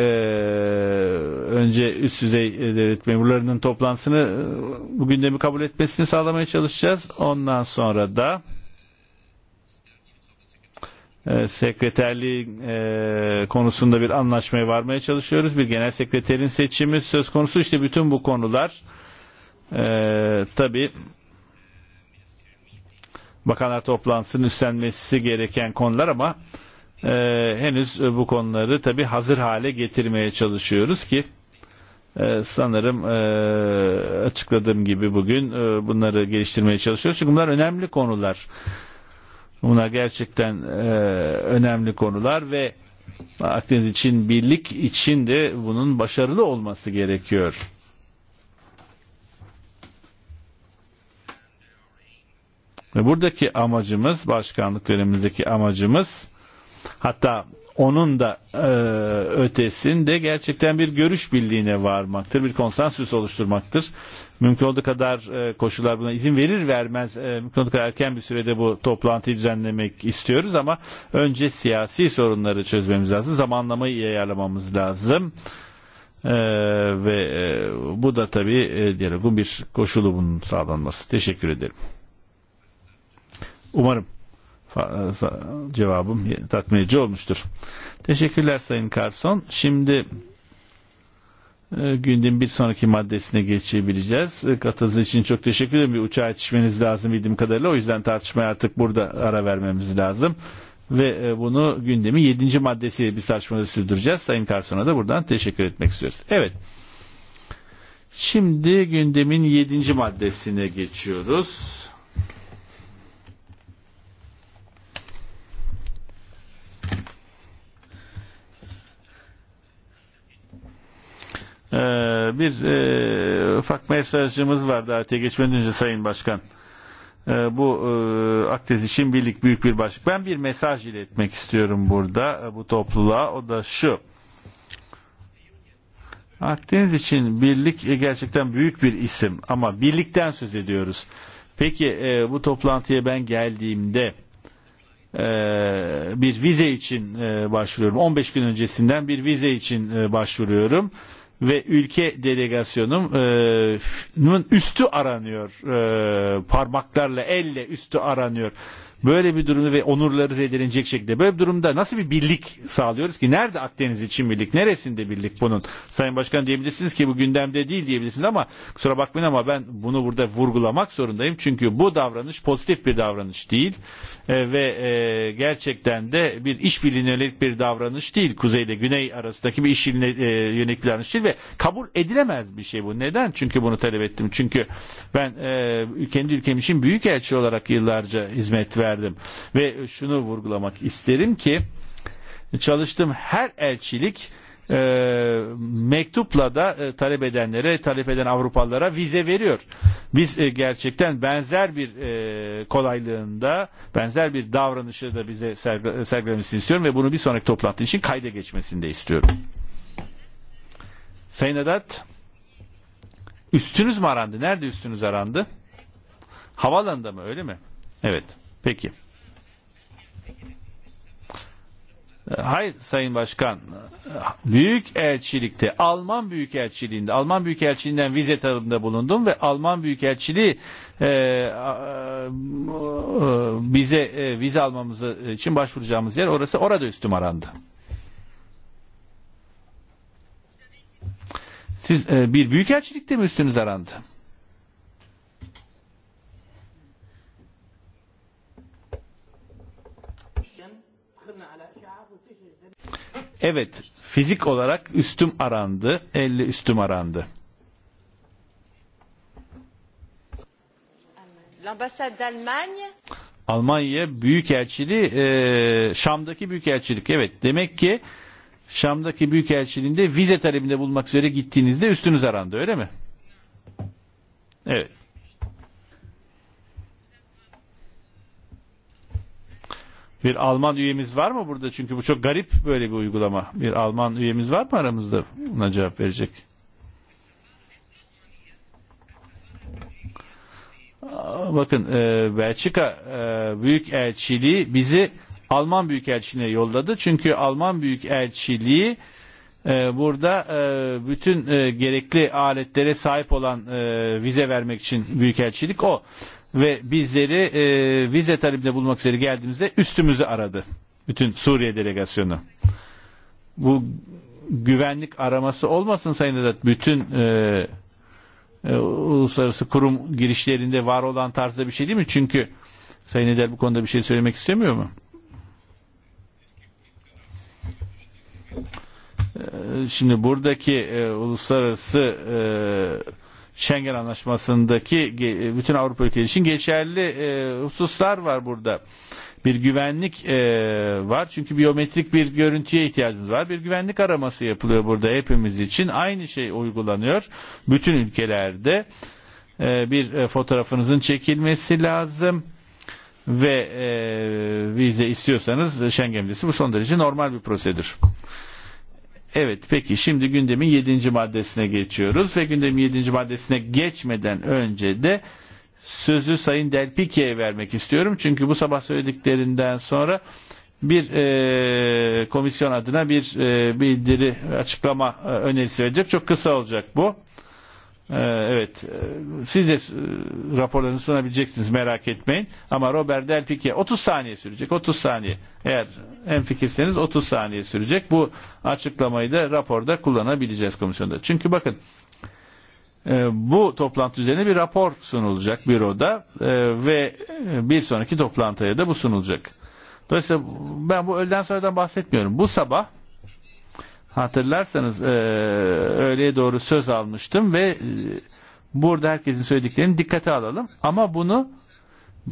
önce üst düzey e, devlet memurlarının toplantısını e, bu gündemi kabul etmesini sağlamaya çalışacağız. Ondan sonra da e, E, sekreterliği e, konusunda bir anlaşmaya varmaya çalışıyoruz. Bir genel sekreterin seçimi söz konusu işte bütün bu konular e, tabi bakanlar toplantısının üstlenmesi gereken konular ama e, henüz bu konuları tabi hazır hale getirmeye çalışıyoruz ki e, sanırım e, açıkladığım gibi bugün e, bunları geliştirmeye çalışıyoruz. Çünkü bunlar önemli konular. E, Bunlar gerçekten e, önemli konular ve Akdeniz için birlik için de bunun başarılı olması gerekiyor. Ve buradaki amacımız, başkanlık dönemindeki amacımız hatta onun da e, ötesinde gerçekten bir görüş birliğine varmaktır, bir konsensüs oluşturmaktır. Mümkün olduğu kadar e, koşullar buna izin verir vermez, e, mümkün olduğu kadar erken bir sürede bu toplantıyı düzenlemek istiyoruz ama önce siyasi sorunları çözmemiz lazım, zamanlamayı iyi ayarlamamız lazım. E, ve e, bu da tabii e, diyalogun bir koşulu bunun sağlanması. Teşekkür ederim. Umarım cevabım tatminci olmuştur. Teşekkürler Sayın Carson. Şimdi e, gündemin bir sonraki maddesine geçebileceğiz. E, Katınız için çok teşekkür ederim. Bir uçağa yetişmeniz lazım bildiğim kadarıyla. O yüzden tartışmaya artık burada ara vermemiz lazım. Ve e, bunu gündemin 7. maddesiyle bir tartışmada sürdüreceğiz. Sayın Karson'a da buradan teşekkür etmek istiyoruz. Evet. Şimdi gündemin 7. maddesine geçiyoruz. bir e, ufak mesajımız vardı artıya geçmeden önce Sayın Başkan. E, bu e, Akdeniz için birlik büyük bir başlık. Ben bir mesaj iletmek istiyorum burada e, bu topluluğa. O da şu. Akdeniz için birlik e, gerçekten büyük bir isim ama birlikten söz ediyoruz. Peki e, bu toplantıya ben geldiğimde e, bir vize için e, başvuruyorum. 15 gün öncesinden bir vize için e, başvuruyorum ve ülke delegasyonunun e, üstü aranıyor. E, parmaklarla elle üstü aranıyor böyle bir durumda ve onurları zedelenecek şekilde böyle bir durumda nasıl bir birlik sağlıyoruz ki? Nerede Akdeniz için birlik? Neresinde birlik bunun? Sayın Başkan diyebilirsiniz ki bu gündemde değil diyebilirsiniz ama kusura bakmayın ama ben bunu burada vurgulamak zorundayım. Çünkü bu davranış pozitif bir davranış değil e, ve e, gerçekten de bir iş yönelik bir davranış değil. Kuzey ile Güney arasındaki bir iş e, yönelik bir davranış değil ve kabul edilemez bir şey bu. Neden? Çünkü bunu talep ettim. Çünkü ben e, kendi ülkem için büyük elçi olarak yıllarca hizmet verdim isterdim. Ve şunu vurgulamak isterim ki çalıştığım her elçilik e, mektupla da e, talep edenlere, talep eden Avrupalılara vize veriyor. Biz e, gerçekten benzer bir e, kolaylığında, benzer bir davranışı da bize serg sergilemesini istiyorum ve bunu bir sonraki toplantı için kayda geçmesini de istiyorum. Sayın Adat, üstünüz mü arandı? Nerede üstünüz arandı? Havalanda mı öyle mi? Evet. Peki. Hayır Sayın Başkan. Büyük elçilikte, Alman büyük elçiliğinde, Alman büyük elçiliğinden vize talebinde bulundum ve Alman büyük elçiliği e, e, bize e, vize almamız e, için başvuracağımız yer orası. Orada üstüm arandı. Siz e, bir büyük elçilikte mi üstünüz arandı? Evet fizik olarak üstüm arandı. elli üstüm arandı. Almanya Büyükelçiliği e, Şam'daki Büyükelçilik evet demek ki Şam'daki Büyükelçiliğinde vize talebinde bulmak üzere gittiğinizde üstünüz arandı öyle mi? Evet. Bir Alman üyemiz var mı burada? Çünkü bu çok garip böyle bir uygulama. Bir Alman üyemiz var mı aramızda? Buna cevap verecek. Bakın e, Belçika e, Büyükelçiliği bizi Alman Büyükelçiliğine yolladı. Çünkü Alman Büyükelçiliği e, burada e, bütün e, gerekli aletlere sahip olan e, vize vermek için Büyükelçilik o ve bizleri e, vize talebinde bulmak üzere geldiğimizde üstümüzü aradı. Bütün Suriye delegasyonu. Bu güvenlik araması olmasın Sayın Vedat. Bütün e, e, uluslararası kurum girişlerinde var olan tarzda bir şey değil mi? Çünkü Sayın Eder bu konuda bir şey söylemek istemiyor mu? E, şimdi buradaki e, uluslararası e, Schengen anlaşmasındaki bütün Avrupa ülkeleri için geçerli e, hususlar var burada. Bir güvenlik e, var çünkü biyometrik bir görüntüye ihtiyacımız var. Bir güvenlik araması yapılıyor burada hepimiz için. Aynı şey uygulanıyor bütün ülkelerde. E, bir fotoğrafınızın çekilmesi lazım ve e, vize istiyorsanız Schengen vizesi bu son derece normal bir prosedür. Evet peki şimdi gündemin 7. maddesine geçiyoruz ve gündemin 7. maddesine geçmeden önce de sözü Sayın Delpike'ye vermek istiyorum. Çünkü bu sabah söylediklerinden sonra bir e, komisyon adına bir e, bildiri açıklama e, önerisi verecek. Çok kısa olacak bu evet siz de raporlarınızı sunabileceksiniz merak etmeyin ama Robert Del Pique 30 saniye sürecek 30 saniye eğer en fikirseniz 30 saniye sürecek bu açıklamayı da raporda kullanabileceğiz komisyonda çünkü bakın e, bu toplantı üzerine bir rapor sunulacak büroda e, ve e, bir sonraki toplantıya da bu sunulacak. Dolayısıyla ben bu öğleden sonradan bahsetmiyorum. Bu sabah hatırlarsanız e, öğleye doğru söz almıştım ve e, burada herkesin söylediklerini dikkate alalım ama bunu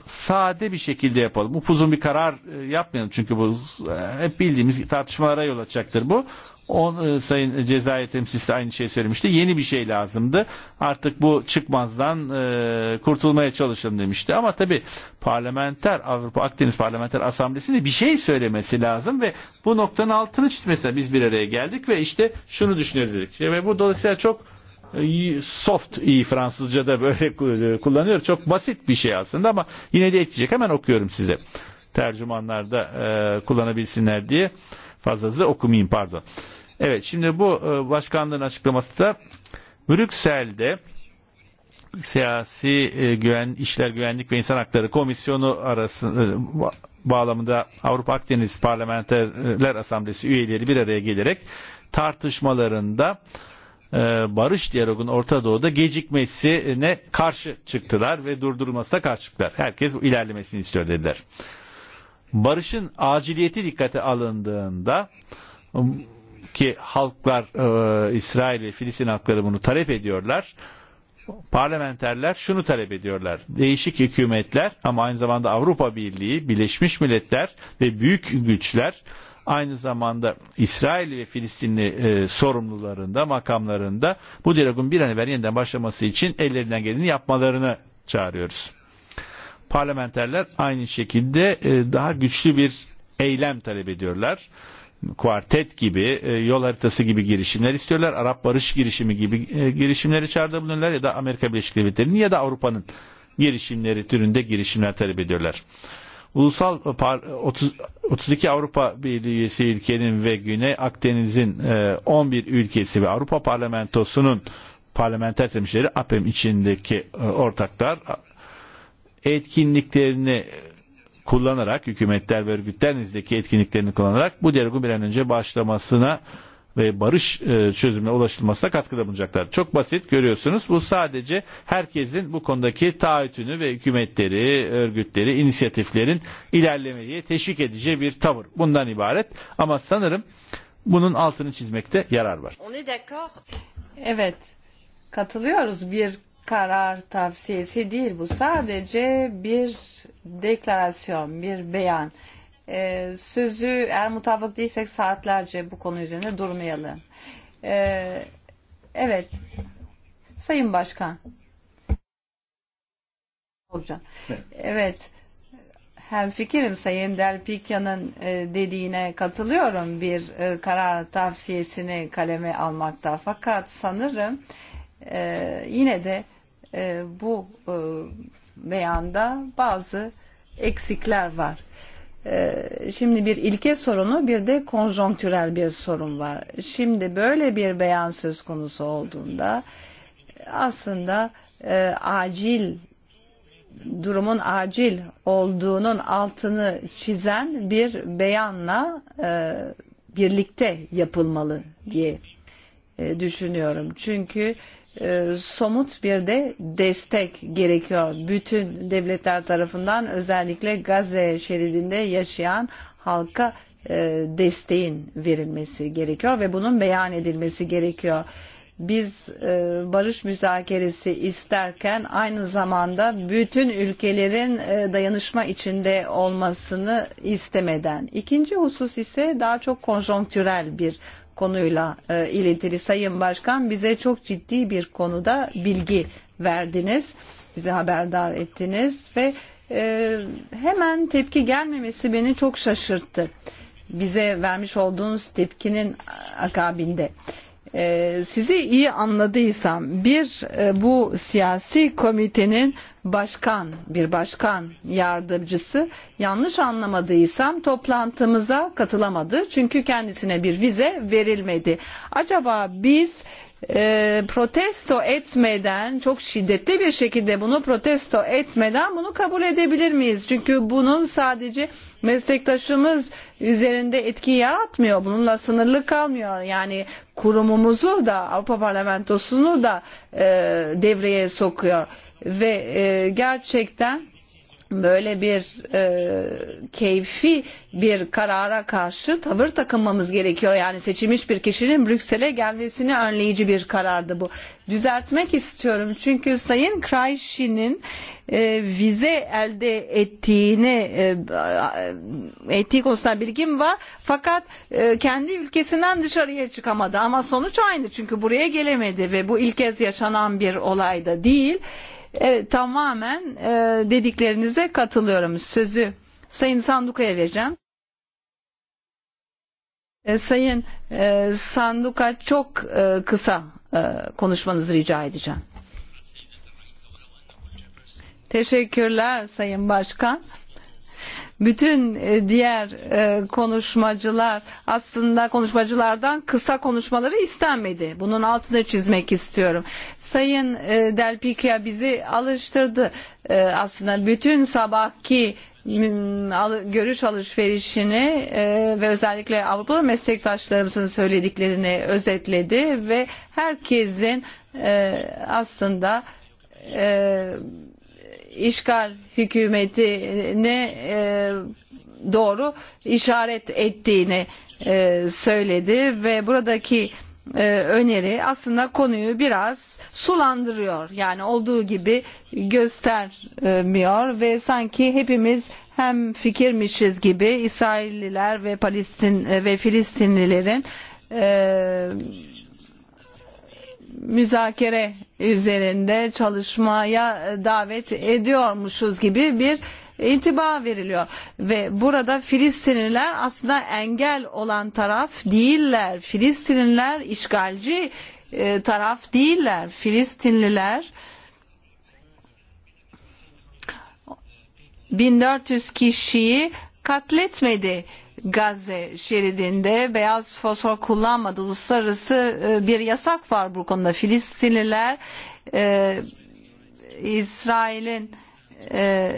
sade bir şekilde yapalım. Upuzun bir karar e, yapmayalım çünkü bu e, hep bildiğimiz tartışmalara yol açacaktır bu. On, e, Sayın Cezayir temsilcisi aynı şeyi söylemişti. Yeni bir şey lazımdı. Artık bu çıkmazdan e, kurtulmaya çalışalım demişti. Ama tabii parlamenter Avrupa Akdeniz Parlamenter Asamblesi'nde bir şey söylemesi lazım ve bu noktanın altını çizmesine biz bir araya geldik ve işte şunu düşünüyoruz dedik. Ve bu dolayısıyla çok e, soft iyi Fransızca'da böyle e, kullanıyor. Çok basit bir şey aslında ama yine de etkileyecek. Hemen okuyorum size. Tercümanlarda e, kullanabilsinler diye fazlası okumayayım pardon. Evet şimdi bu e, başkanlığın açıklaması da Brüksel'de siyasi e, güven işler güvenlik ve insan hakları komisyonu arası e, bağlamında Avrupa Akdeniz Parlamenterler Asamblesi üyeleri bir araya gelerek tartışmalarında barış diyalogun Orta Doğu'da gecikmesine karşı çıktılar ve durdurulması da karşı çıktılar. Herkes ilerlemesini istiyor dediler. Barışın aciliyeti dikkate alındığında ki halklar e, İsrail ve Filistin halkları bunu talep ediyorlar. Parlamenterler şunu talep ediyorlar. Değişik hükümetler ama aynı zamanda Avrupa Birliği, Birleşmiş Milletler ve büyük güçler aynı zamanda İsrail ve Filistinli e, sorumlularında, makamlarında bu diyalogun bir an evvel yeniden başlaması için ellerinden geleni yapmalarını çağırıyoruz. Parlamenterler aynı şekilde e, daha güçlü bir eylem talep ediyorlar kuartet gibi e, yol haritası gibi girişimler istiyorlar. Arap barış girişimi gibi e, girişimleri, içeride bulunuyorlar ya da Amerika Birleşik Devletleri'nin ya da Avrupa'nın girişimleri türünde girişimler talep ediyorlar. Ulusal 32 e, Avrupa Birliği üyesi ülkenin ve Güney Akdeniz'in 11 ülkesi ve Avrupa Parlamentosu'nun parlamenter temsilcileri APEM içindeki ortaklar etkinliklerini kullanarak hükümetler ve örgütler nezdeki etkinliklerini kullanarak bu diyalogun bir an önce başlamasına ve barış e, çözümüne ulaşılmasına katkıda bulunacaklar. Çok basit görüyorsunuz. Bu sadece herkesin bu konudaki taahhütünü ve hükümetleri, örgütleri, inisiyatiflerin ilerlemeye teşvik edeceği bir tavır. Bundan ibaret. Ama sanırım bunun altını çizmekte yarar var. Evet. Katılıyoruz bir karar tavsiyesi değil bu. Sadece bir deklarasyon, bir beyan. Ee, sözü eğer mutabık değilsek saatlerce bu konu üzerine durmayalım. Ee, evet. Sayın Başkan. Hocam. Evet. Hem fikrim Sayın Delpikya'nın e, dediğine katılıyorum bir e, karar tavsiyesini kaleme almakta. Fakat sanırım e, yine de e, bu e, beyanda bazı eksikler var. E, Şimdi bir ilke sorunu bir de konjonktürel bir sorun var. Şimdi böyle bir beyan söz konusu olduğunda aslında e, acil durumun acil olduğunun altını çizen bir beyanla e, birlikte yapılmalı diye e, düşünüyorum. Çünkü e, e, somut bir de destek gerekiyor. Bütün devletler tarafından özellikle Gazze şeridinde yaşayan halka e, desteğin verilmesi gerekiyor ve bunun beyan edilmesi gerekiyor. Biz e, barış müzakeresi isterken aynı zamanda bütün ülkelerin e, dayanışma içinde olmasını istemeden. İkinci husus ise daha çok konjonktürel bir konuyla e, ilintili Sayın Başkan bize çok ciddi bir konuda bilgi verdiniz. Bizi haberdar ettiniz ve e, hemen tepki gelmemesi beni çok şaşırttı. Bize vermiş olduğunuz tepkinin akabinde. E, sizi iyi anladıysam bir e, bu siyasi komitenin başkan bir başkan yardımcısı yanlış anlamadıysam toplantımıza katılamadı çünkü kendisine bir vize verilmedi. Acaba biz E, protesto etmeden çok şiddetli bir şekilde bunu protesto etmeden bunu kabul edebilir miyiz? Çünkü bunun sadece meslektaşımız üzerinde etki yaratmıyor. Bununla sınırlı kalmıyor. Yani kurumumuzu da Avrupa Parlamentosu'nu da e, devreye sokuyor ve e, gerçekten böyle bir e, keyfi bir karara karşı tavır takınmamız gerekiyor. Yani seçilmiş bir kişinin Brüksel'e gelmesini önleyici bir karardı bu. Düzeltmek istiyorum çünkü Sayın Krayşi'nin e, vize elde ettiğini e, ettiği konusunda bilgim var. Fakat e, kendi ülkesinden dışarıya çıkamadı ama sonuç aynı çünkü buraya gelemedi ve bu ilk kez yaşanan bir olay da değil. Evet, tamamen e, dediklerinize katılıyorum. Sözü Sayın Sanduka'ya vereceğim. E, Sayın e, Sanduka çok e, kısa e, konuşmanızı rica edeceğim. Teşekkürler Sayın Başkan bütün e, diğer e, konuşmacılar aslında konuşmacılardan kısa konuşmaları istenmedi. Bunun altını çizmek istiyorum. Sayın e, Del bizi alıştırdı. Aslında bütün sabahki görüş alışverişini ve özellikle Avrupalı meslektaşlarımızın söylediklerini özetledi ve herkesin aslında işgal hükümetine e, doğru işaret ettiğini e, söyledi ve buradaki e, öneri aslında konuyu biraz sulandırıyor. Yani olduğu gibi göstermiyor ve sanki hepimiz hem fikirmişiz gibi İsrailliler ve Palestin ve Filistinlilerin müzakere üzerinde çalışmaya davet ediyormuşuz gibi bir intiba veriliyor ve burada Filistinliler aslında engel olan taraf değiller. Filistinliler işgalci e, taraf değiller. Filistinliler 1400 kişiyi katletmedi Gazze şeridinde beyaz fosfor kullanmadı. Uluslararası e, bir yasak var bu konuda. Filistinliler e, İsrail'in e,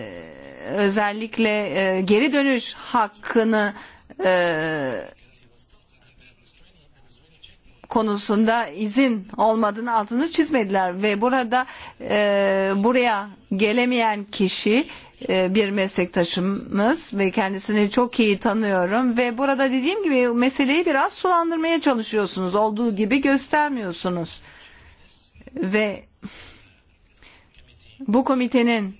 özellikle e, geri dönüş hakkını e, konusunda izin olmadığını altını çizmediler ve burada e, buraya gelemeyen kişi e, E, bir meslektaşımız ve kendisini çok iyi tanıyorum ve burada dediğim gibi meseleyi biraz sulandırmaya çalışıyorsunuz olduğu gibi göstermiyorsunuz ve bu komitenin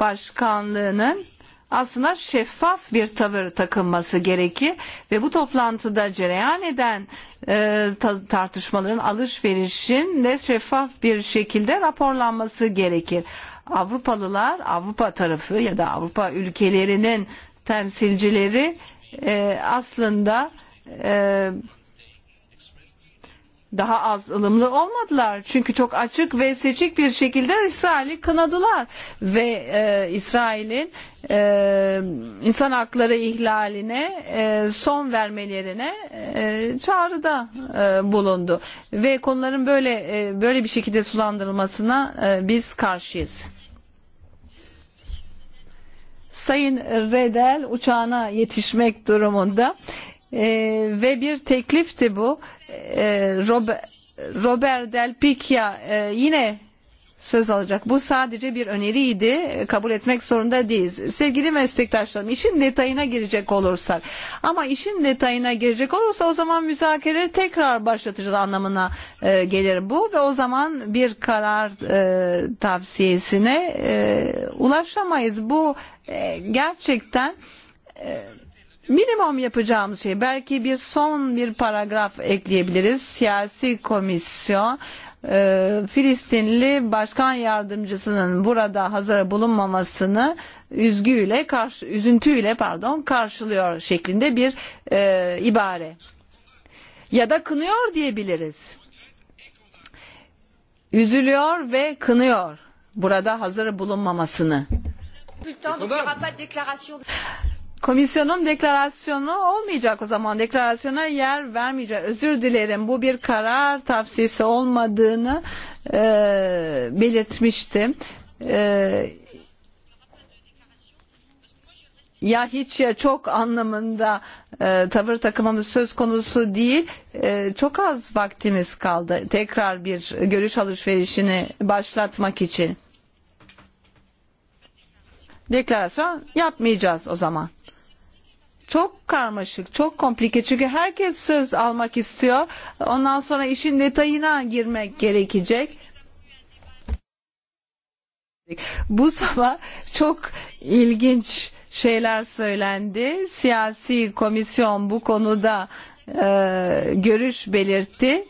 başkanlığının aslında şeffaf bir tavır takınması gerekir ve bu toplantıda cereyan eden e, ta, tartışmaların alışverişin de şeffaf bir şekilde raporlanması gerekir. Avrupalılar Avrupa tarafı ya da Avrupa ülkelerinin temsilcileri e, aslında e, daha az ılımlı olmadılar. Çünkü çok açık ve seçik bir şekilde İsrail'i kınadılar. Ve e, İsrail'in e, insan hakları ihlaline e, son vermelerine e, çağrıda e, bulundu. Ve konuların böyle e, böyle bir şekilde sulandırılmasına e, biz karşıyız. Sayın Redel uçağına yetişmek durumunda e, ve bir teklifti bu. E, Robert, Robert Del Picchia e, yine söz alacak. Bu sadece bir öneriydi. Kabul etmek zorunda değiliz. Sevgili meslektaşlarım işin detayına girecek olursak ama işin detayına girecek olursa o zaman müzakere tekrar başlatacağız anlamına e, gelir bu ve o zaman bir karar e, tavsiyesine e, ulaşamayız. Bu e, gerçekten e, minimum yapacağımız şey belki bir son bir paragraf ekleyebiliriz. Siyasi komisyon e, Filistinli başkan yardımcısının burada hazır bulunmamasını üzgüyle karşı üzüntüyle pardon karşılıyor şeklinde bir e, ibare. Ya da kınıyor diyebiliriz. Üzülüyor ve kınıyor burada hazır bulunmamasını komisyonun deklarasyonu olmayacak o zaman deklarasyona yer vermeyecek özür dilerim bu bir karar tavsiyesi olmadığını e, belirtmiştim e, ya hiç ya çok anlamında e, tavır takımımız söz konusu değil. E, çok az vaktimiz kaldı tekrar bir görüş alışverişini başlatmak için. Deklarasyon yapmayacağız o zaman çok karmaşık, çok komplike. Çünkü herkes söz almak istiyor. Ondan sonra işin detayına girmek gerekecek. Bu sabah çok ilginç şeyler söylendi. Siyasi komisyon bu konuda e, görüş belirtti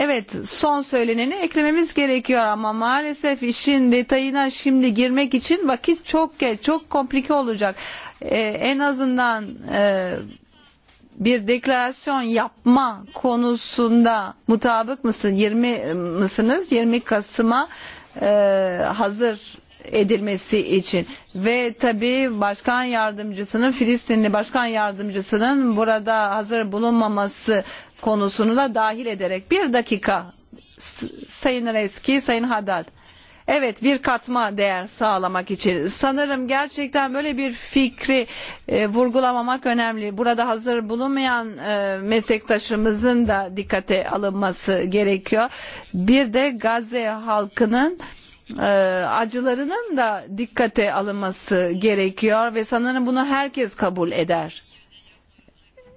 Evet son söyleneni eklememiz gerekiyor ama maalesef işin detayına şimdi girmek için vakit çok geç çok komplike olacak. Ee, en azından e, bir deklarasyon yapma konusunda mutabık mısın 20 e, mısınız 20 Kasım'a e, hazır edilmesi için ve tabi başkan yardımcısının Filistinli başkan yardımcısının burada hazır bulunmaması konusunu da dahil ederek bir dakika Sayın Reski, Sayın Haddad. Evet bir katma değer sağlamak için. Sanırım gerçekten böyle bir fikri e, vurgulamamak önemli. Burada hazır bulunmayan e, meslektaşımızın da dikkate alınması gerekiyor. Bir de Gazze halkının acılarının da dikkate alınması gerekiyor ve sanırım bunu herkes kabul eder.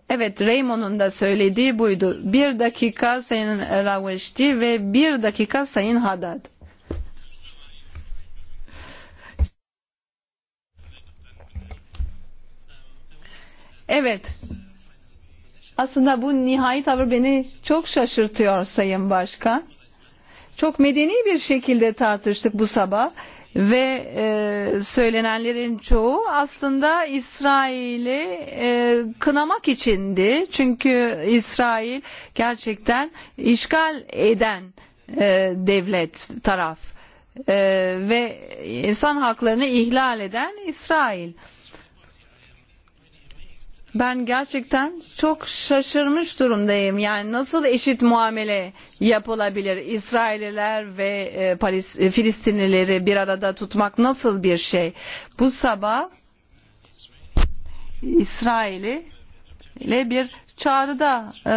Evet Raymond'un da söylediği buydu. Bir dakika Sayın Ravişti ve bir dakika Sayın Haddad. Evet. Aslında bu nihai tavır beni çok şaşırtıyor Sayın Başkan çok medeni bir şekilde tartıştık bu sabah ve e, söylenenlerin çoğu aslında İsrail'i e, kınamak içindi. Çünkü İsrail gerçekten işgal eden e, devlet taraf e, ve insan haklarını ihlal eden İsrail. Ben gerçekten çok şaşırmış durumdayım. Yani nasıl eşit muamele yapılabilir? İsrailliler ve e, Palis, e, Filistinlileri bir arada tutmak nasıl bir şey? Bu sabah İsrail'i ile bir çağrıda e,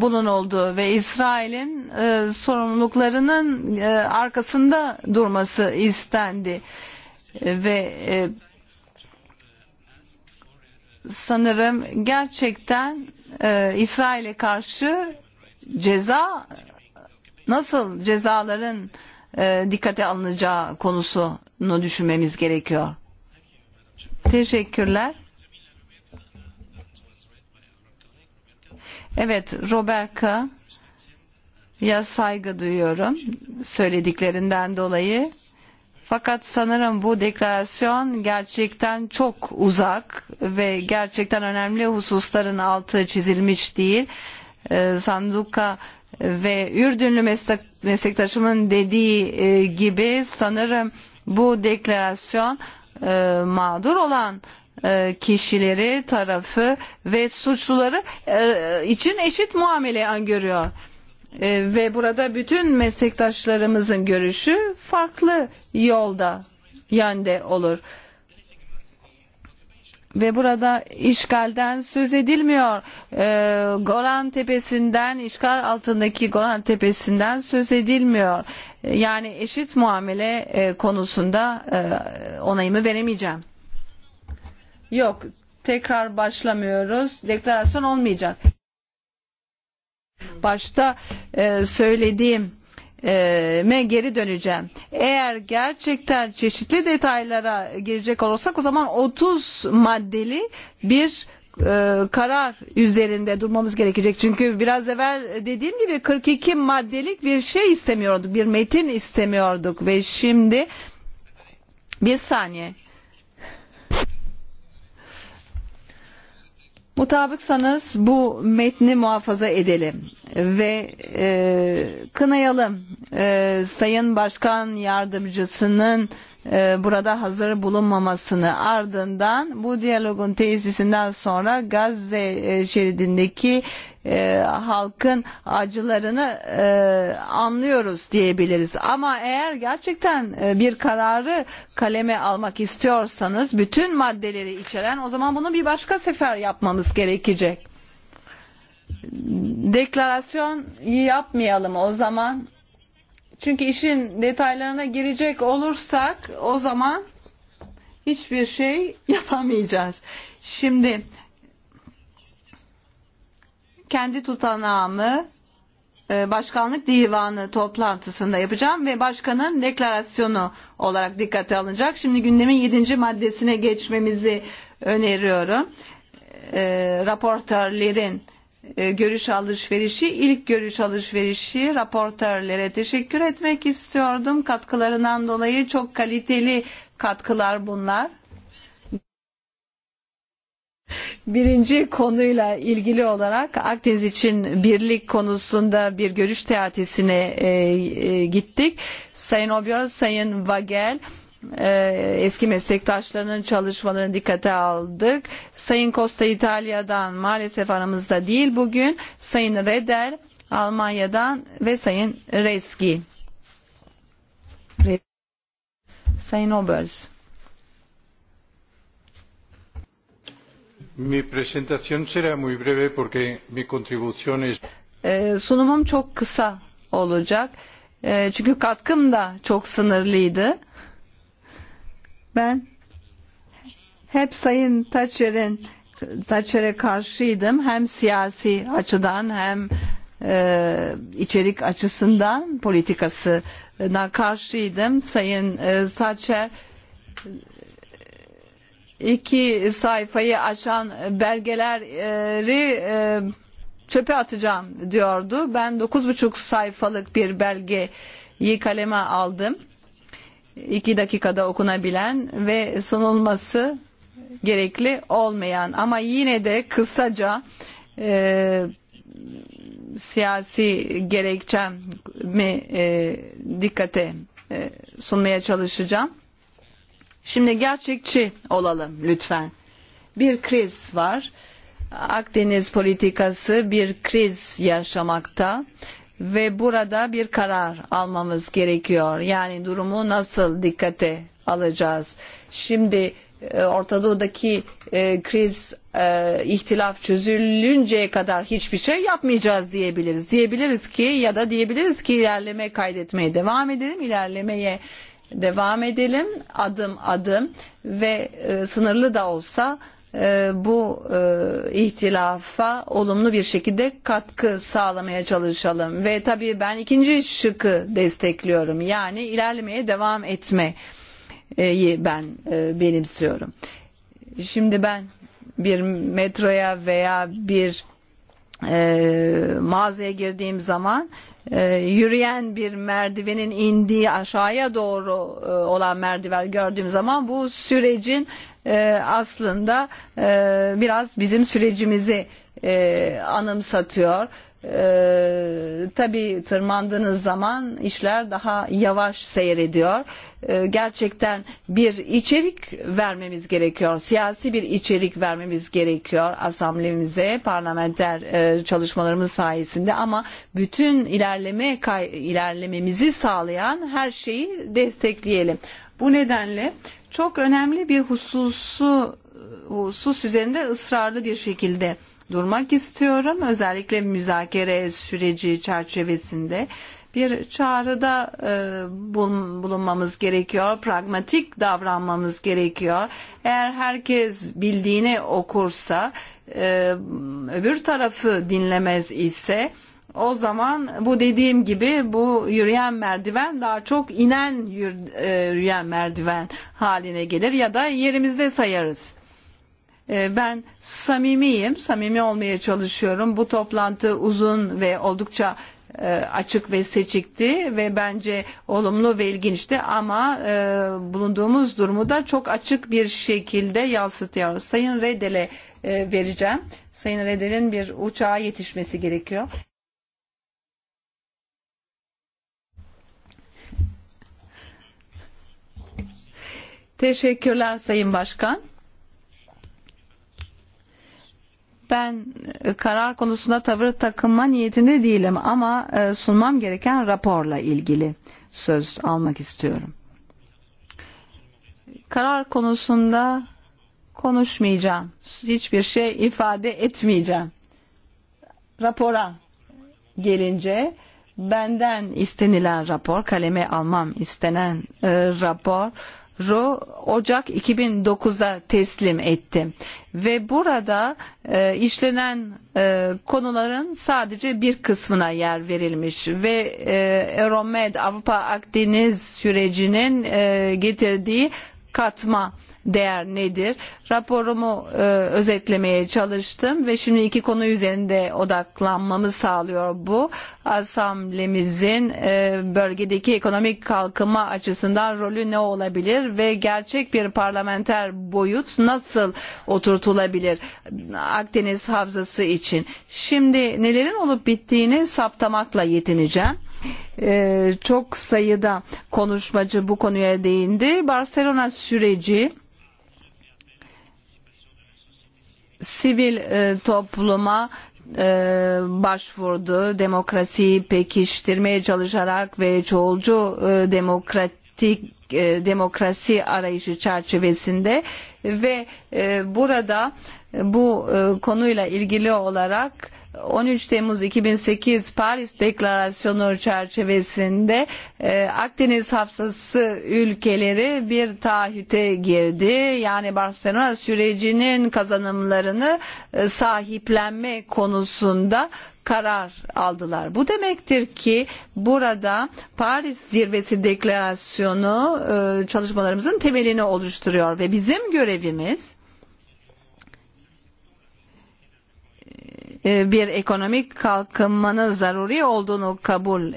bulunuldu ve İsrail'in e, sorumluluklarının e, arkasında durması istendi E, ve e, sanırım gerçekten e, İsrail'e karşı ceza nasıl cezaların e, dikkate alınacağı konusunu düşünmemiz gerekiyor. Teşekkürler. Evet Roberka ya saygı duyuyorum söylediklerinden dolayı Fakat sanırım bu deklarasyon gerçekten çok uzak ve gerçekten önemli hususların altı çizilmiş değil. E, Sanduka ve Ürdünlü meslek, meslektaşımın dediği e, gibi sanırım bu deklarasyon e, mağdur olan e, kişileri, tarafı ve suçluları e, için eşit muamele görüyor e, ve burada bütün meslektaşlarımızın görüşü farklı yolda yönde olur. Ve burada işgalden söz edilmiyor. Ee, Golan Tepesi'nden, işgal altındaki Golan Tepesi'nden söz edilmiyor. Ee, yani eşit muamele e, konusunda e, onayımı veremeyeceğim. Yok, tekrar başlamıyoruz. Deklarasyon olmayacak. Başta e, söylediğim e, me geri döneceğim. Eğer gerçekten çeşitli detaylara girecek olursak o zaman 30 maddeli bir e, karar üzerinde durmamız gerekecek. Çünkü biraz evvel dediğim gibi 42 maddelik bir şey istemiyorduk. Bir metin istemiyorduk ve şimdi bir saniye. Mutabıksanız bu metni muhafaza edelim ve e, kınayalım e, Sayın Başkan Yardımcısının E, burada hazır bulunmamasını ardından bu diyalogun tesisinden sonra Gazze e, şeridindeki e, halkın acılarını e, anlıyoruz diyebiliriz. Ama eğer gerçekten e, bir kararı kaleme almak istiyorsanız bütün maddeleri içeren o zaman bunu bir başka sefer yapmamız gerekecek. Deklarasyon yapmayalım o zaman Çünkü işin detaylarına girecek olursak o zaman hiçbir şey yapamayacağız. Şimdi kendi tutanağımı e, başkanlık divanı toplantısında yapacağım ve başkanın deklarasyonu olarak dikkate alınacak. Şimdi gündemin 7. maddesine geçmemizi öneriyorum. E, raportörlerin E, görüş alışverişi ilk görüş alışverişi raportörlere teşekkür etmek istiyordum katkılarından dolayı çok kaliteli katkılar bunlar birinci konuyla ilgili olarak Akdeniz için birlik konusunda bir görüş teatisine e, e, gittik Sayın Obyo, Sayın Vagel e, eski meslektaşlarının çalışmalarını dikkate aldık. Sayın Costa İtalya'dan maalesef aramızda değil bugün. Sayın Reder Almanya'dan ve Sayın Reski. Sayın Obers. Mi presentación será muy breve porque mi contribución es... Ee, sunumum çok kısa olacak. Ee, çünkü katkım da çok sınırlıydı. Ben hep Sayın Taçer'in Taçer'e karşıydım hem siyasi açıdan hem e, içerik açısından politikasına karşıydım. Sayın e, Taçer iki sayfayı aşan belgeleri e, çöpe atacağım diyordu. Ben dokuz buçuk sayfalık bir belgeyi kaleme aldım iki dakikada okunabilen ve sunulması gerekli olmayan ama yine de kısaca e, siyasi gerekçemi e, dikkate e, sunmaya çalışacağım. Şimdi gerçekçi olalım lütfen. Bir kriz var. Akdeniz politikası bir kriz yaşamakta ve burada bir karar almamız gerekiyor. Yani durumu nasıl dikkate alacağız? Şimdi e, Orta Doğu'daki e, kriz e, ihtilaf çözülünceye kadar hiçbir şey yapmayacağız diyebiliriz. Diyebiliriz ki ya da diyebiliriz ki ilerleme kaydetmeye devam edelim, ilerlemeye devam edelim adım adım ve e, sınırlı da olsa E, bu e, ihtilafa olumlu bir şekilde katkı sağlamaya çalışalım. Ve tabii ben ikinci şıkı destekliyorum. Yani ilerlemeye devam etmeyi ben e, benimsiyorum. Şimdi ben bir metroya veya bir e, mağazaya girdiğim zaman e, yürüyen bir merdivenin indiği aşağıya doğru e, olan merdiven gördüğüm zaman bu sürecin aslında e, biraz bizim sürecimizi e, anımsatıyor. Ee, tabii tırmandığınız zaman işler daha yavaş seyrediyor. Ee, gerçekten bir içerik vermemiz gerekiyor. Siyasi bir içerik vermemiz gerekiyor asamblemize, parlamenter e, çalışmalarımız sayesinde ama bütün ilerleme ilerlememizi sağlayan her şeyi destekleyelim. Bu nedenle çok önemli bir hususu husus üzerinde ısrarlı bir şekilde durmak istiyorum. Özellikle müzakere süreci çerçevesinde bir çağrıda e, bulunmamız gerekiyor. Pragmatik davranmamız gerekiyor. Eğer herkes bildiğini okursa e, öbür tarafı dinlemez ise o zaman bu dediğim gibi bu yürüyen merdiven daha çok inen e, yürüyen merdiven haline gelir ya da yerimizde sayarız. E, ben samimiyim, samimi olmaya çalışıyorum. Bu toplantı uzun ve oldukça e, açık ve seçikti ve bence olumlu ve ilginçti ama bulunduğumuz durumu da çok açık bir şekilde yansıtıyor. Sayın Redel'e vereceğim. Sayın Redel'in bir uçağa yetişmesi gerekiyor. Teşekkürler Sayın Başkan. Ben e, karar konusunda tavır takınma niyetinde değilim ama e, sunmam gereken raporla ilgili söz almak istiyorum. Karar konusunda konuşmayacağım. Hiçbir şey ifade etmeyeceğim. Rapora gelince benden istenilen rapor, kaleme almam istenen e, rapor e, ro Ocak 2009'da teslim etti. Ve burada e, işlenen e, konuların sadece bir kısmına yer verilmiş ve e, Euromed Avrupa Akdeniz sürecinin e, getirdiği katma değer nedir? Raporumu e, özetlemeye çalıştım ve şimdi iki konu üzerinde odaklanmamı sağlıyor bu. Asamblemizin e, bölgedeki ekonomik kalkınma açısından rolü ne olabilir ve gerçek bir parlamenter boyut nasıl oturtulabilir Akdeniz Havzası için? Şimdi nelerin olup bittiğini saptamakla yetineceğim. Ee, çok sayıda konuşmacı bu konuya değindi. Barcelona süreci sivil e, topluma e, başvurdu. Demokrasiyi pekiştirmeye çalışarak ve çoğulcu e, demokratik e, demokrasi arayışı çerçevesinde ve e, burada bu e, konuyla ilgili olarak e, 13 Temmuz 2008 Paris Deklarasyonu çerçevesinde e, Akdeniz hafızası ülkeleri bir taahhüte girdi. Yani Barcelona sürecinin kazanımlarını e, sahiplenme konusunda karar aldılar. Bu demektir ki burada Paris Zirvesi Deklarasyonu e, çalışmalarımızın temelini oluşturuyor ve bizim görevimiz E, bir ekonomik kalkınmanın zaruri olduğunu kabul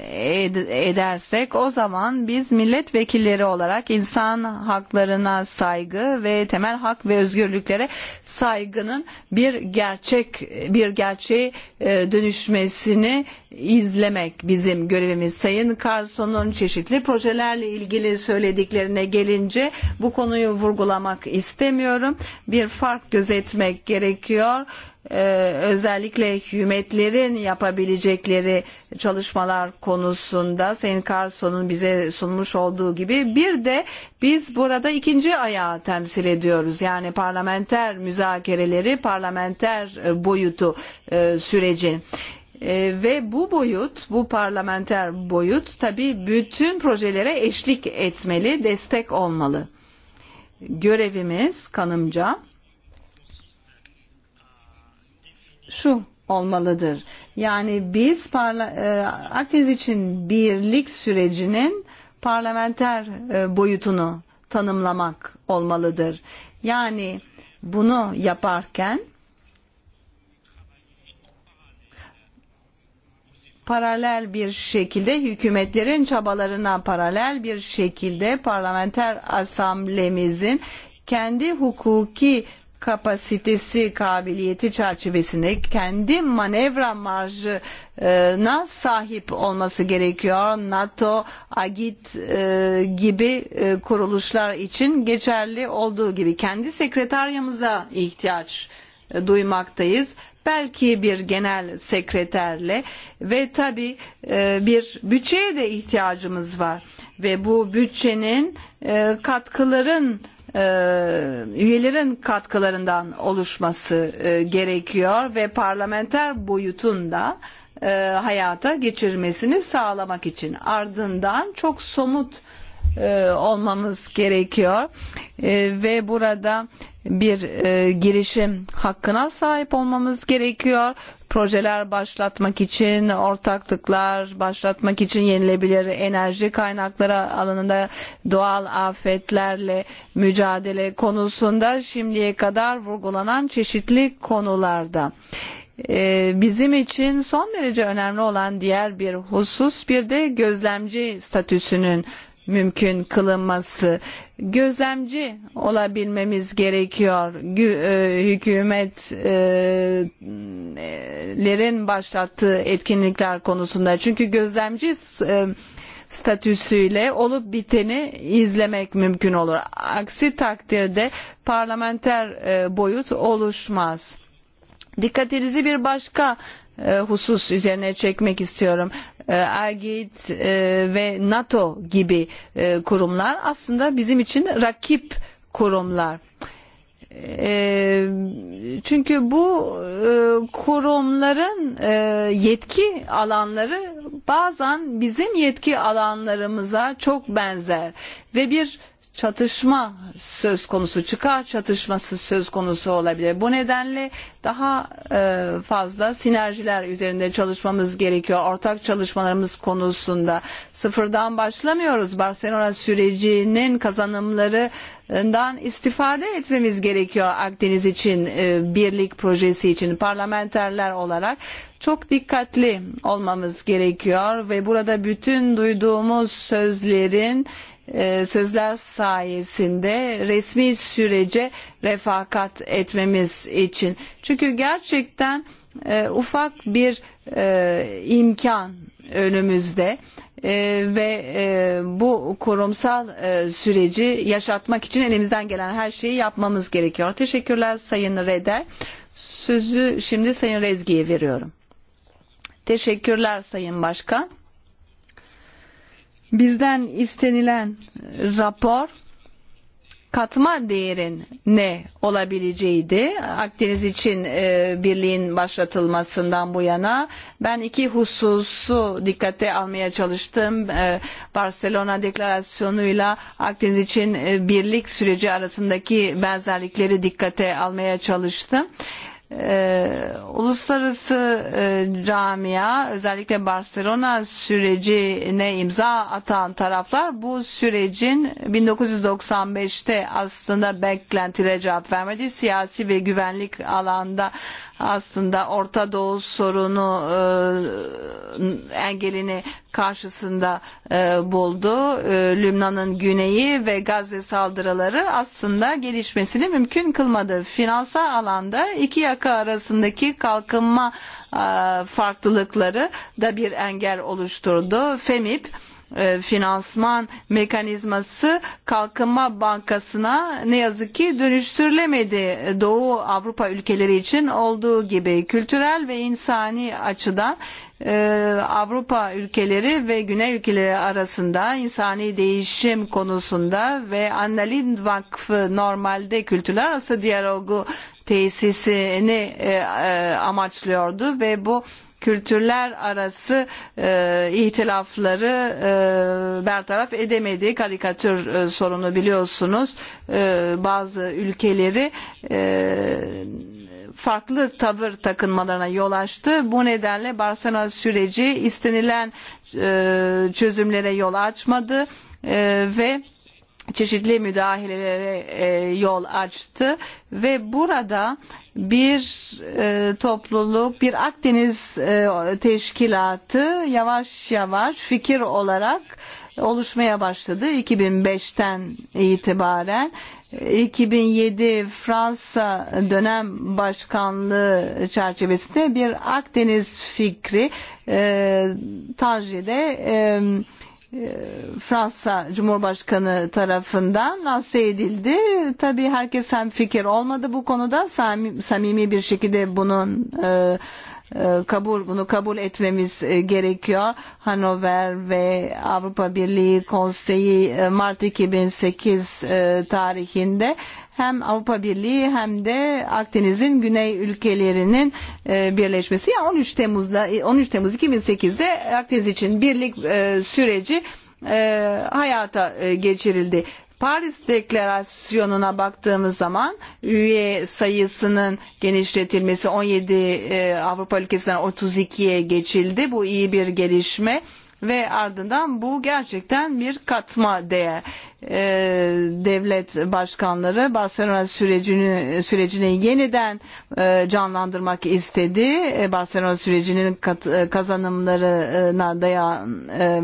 edersek o zaman biz milletvekilleri olarak insan haklarına saygı ve temel hak ve özgürlüklere saygının bir gerçek bir gerçeğe e, dönüşmesini izlemek bizim görevimiz. Sayın Carson'un çeşitli projelerle ilgili söylediklerine gelince bu konuyu vurgulamak istemiyorum. Bir fark gözetmek gerekiyor özellikle hükümetlerin yapabilecekleri çalışmalar konusunda Sayın Carson'un bize sunmuş olduğu gibi bir de biz burada ikinci ayağı temsil ediyoruz. Yani parlamenter müzakereleri, parlamenter e, boyutu e, sürecin. E, ve bu boyut, bu parlamenter boyut tabii bütün projelere eşlik etmeli, destek olmalı. Görevimiz kanımca şu olmalıdır. Yani biz parla, e, Akdeniz için birlik sürecinin parlamenter e, boyutunu tanımlamak olmalıdır. Yani bunu yaparken paralel bir şekilde hükümetlerin çabalarına paralel bir şekilde parlamenter asamblemizin kendi hukuki kapasitesi, kabiliyeti çerçevesinde kendi manevra marjına sahip olması gerekiyor. NATO, AGİT e, gibi e, kuruluşlar için geçerli olduğu gibi kendi sekreteryamıza ihtiyaç e, duymaktayız. Belki bir genel sekreterle ve tabi e, bir bütçeye de ihtiyacımız var ve bu bütçenin e, katkıların E, üyelerin katkılarından oluşması e, gerekiyor ve parlamenter boyutunda e, hayata geçirmesini sağlamak için ardından çok somut E, olmamız gerekiyor e, ve burada bir e, girişim hakkına sahip olmamız gerekiyor. Projeler başlatmak için, ortaklıklar başlatmak için yenilebilir enerji kaynakları alanında doğal afetlerle mücadele konusunda şimdiye kadar vurgulanan çeşitli konularda bizim için son derece önemli olan diğer bir husus bir de gözlemci statüsünün mümkün kılınması gözlemci olabilmemiz gerekiyor. E, hükümetlerin başlattığı etkinlikler konusunda. Çünkü gözlemci e, statüsüyle olup biteni izlemek mümkün olur. Aksi takdirde parlamenter e, boyut oluşmaz. Dikkatinizi bir başka E, husus üzerine çekmek istiyorum. Agit e, e, ve NATO gibi kurumlar aslında bizim için rakip kurumlar. Çünkü bu kurumların yetki alanları bazen bizim yetki alanlarımıza çok benzer ve bir çatışma söz konusu çıkar çatışması söz konusu olabilir. Bu nedenle daha e, fazla sinerjiler üzerinde çalışmamız gerekiyor. Ortak çalışmalarımız konusunda sıfırdan başlamıyoruz. Barcelona sürecinin kazanımlarından e, istifade etmemiz gerekiyor Akdeniz için, e, birlik projesi için parlamenterler olarak. Çok dikkatli olmamız gerekiyor ve burada bütün duyduğumuz sözlerin E, sözler sayesinde resmi sürece refakat etmemiz için. Çünkü gerçekten e, ufak bir e, imkan önümüzde ve bu kurumsal süreci yaşatmak için elimizden gelen her şeyi yapmamız gerekiyor. Teşekkürler Sayın Reder. Sözü şimdi Sayın Rezgi'ye veriyorum. Teşekkürler Sayın Başkan bizden istenilen rapor katma değerin ne olabileceğiydi. Akdeniz için e, birliğin başlatılmasından bu yana ben iki hususu dikkate almaya çalıştım. E, Barcelona deklarasyonuyla Akdeniz için e, birlik süreci arasındaki benzerlikleri dikkate almaya çalıştım. E, uluslararası e, camia özellikle Barcelona sürecine imza atan taraflar bu sürecin 1995'te aslında beklentilere cevap vermedi. Siyasi ve güvenlik alanda aslında Orta Doğu sorunu e, engelini karşısında e, buldu. E, Lübnan'ın güneyi ve Gazze saldırıları aslında gelişmesini mümkün kılmadı. Finansal alanda iki yaka arasındaki kalkınma farklılıkları da bir engel oluşturdu. FEMİP E, finansman mekanizması kalkınma bankasına ne yazık ki dönüştürülemedi Doğu Avrupa ülkeleri için olduğu gibi kültürel ve insani açıdan e, Avrupa ülkeleri ve Güney ülkeleri arasında insani değişim konusunda ve Anna Vakfı normalde kültürler arası diyalogu tesisini e, amaçlıyordu ve bu kültürler arası e, ihtilafları e, bertaraf edemedi. Karikatür e, sorunu biliyorsunuz. E, bazı ülkeleri e, farklı tavır takınmalarına yol açtı. Bu nedenle Barcelona süreci istenilen e, çözümlere yol açmadı e, ve çeşitli müdahalelere e, yol açtı ve burada bir e, topluluk, bir Akdeniz e, teşkilatı yavaş yavaş fikir olarak oluşmaya başladı 2005'ten itibaren. 2007 Fransa dönem başkanlığı çerçevesinde bir Akdeniz fikri e, Tanji'de e, E, Fransa Cumhurbaşkanı tarafından lanse edildi. Tabi herkes hem fikir olmadı bu konuda samimi bir şekilde bunun e, e, kabul bunu kabul etmemiz gerekiyor. Hanover ve Avrupa Birliği Konseyi Mart 2008 tarihinde hem Avrupa Birliği hem de Akdeniz'in güney ülkelerinin e, birleşmesi. Yani 13 Temmuz'da 13 e, Temmuz 2008'de Akdeniz için birlik e, süreci hayata geçirildi. Paris Deklarasyonu'na baktığımız zaman üye sayısının genişletilmesi 17 Avrupa ülkesinden 32'ye geçildi. Bu iyi bir gelişme ve ardından bu gerçekten bir katma değer. E, devlet başkanları Barcelona sürecini sürecini yeniden e, canlandırmak istedi. E, Barcelona sürecinin kat, e, kazanımlarına dayan e,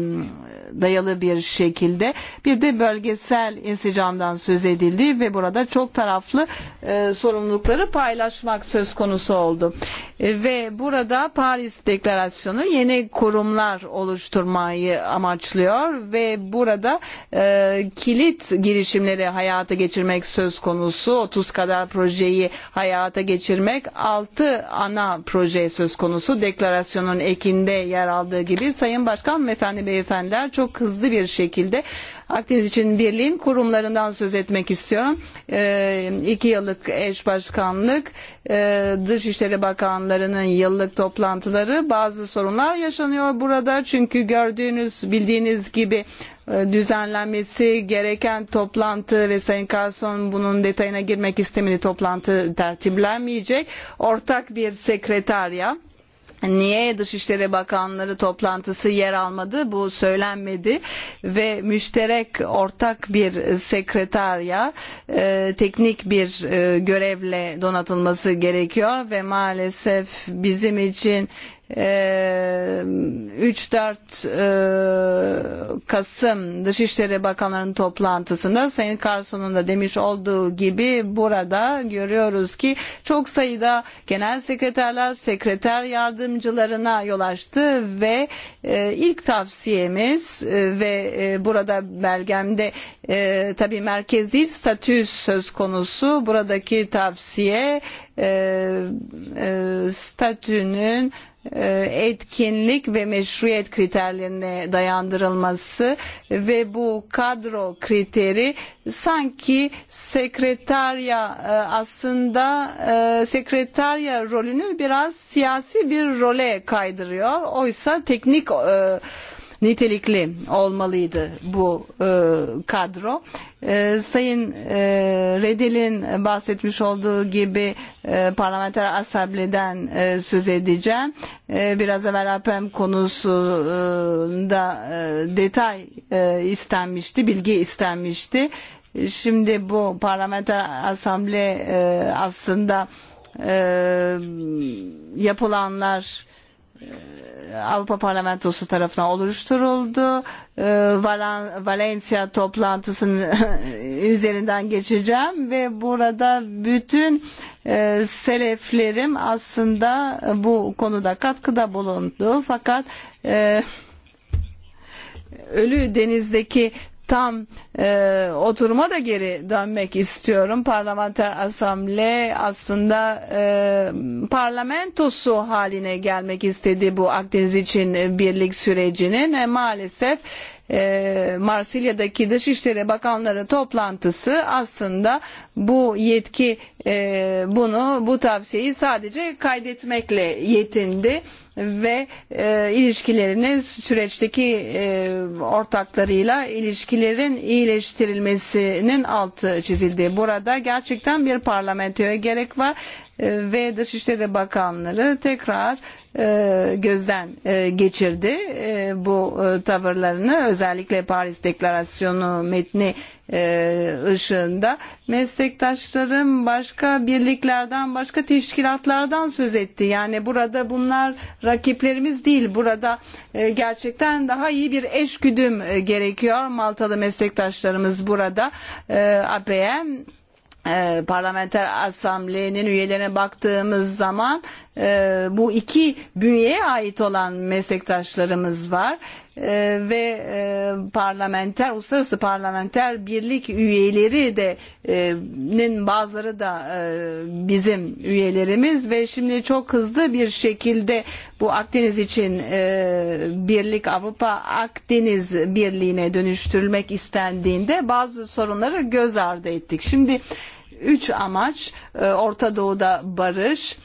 dayalı bir şekilde bir de bölgesel insicamdan söz edildi ve burada çok taraflı e, sorumlulukları paylaşmak söz konusu oldu. E, ve burada Paris Deklarasyonu yeni kurumlar oluşturmayı amaçlıyor ve burada e, kilit girişimleri hayata geçirmek söz konusu. 30 kadar projeyi hayata geçirmek 6 ana proje söz konusu. Deklarasyonun ekinde yer aldığı gibi Sayın Başkan Efendi Beyefendiler çok çok hızlı bir şekilde Akdeniz için Birliğin kurumlarından söz etmek istiyorum. E, i̇ki yıllık eş başkanlık, e, Dışişleri Bakanlarının yıllık toplantıları bazı sorunlar yaşanıyor burada. Çünkü gördüğünüz, bildiğiniz gibi e, düzenlenmesi gereken toplantı ve Sayın Carson bunun detayına girmek istemedi toplantı tertiplenmeyecek. Ortak bir sekreterya niye Dışişleri Bakanları toplantısı yer almadı bu söylenmedi ve müşterek ortak bir sekreterya e, teknik bir e, görevle donatılması gerekiyor ve maalesef bizim için 3-4 e, Kasım Dışişleri Bakanlarının toplantısında Sayın Carson'un da demiş olduğu gibi burada görüyoruz ki çok sayıda genel sekreterler, sekreter yardımcılarına yol açtı ve e, ilk tavsiyemiz e, ve burada belgemde tabi merkez değil statü söz konusu buradaki tavsiye statünün etkinlik ve meşruiyet kriterlerine dayandırılması ve bu kadro kriteri sanki sekreterya e, aslında e, sekreterya rolünü biraz siyasi bir role kaydırıyor. Oysa teknik e, nitelikli olmalıydı bu e, kadro. E, Sayın e, Redil'in bahsetmiş olduğu gibi e, parlamenter asabliden e, söz edeceğim. E, biraz evvel APM e konusunda e, detay e, istenmişti, bilgi istenmişti. Şimdi bu parlamenter asamble e, aslında e, yapılanlar Avrupa Parlamentosu tarafından oluşturuldu. Valencia toplantısının üzerinden geçeceğim ve burada bütün e, seleflerim aslında bu konuda katkıda bulundu. Fakat e, ölü denizdeki tam e, oturuma da geri dönmek istiyorum. Parlamenter asamble aslında e, parlamentosu haline gelmek istedi bu Akdeniz için birlik sürecinin. E, maalesef E, Marsilya'daki Dışişleri Bakanları toplantısı aslında bu yetki e, bunu bu tavsiyeyi sadece kaydetmekle yetindi ve e, ilişkilerini süreçteki e, ortaklarıyla ilişkilerin iyileştirilmesinin altı çizildi. Burada gerçekten bir parlamentoya gerek var e, ve Dışişleri Bakanları tekrar e, E, gözden e, geçirdi e, bu tavırlarını özellikle Paris Deklarasyonu metni ışığında meslektaşlarım başka birliklerden başka teşkilatlardan söz etti yani burada bunlar rakiplerimiz değil burada gerçekten daha iyi bir eşgüdüm gerekiyor Maltalı meslektaşlarımız burada APM parlamenter asamblenin üyelerine baktığımız zaman e, bu iki bünyeye ait olan meslektaşlarımız var ve e, parlamenter uluslararası parlamenter birlik üyeleri de e, nin bazıları da e, bizim üyelerimiz ve şimdi çok hızlı bir şekilde bu Akdeniz için birlik Avrupa Akdeniz Birliği'ne dönüştürülmek istendiğinde bazı sorunları göz ardı ettik. Şimdi üç amaç Orta Doğu'da barış,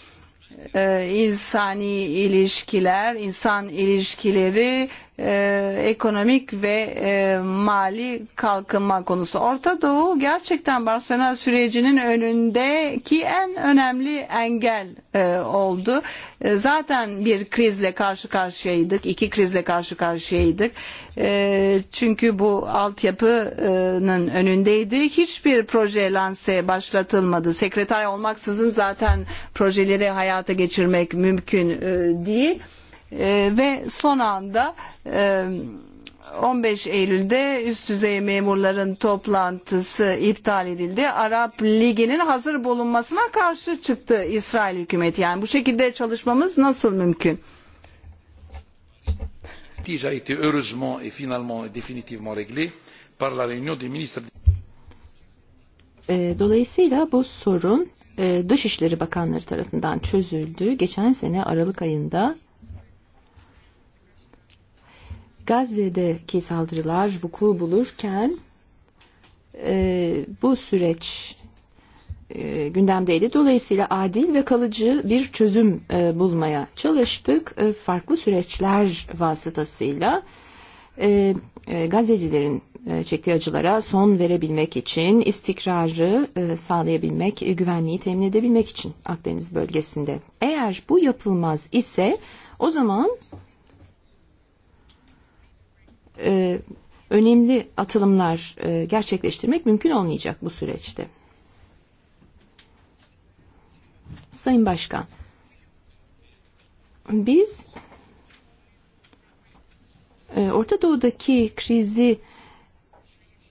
insani ilişkiler, insan ilişkileri e, ekonomik ve e, mali kalkınma konusu. Orta Doğu gerçekten Barcelona sürecinin önündeki en önemli engel e, oldu. E, zaten bir krizle karşı karşıyaydık, iki krizle karşı karşıyaydık. E, çünkü bu altyapının önündeydi. Hiçbir proje lanse başlatılmadı. Sekreter olmaksızın zaten projeleri hayata geçirmek mümkün e, değil. E, E, ve son anda e, 15 Eylül'de üst düzey memurların toplantısı iptal edildi. Arap Ligi'nin hazır bulunmasına karşı çıktı İsrail hükümeti. Yani bu şekilde çalışmamız nasıl mümkün? a été heureusement et finalement et définitivement réglé par la réunion des ministres. Dolayısıyla bu sorun e, Dışişleri Bakanları tarafından çözüldü. Geçen sene Aralık ayında Gazze'deki saldırılar vuku bulurken e, bu süreç e, gündemdeydi. Dolayısıyla adil ve kalıcı bir çözüm e, bulmaya çalıştık. E, farklı süreçler vasıtasıyla e, e, Gazze'lilerin e, çektiği acılara son verebilmek için, istikrarı e, sağlayabilmek, e, güvenliği temin edebilmek için Akdeniz bölgesinde. Eğer bu yapılmaz ise o zaman e, önemli atılımlar e, gerçekleştirmek mümkün olmayacak bu süreçte. Sayın Başkan, biz e, Orta Doğu'daki krizi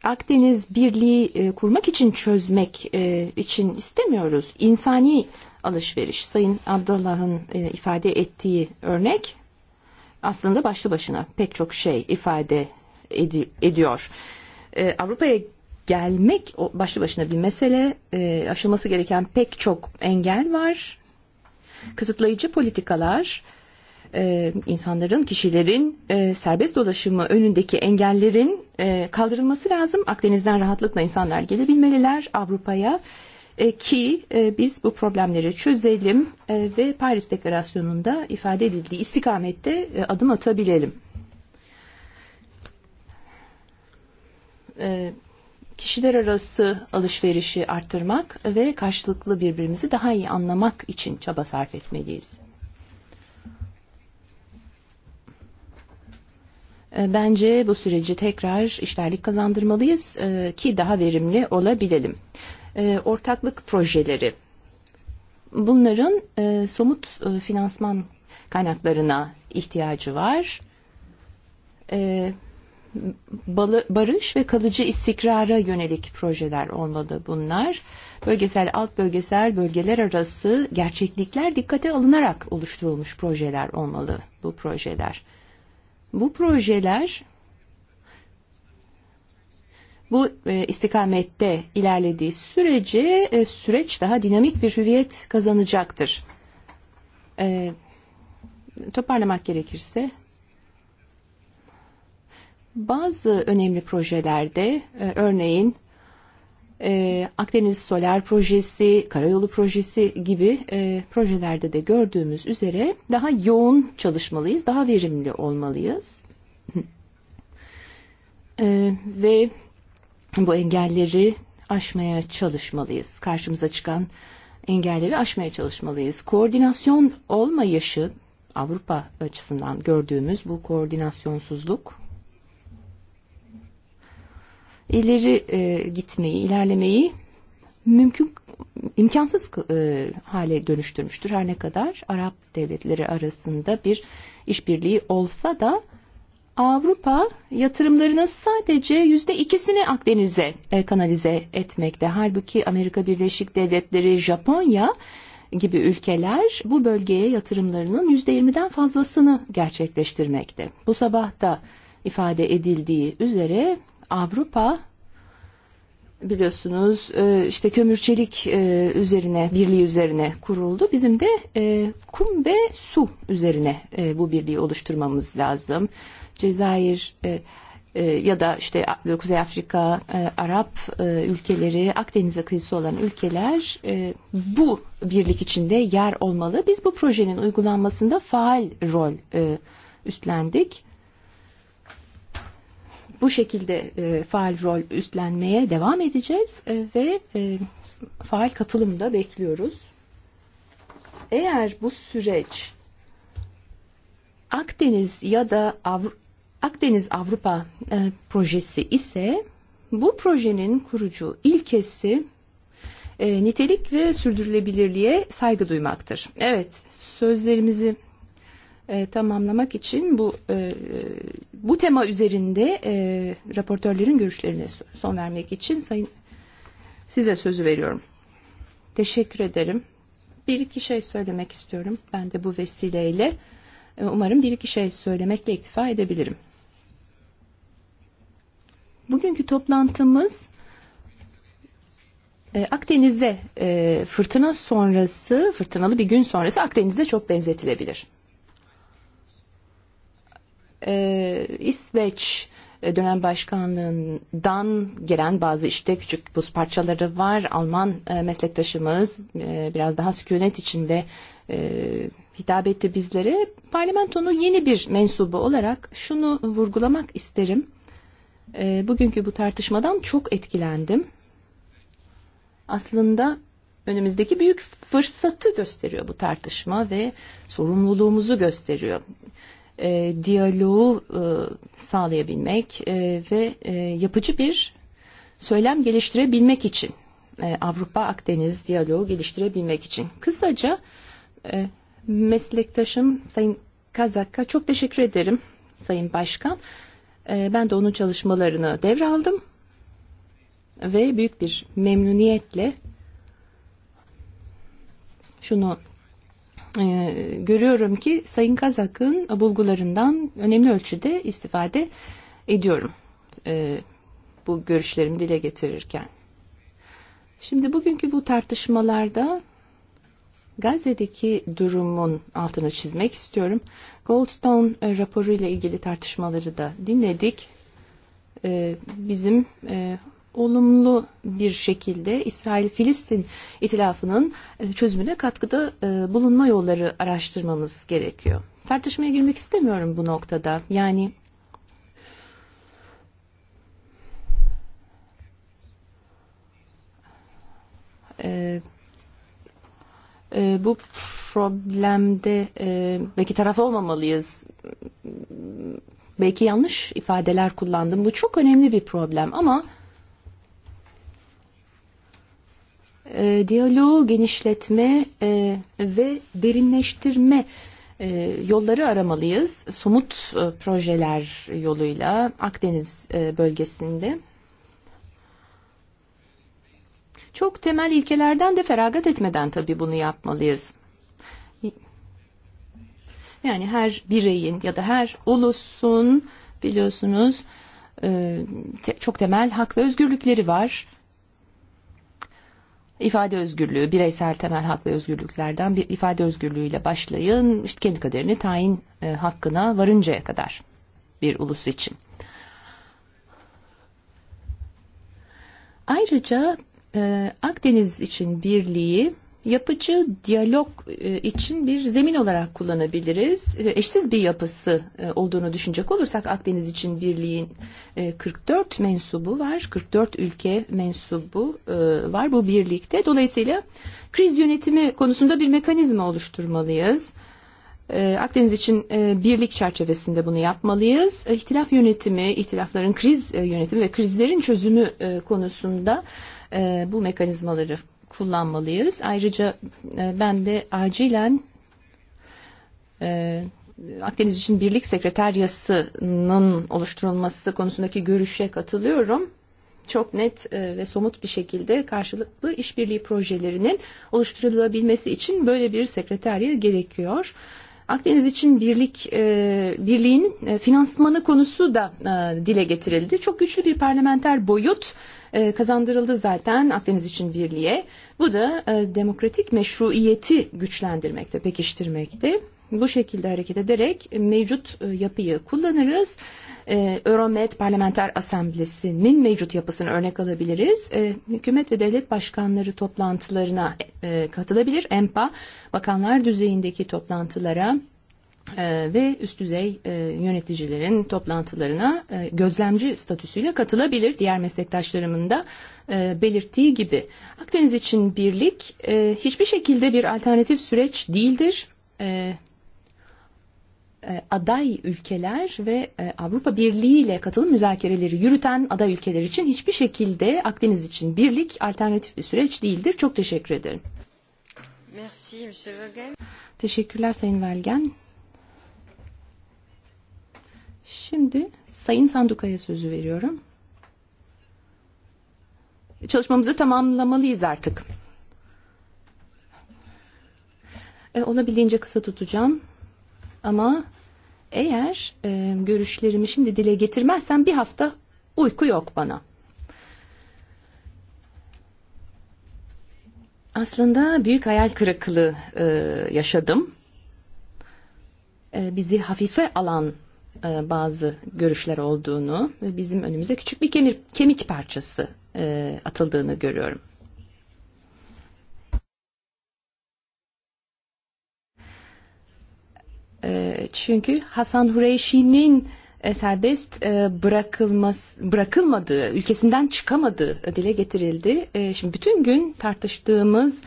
Akdeniz Birliği e, kurmak için çözmek e, için istemiyoruz. İnsani alışveriş, Sayın Abdullah'ın e, ifade ettiği örnek aslında başlı başına pek çok şey ifade edi, ediyor. Ee, Avrupa'ya gelmek başlı başına bir mesele. E, aşılması gereken pek çok engel var. Kısıtlayıcı politikalar, e, insanların, kişilerin e, serbest dolaşımı önündeki engellerin e, kaldırılması lazım. Akdeniz'den rahatlıkla insanlar gelebilmeliler Avrupa'ya. E, ki e, biz bu problemleri çözelim e, ve Paris Deklarasyonu'nda ifade edildiği istikamette adım atabilelim. Kişiler arası alışverişi arttırmak ve karşılıklı birbirimizi daha iyi anlamak için çaba sarf etmeliyiz. Bence bu süreci tekrar işlerlik kazandırmalıyız ki daha verimli olabilelim e, ortaklık projeleri. Bunların e, somut e, finansman kaynaklarına ihtiyacı var. E, balı, barış ve kalıcı istikrara yönelik projeler olmalı bunlar. Bölgesel, alt bölgesel, bölgeler arası gerçeklikler dikkate alınarak oluşturulmuş projeler olmalı bu projeler. Bu projeler bu e, istikamette ilerlediği sürece e, süreç daha dinamik bir hüviyet kazanacaktır. E, toparlamak gerekirse bazı önemli projelerde e, örneğin e, Akdeniz Solar Projesi, Karayolu Projesi gibi e, projelerde de gördüğümüz üzere daha yoğun çalışmalıyız, daha verimli olmalıyız. e, ve bu engelleri aşmaya çalışmalıyız. Karşımıza çıkan engelleri aşmaya çalışmalıyız. Koordinasyon olmayışı Avrupa açısından gördüğümüz bu koordinasyonsuzluk ileri e, gitmeyi, ilerlemeyi mümkün imkansız e, hale dönüştürmüştür. Her ne kadar Arap devletleri arasında bir işbirliği olsa da Avrupa yatırımlarının sadece yüzde ikisini Akdeniz'e e, kanalize etmekte. Halbuki Amerika Birleşik Devletleri, Japonya gibi ülkeler bu bölgeye yatırımlarının yüzde yirmiden fazlasını gerçekleştirmekte. Bu sabah da ifade edildiği üzere Avrupa biliyorsunuz e, işte kömür çelik e, üzerine birliği üzerine kuruldu. Bizim de e, kum ve su üzerine bu birliği oluşturmamız lazım. Cezayir e, e, ya da işte Kuzey Afrika, e, Arap e, ülkeleri, Akdeniz'e kıyısı olan ülkeler e, bu birlik içinde yer olmalı. Biz bu projenin uygulanmasında faal rol e, üstlendik. Bu şekilde e, faal rol üstlenmeye devam edeceğiz e, ve e, faal katılımı da bekliyoruz. Eğer bu süreç Akdeniz ya da Avrupa Akdeniz Avrupa e, projesi ise bu projenin kurucu ilkesi e, nitelik ve sürdürülebilirliğe saygı duymaktır. Evet, sözlerimizi e, tamamlamak için bu e, e bu tema üzerinde e, raportörlerin görüşlerine son vermek için sayın size sözü veriyorum. Teşekkür ederim. Bir iki şey söylemek istiyorum. Ben de bu vesileyle e, umarım bir iki şey söylemekle iktifa edebilirim. Bugünkü toplantımız e, Akdeniz'e e, fırtına sonrası, fırtınalı bir gün sonrası Akdeniz'e çok benzetilebilir. E, İsveç dönem başkanlığından gelen bazı işte küçük buz parçaları var. Alman meslektaşımız biraz daha sükunet içinde hitap etti bizlere. Parlamentonun yeni bir mensubu olarak şunu vurgulamak isterim e, bugünkü bu tartışmadan çok etkilendim. Aslında önümüzdeki büyük fırsatı gösteriyor bu tartışma ve sorumluluğumuzu gösteriyor. E, diyaloğu e, sağlayabilmek e, ve e, yapıcı bir söylem geliştirebilmek için e, Avrupa Akdeniz diyaloğu geliştirebilmek için. Kısaca e, meslektaşım Sayın Kazak'a çok teşekkür ederim Sayın Başkan. E, ben de onun çalışmalarını devraldım ve büyük bir memnuniyetle şunu e, görüyorum ki Sayın Kazak'ın bulgularından önemli ölçüde istifade ediyorum e, bu görüşlerimi dile getirirken. Şimdi bugünkü bu tartışmalarda Gazze'deki durumun altını çizmek istiyorum. Goldstone e, raporu ile ilgili tartışmaları da dinledik. E, bizim e, olumlu bir şekilde İsrail-Filistin itilafının çözümüne katkıda bulunma yolları araştırmamız gerekiyor. Tartışmaya girmek istemiyorum bu noktada. Yani e, e, bu problemde e, belki taraf olmamalıyız. Belki yanlış ifadeler kullandım. Bu çok önemli bir problem ama e, diyaloğu genişletme e, ve derinleştirme e, yolları aramalıyız. Somut e, projeler yoluyla Akdeniz e, bölgesinde. Çok temel ilkelerden de feragat etmeden tabii bunu yapmalıyız. Yani her bireyin ya da her ulusun biliyorsunuz e, çok temel hak ve özgürlükleri var. İfade özgürlüğü, bireysel temel hak ve özgürlüklerden bir ifade özgürlüğüyle başlayın, işte kendi kaderini tayin e, hakkına varıncaya kadar bir ulus için. Ayrıca e, Akdeniz için birliği yapıcı diyalog e, için bir zemin olarak kullanabiliriz. E, eşsiz bir yapısı e, olduğunu düşünecek olursak Akdeniz için birliğin e, 44 mensubu var. 44 ülke mensubu e, var bu birlikte. Dolayısıyla kriz yönetimi konusunda bir mekanizma oluşturmalıyız. E, Akdeniz için e, birlik çerçevesinde bunu yapmalıyız. E, ihtilaf yönetimi, ihtilafların kriz yönetimi ve krizlerin çözümü konusunda e, bu mekanizmaları kullanmalıyız. Ayrıca e, ben de acilen e, Akdeniz için Birlik Sekreteryası'nın oluşturulması konusundaki görüşe katılıyorum. Çok net e, ve somut bir şekilde karşılıklı işbirliği projelerinin oluşturulabilmesi için böyle bir sekreterya gerekiyor. Akdeniz için birlik e, birliğin e, finansmanı konusu da e, dile getirildi. Çok güçlü bir parlamenter boyut e, kazandırıldı zaten Akdeniz için birliğe. Bu da e, demokratik meşruiyeti güçlendirmekte, pekiştirmekte. Bu şekilde hareket ederek mevcut e, yapıyı kullanırız E, Euromed Parlamenter Asamblesi'nin mevcut yapısını örnek alabiliriz. E, hükümet ve devlet başkanları toplantılarına e, katılabilir. EMPA bakanlar düzeyindeki toplantılara e, ve üst düzey e, yöneticilerin toplantılarına e, gözlemci statüsüyle katılabilir. Diğer meslektaşlarımın da e, belirttiği gibi Akdeniz için birlik e, hiçbir şekilde bir alternatif süreç değildir. E, E, aday ülkeler ve e, Avrupa Birliği ile katılım müzakereleri yürüten aday ülkeler için hiçbir şekilde Akdeniz için birlik alternatif bir süreç değildir. Çok teşekkür ederim. Merci, Teşekkürler Sayın Velgen. Şimdi Sayın Sanduka'ya sözü veriyorum. Çalışmamızı tamamlamalıyız artık. E, olabildiğince kısa tutacağım. Ama Eğer e, görüşlerimi şimdi dile getirmezsem bir hafta uyku yok bana. Aslında büyük hayal kırıklığı e, yaşadım. E, bizi hafife alan e, bazı görüşler olduğunu ve bizim önümüze küçük bir kemir, kemik parçası e, atıldığını görüyorum. çünkü Hasan Hureyşi'nin e, serbest e, bırakılması bırakılmadığı, ülkesinden çıkamadığı dile getirildi. şimdi bütün gün tartıştığımız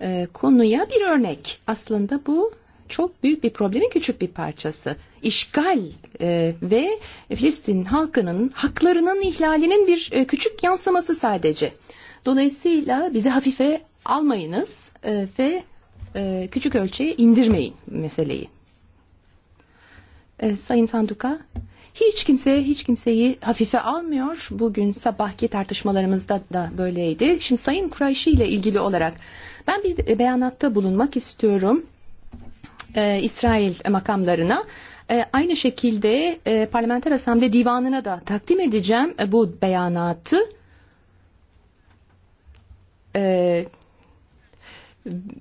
e, konuya bir örnek. Aslında bu çok büyük bir problemin küçük bir parçası. İşgal ve Filistin halkının haklarının ihlalinin bir küçük yansıması sadece. Dolayısıyla bizi hafife almayınız ve küçük ölçüye indirmeyin meseleyi e, Sayın Sanduka hiç kimse hiç kimseyi hafife almıyor. Bugün sabahki tartışmalarımızda da böyleydi. Şimdi Sayın Kureyşi ile ilgili olarak ben bir e, beyanatta bulunmak istiyorum. E, İsrail makamlarına e, aynı şekilde e, Parlamenter Asamble Divanı'na da takdim edeceğim e, bu beyanatı. E,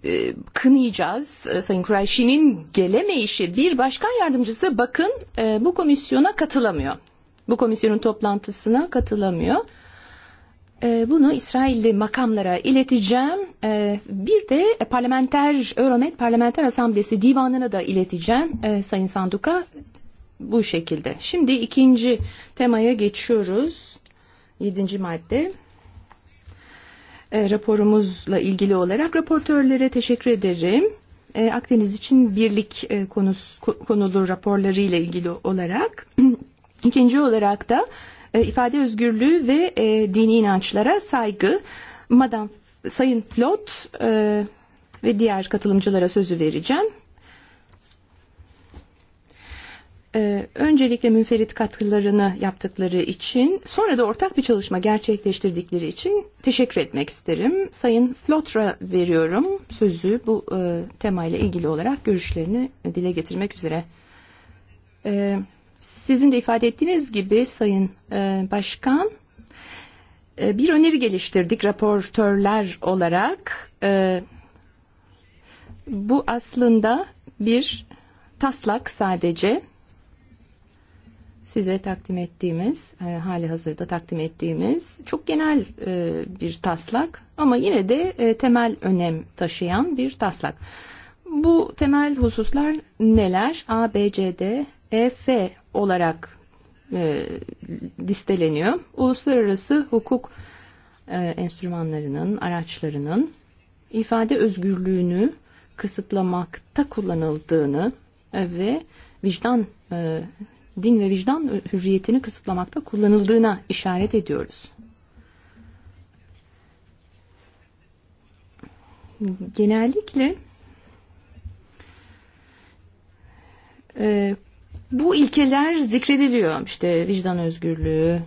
E, kınayacağız e, Sayın Kureyşi'nin gelemeyişi. Bir başkan yardımcısı bakın e, bu komisyona katılamıyor. Bu komisyonun toplantısına katılamıyor. Bunu İsrailli makamlara ileteceğim. Bir de parlamenter, Euromed Parlamenter Asamblesi divanına da ileteceğim Sayın Sanduka bu şekilde. Şimdi ikinci temaya geçiyoruz. Yedinci madde e, raporumuzla ilgili olarak raportörlere teşekkür ederim. E, Akdeniz için birlik e, konusu, konulu raporları ile ilgili olarak. İkinci olarak da e, ifade özgürlüğü ve e, dini inançlara saygı. Madam Sayın Flot e, ve diğer katılımcılara sözü vereceğim. öncelikle münferit katkılarını yaptıkları için sonra da ortak bir çalışma gerçekleştirdikleri için teşekkür etmek isterim. Sayın Flotra veriyorum sözü bu e, temayla ilgili olarak görüşlerini dile getirmek üzere. E, sizin de ifade ettiğiniz gibi Sayın e, Başkan e, bir öneri geliştirdik raportörler olarak. E, bu aslında bir taslak sadece size takdim ettiğimiz, e, hali hazırda takdim ettiğimiz çok genel e, bir taslak ama yine de e, temel önem taşıyan bir taslak. Bu temel hususlar neler? A, B, C, D, E, F olarak e, listeleniyor. Uluslararası hukuk e, enstrümanlarının, araçlarının ifade özgürlüğünü kısıtlamakta kullanıldığını e, ve vicdan e, din ve vicdan hürriyetini kısıtlamakta kullanıldığına işaret ediyoruz. Genellikle e, bu ilkeler zikrediliyor. İşte vicdan özgürlüğü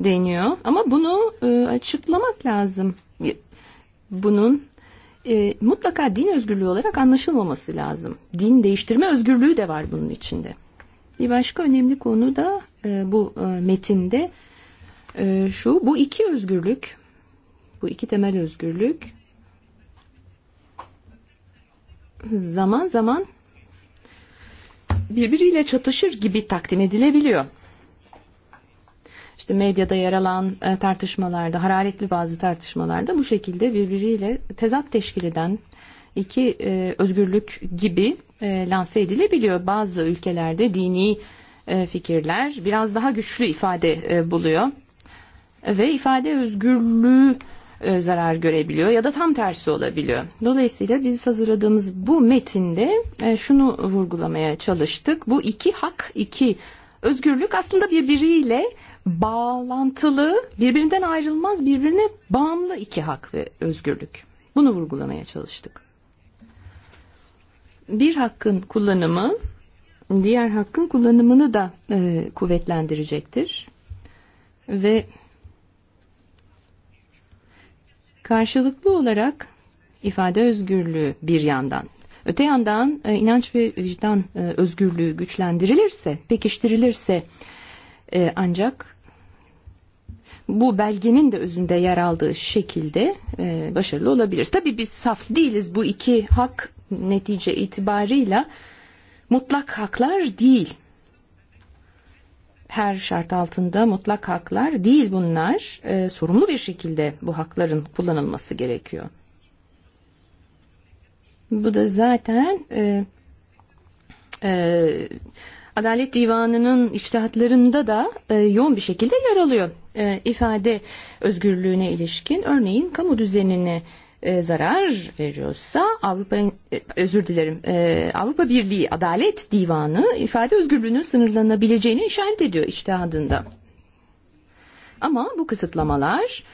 deniyor ama bunu e, açıklamak lazım. Bunun e, mutlaka din özgürlüğü olarak anlaşılmaması lazım. Din değiştirme özgürlüğü de var bunun içinde. Bir başka önemli konu da e, bu e, metinde e, şu, bu iki özgürlük, bu iki temel özgürlük zaman zaman birbiriyle çatışır gibi takdim edilebiliyor. İşte medyada yer alan e, tartışmalarda, hararetli bazı tartışmalarda bu şekilde birbiriyle tezat teşkil eden iki e, özgürlük gibi e, lanse edilebiliyor. Bazı ülkelerde dini e, fikirler biraz daha güçlü ifade e, buluyor ve ifade özgürlüğü e, zarar görebiliyor ya da tam tersi olabiliyor. Dolayısıyla biz hazırladığımız bu metinde e, şunu vurgulamaya çalıştık. Bu iki hak, iki özgürlük aslında birbiriyle bağlantılı, birbirinden ayrılmaz, birbirine bağımlı iki hak ve özgürlük. Bunu vurgulamaya çalıştık bir hakkın kullanımı diğer hakkın kullanımını da e, kuvvetlendirecektir. Ve karşılıklı olarak ifade özgürlüğü bir yandan Öte yandan e, inanç ve vicdan e, özgürlüğü güçlendirilirse, pekiştirilirse e, ancak bu belgenin de özünde yer aldığı şekilde e, başarılı olabilir. Tabii biz saf değiliz bu iki hak netice itibarıyla mutlak haklar değil. Her şart altında mutlak haklar değil bunlar. E, sorumlu bir şekilde bu hakların kullanılması gerekiyor. Bu da zaten e, e, Adalet Divanı'nın içtihatlarında da e, yoğun bir şekilde yer alıyor. E, ifade özgürlüğüne ilişkin örneğin kamu düzenini e, zarar veriyorsa Avrupa e, özür dilerim e, Avrupa Birliği Adalet Divanı ifade özgürlüğünün sınırlanabileceğini işaret ediyor iştihadında. Ama bu kısıtlamalar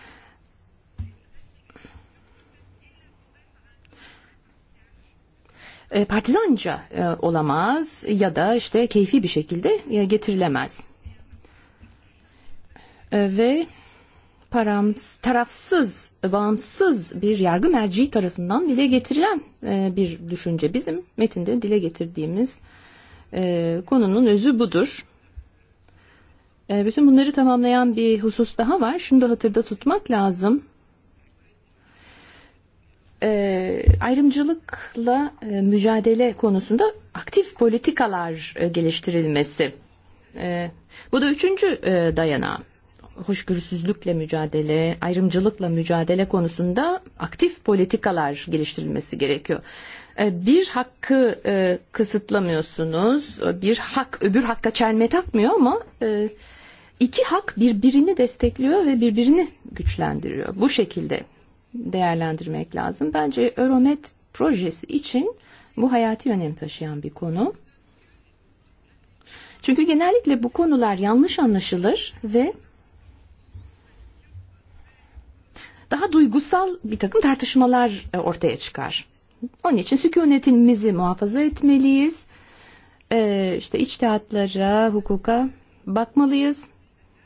e, partizanca e, olamaz ya da işte keyfi bir şekilde e, getirilemez. Ve params tarafsız, bağımsız bir yargı merci tarafından dile getirilen e, bir düşünce. Bizim metinde dile getirdiğimiz e, konunun özü budur. E, bütün bunları tamamlayan bir husus daha var. Şunu da hatırda tutmak lazım. E, ayrımcılıkla e, mücadele konusunda aktif politikalar e, geliştirilmesi. E, bu da üçüncü e, dayanağı hoşgörüsüzlükle mücadele, ayrımcılıkla mücadele konusunda aktif politikalar geliştirilmesi gerekiyor. E, bir hakkı e, kısıtlamıyorsunuz, bir hak öbür hakka çelme takmıyor ama e, iki hak birbirini destekliyor ve birbirini güçlendiriyor. Bu şekilde değerlendirmek lazım. Bence Euromet projesi için bu hayati önem taşıyan bir konu. Çünkü genellikle bu konular yanlış anlaşılır ve daha duygusal bir takım tartışmalar e, ortaya çıkar. Onun için sükunetimizi muhafaza etmeliyiz. Ee, i̇şte içtihatlara, hukuka bakmalıyız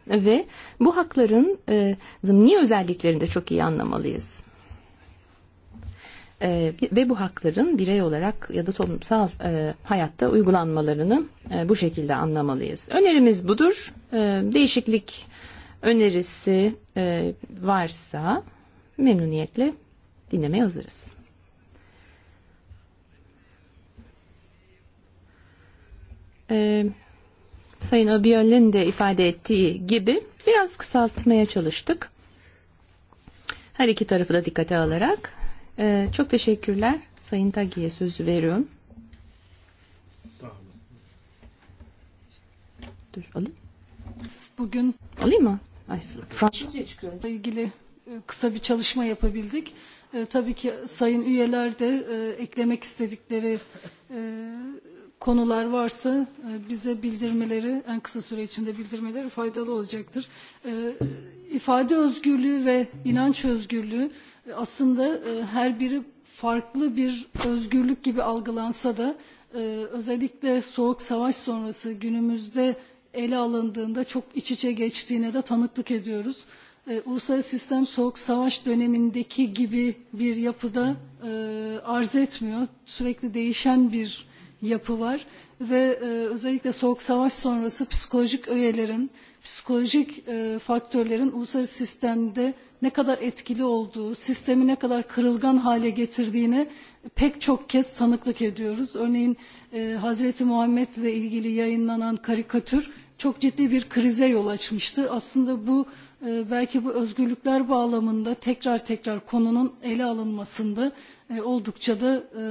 ve bu hakların e, zımni özelliklerini de çok iyi anlamalıyız. E, ve bu hakların birey olarak ya da toplumsal e, hayatta uygulanmalarını e, bu şekilde anlamalıyız. Önerimiz budur. E, değişiklik önerisi e, varsa Memnuniyetle dinlemeye hazırız. Ee, Sayın Obiyol'ün de ifade ettiği gibi biraz kısaltmaya çalıştık. Her iki tarafı da dikkate alarak. Ee, çok teşekkürler. Sayın Tagi'ye sözü veriyorum. Dur alayım. Bugün alayım mı? Ay, Fransızca çıkıyorum. ilgili kısa bir çalışma yapabildik. E, tabii ki sayın üyeler de e, eklemek istedikleri e, konular varsa e, bize bildirmeleri, en kısa süre içinde bildirmeleri faydalı olacaktır. E, i̇fade özgürlüğü ve inanç özgürlüğü e, aslında e, her biri farklı bir özgürlük gibi algılansa da e, özellikle soğuk savaş sonrası günümüzde ele alındığında çok iç içe geçtiğine de tanıklık ediyoruz. E, e, uluslararası sistem soğuk savaş dönemindeki gibi bir yapıda e, arz etmiyor. Sürekli değişen bir yapı var ve e, özellikle soğuk savaş sonrası psikolojik öğelerin, psikolojik e, faktörlerin uluslararası sistemde ne kadar etkili olduğu, sistemi ne kadar kırılgan hale getirdiğini pek çok kez tanıklık ediyoruz. Örneğin e, Hazreti Muhammed ile ilgili yayınlanan karikatür çok ciddi bir krize yol açmıştı. Aslında bu belki bu özgürlükler bağlamında tekrar tekrar konunun ele alınmasında e, oldukça da e,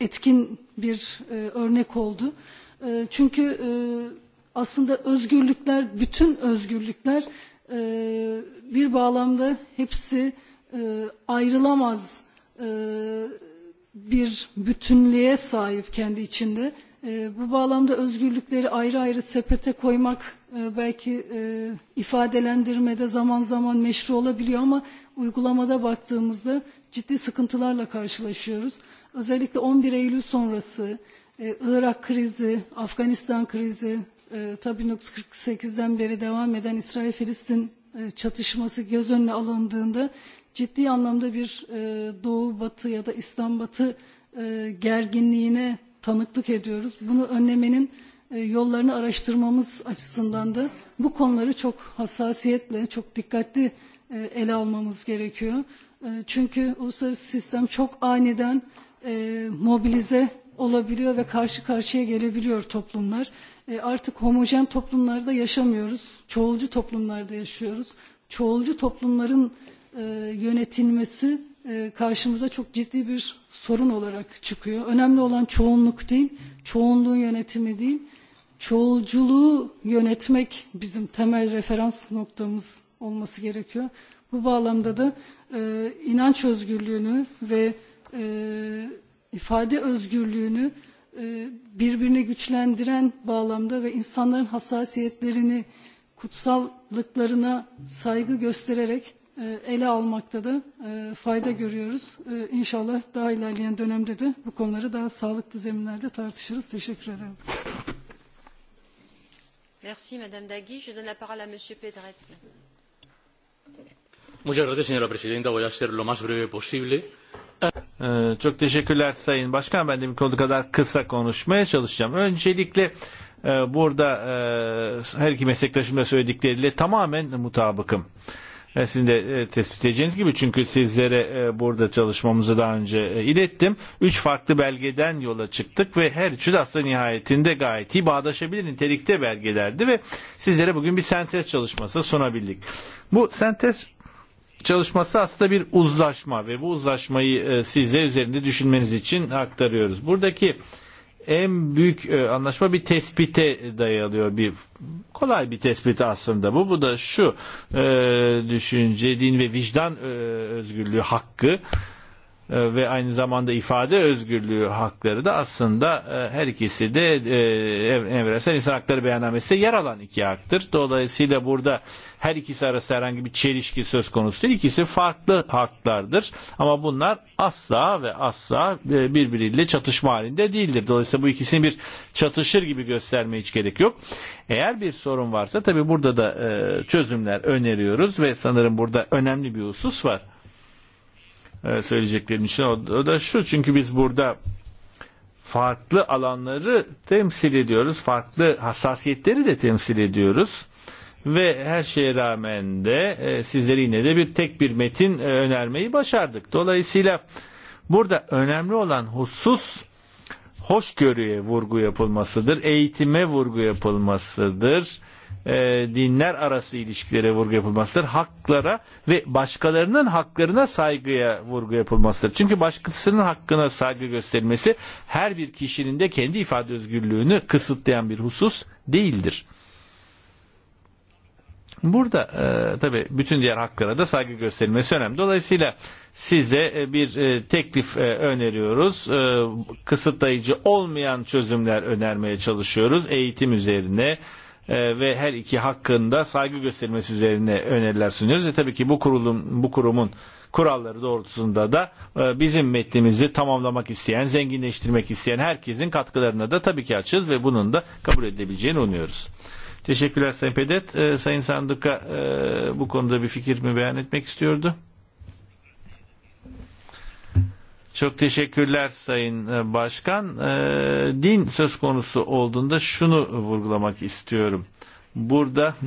etkin bir e, örnek oldu. Çünkü aslında özgürlükler, bütün özgürlükler bir bağlamda hepsi ayrılamaz bir bütünlüğe sahip kendi içinde. Bu bağlamda özgürlükleri ayrı ayrı sepete koymak belki e, ifadelendirmede zaman zaman meşru olabiliyor ama uygulamada baktığımızda ciddi sıkıntılarla karşılaşıyoruz. Özellikle 11 Eylül sonrası e, Irak krizi, Afganistan krizi, tabi e, tabii 1948'den beri devam eden İsrail-Filistin çatışması göz önüne alındığında ciddi anlamda bir Doğu Batı ya da İslam Batı gerginliğine tanıklık ediyoruz. Bunu önlemenin E, yollarını araştırmamız açısından da bu konuları çok hassasiyetle, çok dikkatli e, ele almamız gerekiyor. E, çünkü uluslararası sistem çok aniden mobilize olabiliyor ve karşı karşıya gelebiliyor toplumlar. Artık homojen toplumlarda yaşamıyoruz, çoğulcu toplumlarda yaşıyoruz. Çoğulcu toplumların yönetilmesi karşımıza çok ciddi bir sorun olarak çıkıyor. Önemli olan çoğunluk değil, çoğunluğun yönetimi değil, çoğulculuğu yönetmek bizim temel referans noktamız olması gerekiyor. Bu bağlamda da e, inanç özgürlüğünü ve e, ifade özgürlüğünü e, birbirine güçlendiren bağlamda ve insanların hassasiyetlerini kutsallıklarına saygı göstererek e, ele almakta da e, fayda görüyoruz. E, i̇nşallah daha ilerleyen dönemde de bu konuları daha sağlıklı zeminlerde tartışırız. Teşekkür ederim. Merci, Madame Dagui. Je donne la parole à Monsieur Pedret. Muchas gracias, señora presidenta. Voy a ser lo más breve posible. Çok teşekkürler Sayın Başkan. Ben de bir konu kadar kısa konuşmaya çalışacağım. Öncelikle e, burada e, her iki meslektaşımda söyledikleriyle tamamen mutabıkım. E, E, sizin de e, tespit edeceğiniz gibi çünkü sizlere e, burada çalışmamızı daha önce ilettim. Üç farklı belgeden yola çıktık ve her üçü de aslında nihayetinde gayet iyi bağdaşabilir nitelikte belgelerdi ve sizlere bugün bir sentez çalışması sunabildik. Bu sentez çalışması aslında bir uzlaşma ve bu uzlaşmayı sizler üzerinde düşünmeniz için aktarıyoruz. Buradaki en büyük e, anlaşma bir tespite dayalıyor. Bir kolay bir tespit aslında bu. Bu da şu e, düşünce, din ve vicdan e, özgürlüğü hakkı E, ve aynı zamanda ifade özgürlüğü hakları da aslında e, her ikisi de e, evrensel insan hakları beyannamesinde yer alan iki haktır. Dolayısıyla burada her ikisi arasında herhangi bir çelişki söz konusu değil. İkisi farklı haklardır. Ama bunlar asla ve asla birbiriyle çatışma halinde değildir. Dolayısıyla bu ikisini bir çatışır gibi göstermeye hiç gerek yok. Eğer bir sorun varsa tabi burada da çözümler öneriyoruz ve sanırım burada önemli bir husus var E, söyleyeceklerim için o da şu çünkü biz burada farklı alanları temsil ediyoruz. Farklı hassasiyetleri de temsil ediyoruz. Ve her şeye rağmen de e, sizlere yine de bir tek bir metin e, önermeyi başardık. Dolayısıyla burada önemli olan husus hoşgörüye vurgu yapılmasıdır. Eğitime vurgu yapılmasıdır e, dinler arası ilişkilere vurgu yapılmasıdır. Haklara ve başkalarının haklarına saygıya vurgu yapılmasıdır. Çünkü başkasının hakkına saygı gösterilmesi her bir kişinin de kendi ifade özgürlüğünü kısıtlayan bir husus değildir. Burada e, tabi bütün diğer haklara da saygı gösterilmesi önemli. Dolayısıyla size e, bir e, teklif e, öneriyoruz. E, kısıtlayıcı olmayan çözümler önermeye çalışıyoruz. Eğitim üzerine, e, ve her iki hakkında saygı göstermesi üzerine öneriler sunuyoruz. E tabii ki bu kurulum bu kurumun kuralları doğrultusunda da e, bizim metnimizi tamamlamak isteyen, zenginleştirmek isteyen herkesin katkılarına da tabii ki açız ve bunun da kabul edilebileceğini umuyoruz. Teşekkürler Sayın Pedet. E, Sayın Sandık'a e, bu konuda bir fikir mi beyan etmek istiyordu? Çok teşekkürler Sayın e, Başkan. E, din söz konusu olduğunda şunu vurgulamak istiyorum. Burada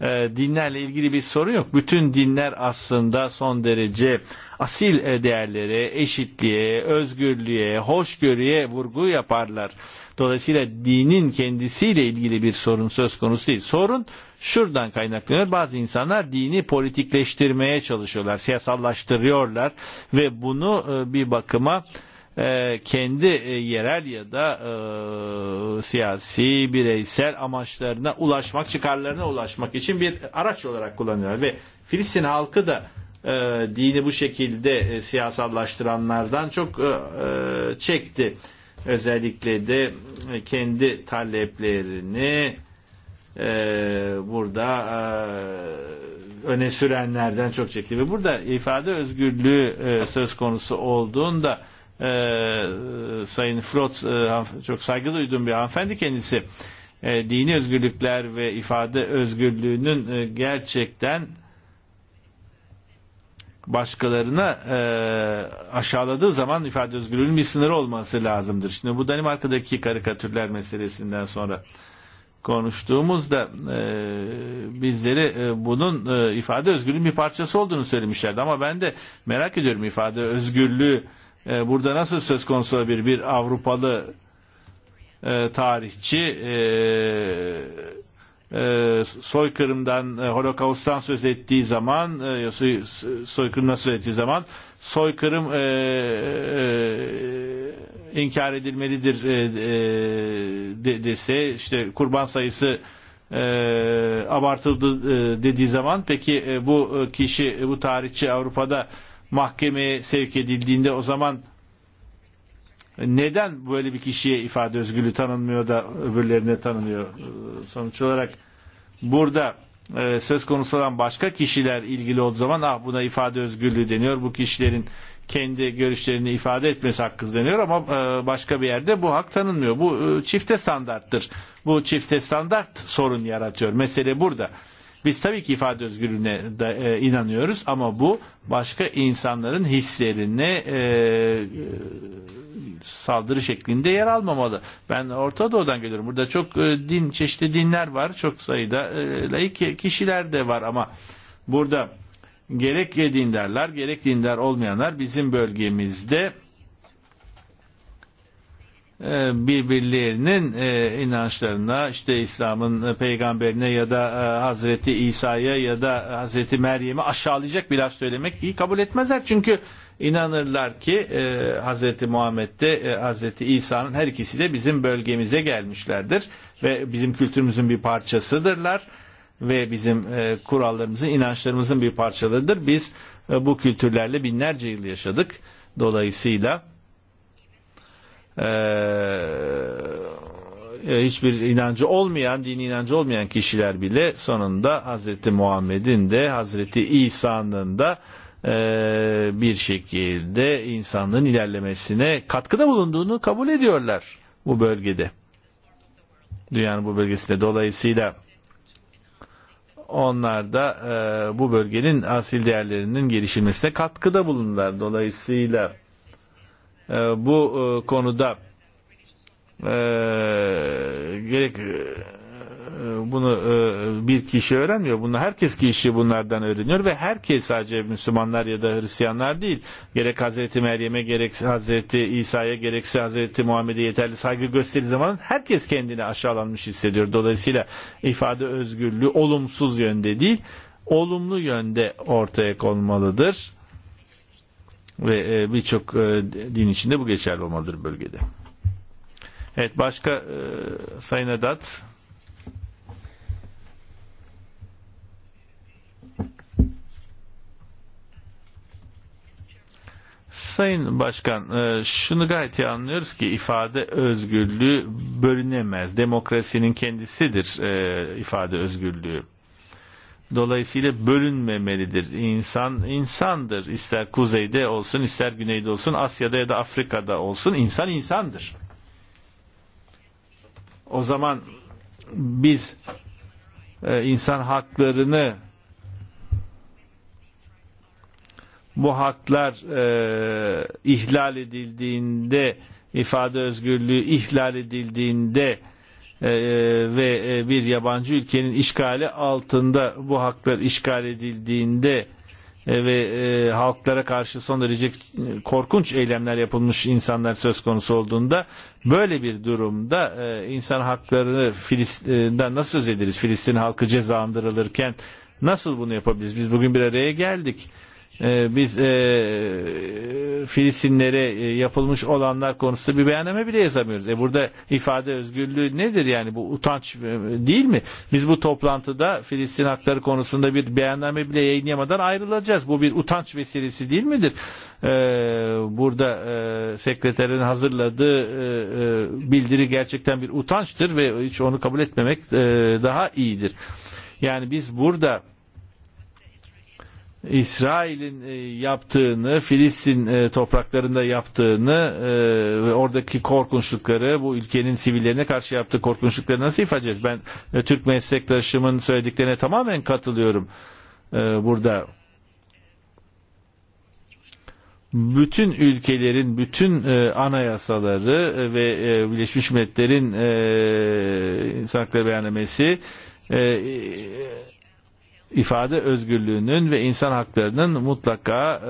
e, dinlerle ilgili bir sorun yok. Bütün dinler aslında son derece asil e, değerlere, eşitliğe, özgürlüğe, hoşgörüye vurgu yaparlar. Dolayısıyla dinin kendisiyle ilgili bir sorun söz konusu değil. Sorun şuradan kaynaklanıyor. Bazı insanlar dini politikleştirmeye çalışıyorlar, siyasallaştırıyorlar ve bunu e, bir bakıma kendi e, yerel ya da e, siyasi bireysel amaçlarına ulaşmak, çıkarlarına ulaşmak için bir araç olarak kullanıyorlar ve Filistin halkı da e, dini bu şekilde e, siyasallaştıranlardan çok e, e çekti. Özellikle de e, kendi taleplerini e, burada e, öne sürenlerden çok çekti ve burada ifade özgürlüğü e, söz konusu olduğunda e, Sayın Frot e, çok saygı duyduğum bir hanımefendi kendisi e, dini özgürlükler ve ifade özgürlüğünün e, gerçekten başkalarına e, aşağıladığı zaman ifade özgürlüğünün bir sınırı olması lazımdır. Şimdi bu Danimarka'daki karikatürler meselesinden sonra konuştuğumuzda e, bizleri e, bunun e, ifade özgürlüğünün bir parçası olduğunu söylemişlerdi. Ama ben de merak ediyorum ifade özgürlüğü e, e, burada nasıl söz konusu olabilir? Bir Avrupalı e, tarihçi e, e, soykırımdan, e, holokausttan söz ettiği zaman, e, soy, soykırımdan söz ettiği zaman soykırım e, e, inkar edilmelidir e, e, de, dese, işte kurban sayısı e, abartıldı e, dediği zaman peki e, bu e, kişi, e, bu tarihçi Avrupa'da e, mahkemeye sevk edildiğinde o zaman neden böyle bir kişiye ifade özgürlüğü tanınmıyor da öbürlerine tanınıyor? Sonuç olarak burada e, söz konusu olan başka kişiler ilgili olduğu zaman ah buna ifade özgürlüğü deniyor. Bu kişilerin kendi görüşlerini ifade etmesi hakkı deniyor ama e, başka bir yerde bu hak tanınmıyor. Bu e, çifte standarttır. Bu çifte standart sorun yaratıyor. Mesele burada. Biz tabii ki ifade özgürlüğüne de, e, inanıyoruz ama bu başka insanların hislerine e, e, saldırı şeklinde yer almamalı. Ben Orta Doğu'dan geliyorum. Burada çok e, din çeşitli dinler var. Çok sayıda e, layık kişiler de var ama burada gerek dindarlar gerek dindar olmayanlar bizim bölgemizde E, birbirlerinin e, inançlarına işte İslam'ın peygamberine ya da e, Hazreti İsa'ya ya da Hazreti Meryem'i aşağılayacak biraz söylemek iyi kabul etmezler. Çünkü inanırlar ki Hazreti Muhammed'de Hazreti İsa'nın her ikisi de bizim bölgemize gelmişlerdir ve bizim kültürümüzün bir parçasıdırlar ve bizim kurallarımızın, inançlarımızın bir parçalarıdır. Biz bu kültürlerle binlerce yıl yaşadık. Dolayısıyla e, hiçbir inancı olmayan, dini inancı olmayan kişiler bile sonunda Hazreti Muhammed'in de Hazreti İsa'nın da e, bir şekilde insanlığın ilerlemesine katkıda bulunduğunu kabul ediyorlar bu bölgede. Dünyanın bu bölgesinde dolayısıyla onlar da e, bu bölgenin asil değerlerinin gelişilmesine katkıda bulundular. Dolayısıyla E, bu e, konuda e, gerek bunu bir kişi öğrenmiyor. Bunu herkes kişi bunlardan öğreniyor ve herkes sadece Müslümanlar ya da Hristiyanlar değil. Gerek Hazreti Meryem'e gerek Hazreti İsa'ya gerekse Hazreti Muhammed'e yeterli saygı gösterdiği zaman herkes kendini aşağılanmış hissediyor. Dolayısıyla ifade özgürlüğü olumsuz yönde değil, olumlu yönde ortaya konmalıdır ve e, birçok e, din içinde bu geçerli olmalıdır bölgede. Evet başka e, Sayın Edat. Sayın Başkan, e, şunu gayet iyi anlıyoruz ki ifade özgürlüğü bölünemez. Demokrasinin kendisidir e, ifade özgürlüğü. Dolayısıyla bölünmemelidir. İnsan insandır. İster kuzeyde olsun, ister güneyde olsun, Asya'da ya da Afrika'da olsun insan insandır. O zaman biz e, insan haklarını bu haklar e, ihlal edildiğinde ifade özgürlüğü ihlal edildiğinde e, E, e, ve e, bir yabancı ülkenin işgali altında bu haklar işgal edildiğinde ve e, halklara karşı son derece korkunç eylemler yapılmış insanlar söz konusu olduğunda böyle bir durumda e, insan haklarını Filistin'den nasıl söz ederiz? Filistin halkı cezalandırılırken nasıl bunu yapabiliriz? Biz bugün bir araya geldik e, biz e, Filistinlere e, yapılmış olanlar konusunda bir beyanname bile yazamıyoruz. E burada ifade özgürlüğü nedir yani bu utanç e, değil mi? Biz bu toplantıda Filistin hakları konusunda bir beyanname bile yayınlayamadan ayrılacağız. Bu bir utanç vesilesi değil midir? E, burada e, sekreterin hazırladığı e, e, bildiri gerçekten bir utançtır ve hiç onu kabul etmemek e, daha iyidir. Yani biz burada İsrail'in e, yaptığını, Filistin e, topraklarında yaptığını e, ve oradaki korkunçlukları bu ülkenin sivillerine karşı yaptığı korkunçlukları nasıl ifade edeceğiz? Ben Türk meslektaşımın söylediklerine tamamen katılıyorum burada. Bütün ülkelerin, bütün anayasaları ve Birleşmiş Milletler'in insan hakları beyannamesi ifade özgürlüğünün ve insan haklarının mutlaka e,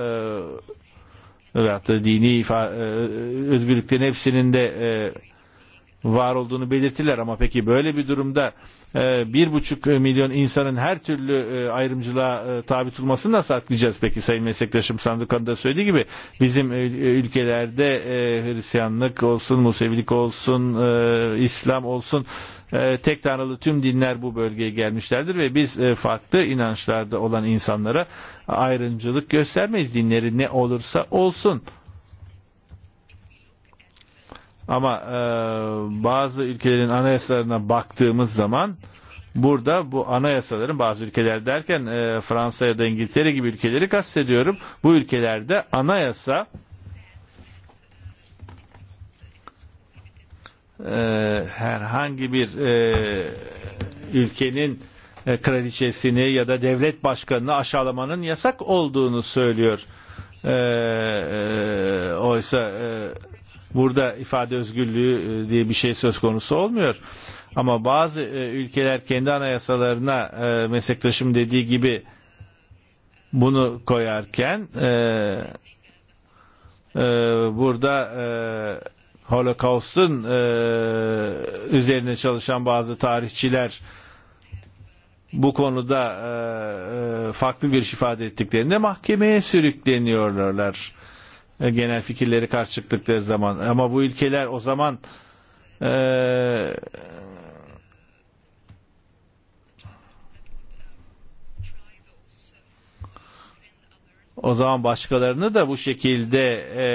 veyahut da dini ifa, e, özgürlüklerin hepsinin de e, var olduğunu belirtirler ama peki böyle bir durumda e, bir buçuk milyon insanın her türlü e, ayrımcılığa e, tabi tutulmasını nasıl atlayacağız peki sayın meslektaşım Sandıkan da söylediği gibi bizim ülkelerde Hristiyanlık olsun, Musevilik olsun İslam olsun E, tek tanrılı tüm dinler bu bölgeye gelmişlerdir ve biz e, farklı inançlarda olan insanlara ayrımcılık göstermeyiz dinleri ne olursa olsun. Ama e, bazı ülkelerin anayasalarına baktığımız zaman burada bu anayasaların bazı ülkeler derken e, Fransa ya da İngiltere gibi ülkeleri kastediyorum. Bu ülkelerde anayasa e, herhangi bir e, ülkenin e, kraliçesini ya da devlet başkanını aşağılamanın yasak olduğunu söylüyor. E, oysa burada ifade özgürlüğü diye bir şey söz konusu olmuyor. Ama bazı ülkeler kendi anayasalarına meslektaşım dediği gibi bunu koyarken burada Holocaust'un e, üzerine çalışan bazı tarihçiler bu konuda e, e farklı görüş ifade ettiklerinde mahkemeye sürükleniyorlar e, genel fikirleri karşı çıktıkları zaman. Ama bu ülkeler o zaman e, o zaman başkalarını da bu şekilde e,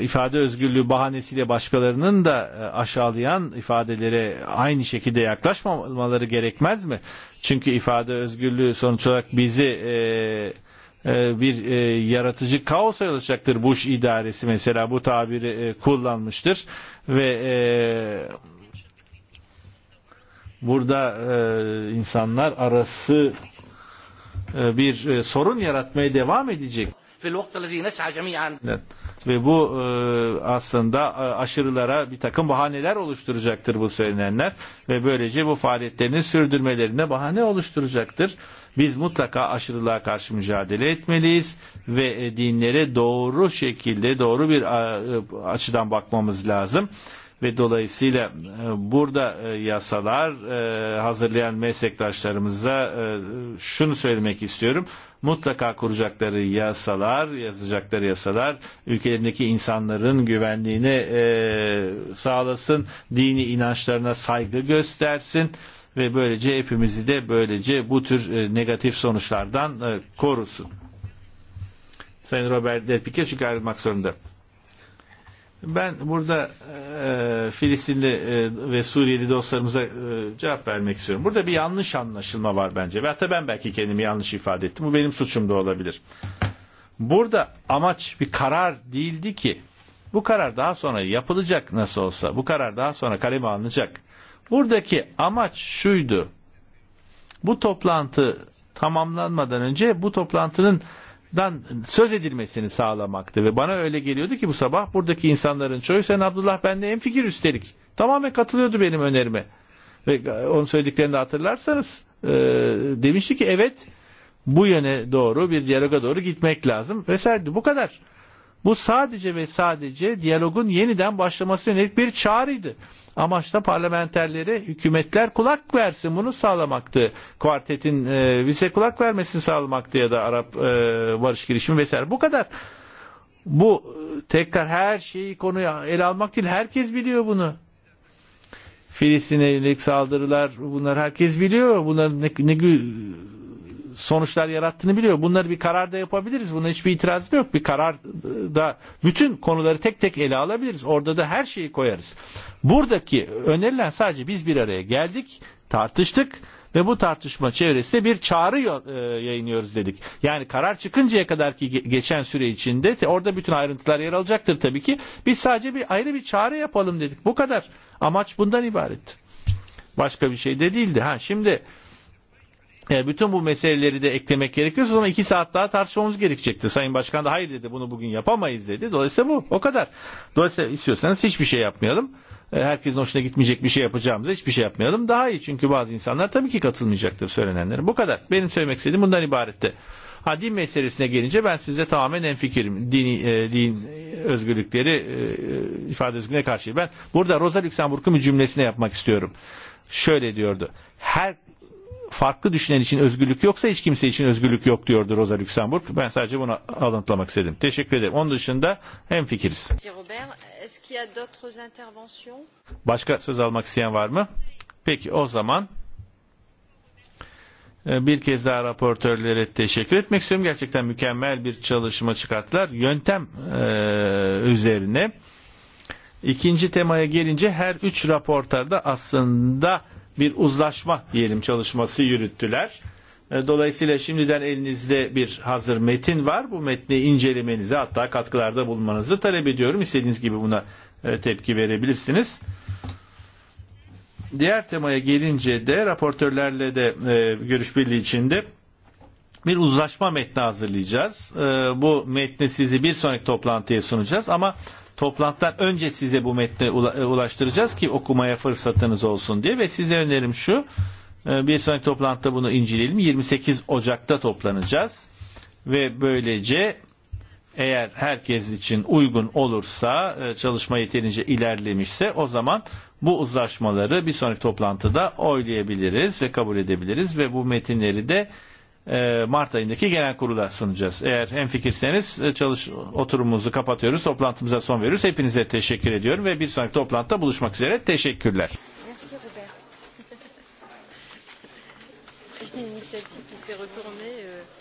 ifade özgürlüğü bahanesiyle başkalarının da e, aşağılayan ifadelere aynı şekilde yaklaşmamaları gerekmez mi? Çünkü ifade özgürlüğü sonuç olarak bizi e, e, bir yaratıcı kaosa yol açacaktır. Bush idaresi mesela bu tabiri kullanmıştır ve burada insanlar arası bir sorun yaratmaya devam edecek. Evet ve bu e, aslında e, aşırılara bir takım bahaneler oluşturacaktır bu söylenenler ve böylece bu faaliyetlerini sürdürmelerine bahane oluşturacaktır. Biz mutlaka aşırılığa karşı mücadele etmeliyiz ve e, dinlere doğru şekilde doğru bir e, açıdan bakmamız lazım ve dolayısıyla e, burada e, yasalar e, hazırlayan meslektaşlarımıza şunu söylemek istiyorum. Mutlaka kuracakları yasalar, yazacakları yasalar ülkelerindeki insanların güvenliğini sağlasın, dini inançlarına saygı göstersin ve böylece hepimizi de böylece bu tür negatif sonuçlardan korusun. Sayın Robert Delpike çünkü ayrılmak zorunda. Ben burada e, Filistinli e, ve Suriyeli dostlarımıza e, cevap vermek istiyorum. Burada bir yanlış anlaşılma var bence. Ve hatta ben belki kendimi yanlış ifade ettim. Bu benim suçum da olabilir. Burada amaç bir karar değildi ki. Bu karar daha sonra yapılacak nasıl olsa. Bu karar daha sonra kaleme alınacak. Buradaki amaç şuydu. Bu toplantı tamamlanmadan önce bu toplantının dan söz edilmesini sağlamaktı ve bana öyle geliyordu ki bu sabah buradaki insanların çoğu sen Abdullah bende en fikir üstelik tamamen katılıyordu benim önerime ve onun söylediklerini de hatırlarsanız e, demişti ki evet bu yöne doğru bir diyaloga doğru gitmek lazım vesaire bu kadar. Bu sadece ve sadece diyalogun yeniden başlaması yönelik bir çağrıydı. Amaç da parlamenterlere hükümetler kulak versin bunu sağlamaktı. Kuartetin e, vize kulak vermesini sağlamaktı ya da Arap e, barış girişimi vesaire. Bu kadar. Bu e, tekrar her şeyi konuya ele almak değil. Herkes biliyor bunu. Filistin'e yönelik saldırılar bunlar herkes biliyor. Bunlar ne, ne sonuçlar yarattığını biliyor. Bunları bir karar da yapabiliriz. Buna hiçbir itirazım yok. Bir karar da bütün konuları tek tek ele alabiliriz. Orada da her şeyi koyarız. Buradaki önerilen sadece biz bir araya geldik, tartıştık ve bu tartışma çevresinde bir çağrı e, yayınlıyoruz dedik. Yani karar çıkıncaya kadar ki geçen süre içinde orada bütün ayrıntılar yer alacaktır tabii ki. Biz sadece bir ayrı bir çağrı yapalım dedik. Bu kadar. Amaç bundan ibaret. Başka bir şey de değildi. Ha şimdi E, bütün bu meseleleri de eklemek gerekiyorsa sonra iki saat daha tartışmamız gerekecekti. Sayın Başkan da hayır dedi bunu bugün yapamayız dedi. Dolayısıyla bu o kadar. Dolayısıyla istiyorsanız hiçbir şey yapmayalım. E, herkesin hoşuna gitmeyecek bir şey yapacağımıza hiçbir şey yapmayalım. Daha iyi çünkü bazı insanlar tabii ki katılmayacaktır söylenenlere. Bu kadar. Benim söylemek istediğim bundan ibaretti. Ha din meselesine gelince ben size tamamen en fikirim. E, din, e, din özgürlükleri e, ifade özgürlüğüne karşı. Ben burada Rosa Luxemburg'un bir cümlesine yapmak istiyorum. Şöyle diyordu. Her farklı düşünen için özgürlük yoksa hiç kimse için özgürlük yok diyordu Rosa Luxemburg. Ben sadece bunu alıntılamak istedim. Teşekkür ederim. Onun dışında hem fikiriz. Başka söz almak isteyen var mı? Peki o zaman e, bir kez daha raportörlere teşekkür etmek istiyorum. Gerçekten mükemmel bir çalışma çıkarttılar. Yöntem e, üzerine. İkinci temaya gelince her üç raportarda aslında bir uzlaşma diyelim çalışması yürüttüler. E, dolayısıyla şimdiden elinizde bir hazır metin var. Bu metni incelemenizi hatta katkılarda bulmanızı talep ediyorum. İstediğiniz gibi buna e, tepki verebilirsiniz. Diğer temaya gelince de raportörlerle de e, görüş birliği içinde bir uzlaşma metni hazırlayacağız. E, bu metni sizi bir sonraki toplantıya sunacağız ama toplantıdan önce size bu metni e, ulaştıracağız ki okumaya fırsatınız olsun diye ve size önerim şu e, bir sonraki toplantıda bunu inceleyelim 28 Ocak'ta toplanacağız ve böylece eğer herkes için uygun olursa e, çalışma yeterince ilerlemişse o zaman bu uzlaşmaları bir sonraki toplantıda oylayabiliriz ve kabul edebiliriz ve bu metinleri de Mart ayındaki genel kurula sunacağız. Eğer fikirseniz e, çalış oturumumuzu kapatıyoruz. Toplantımıza son veriyoruz. Hepinize teşekkür ediyorum ve bir sonraki toplantıda buluşmak üzere. Teşekkürler. Merci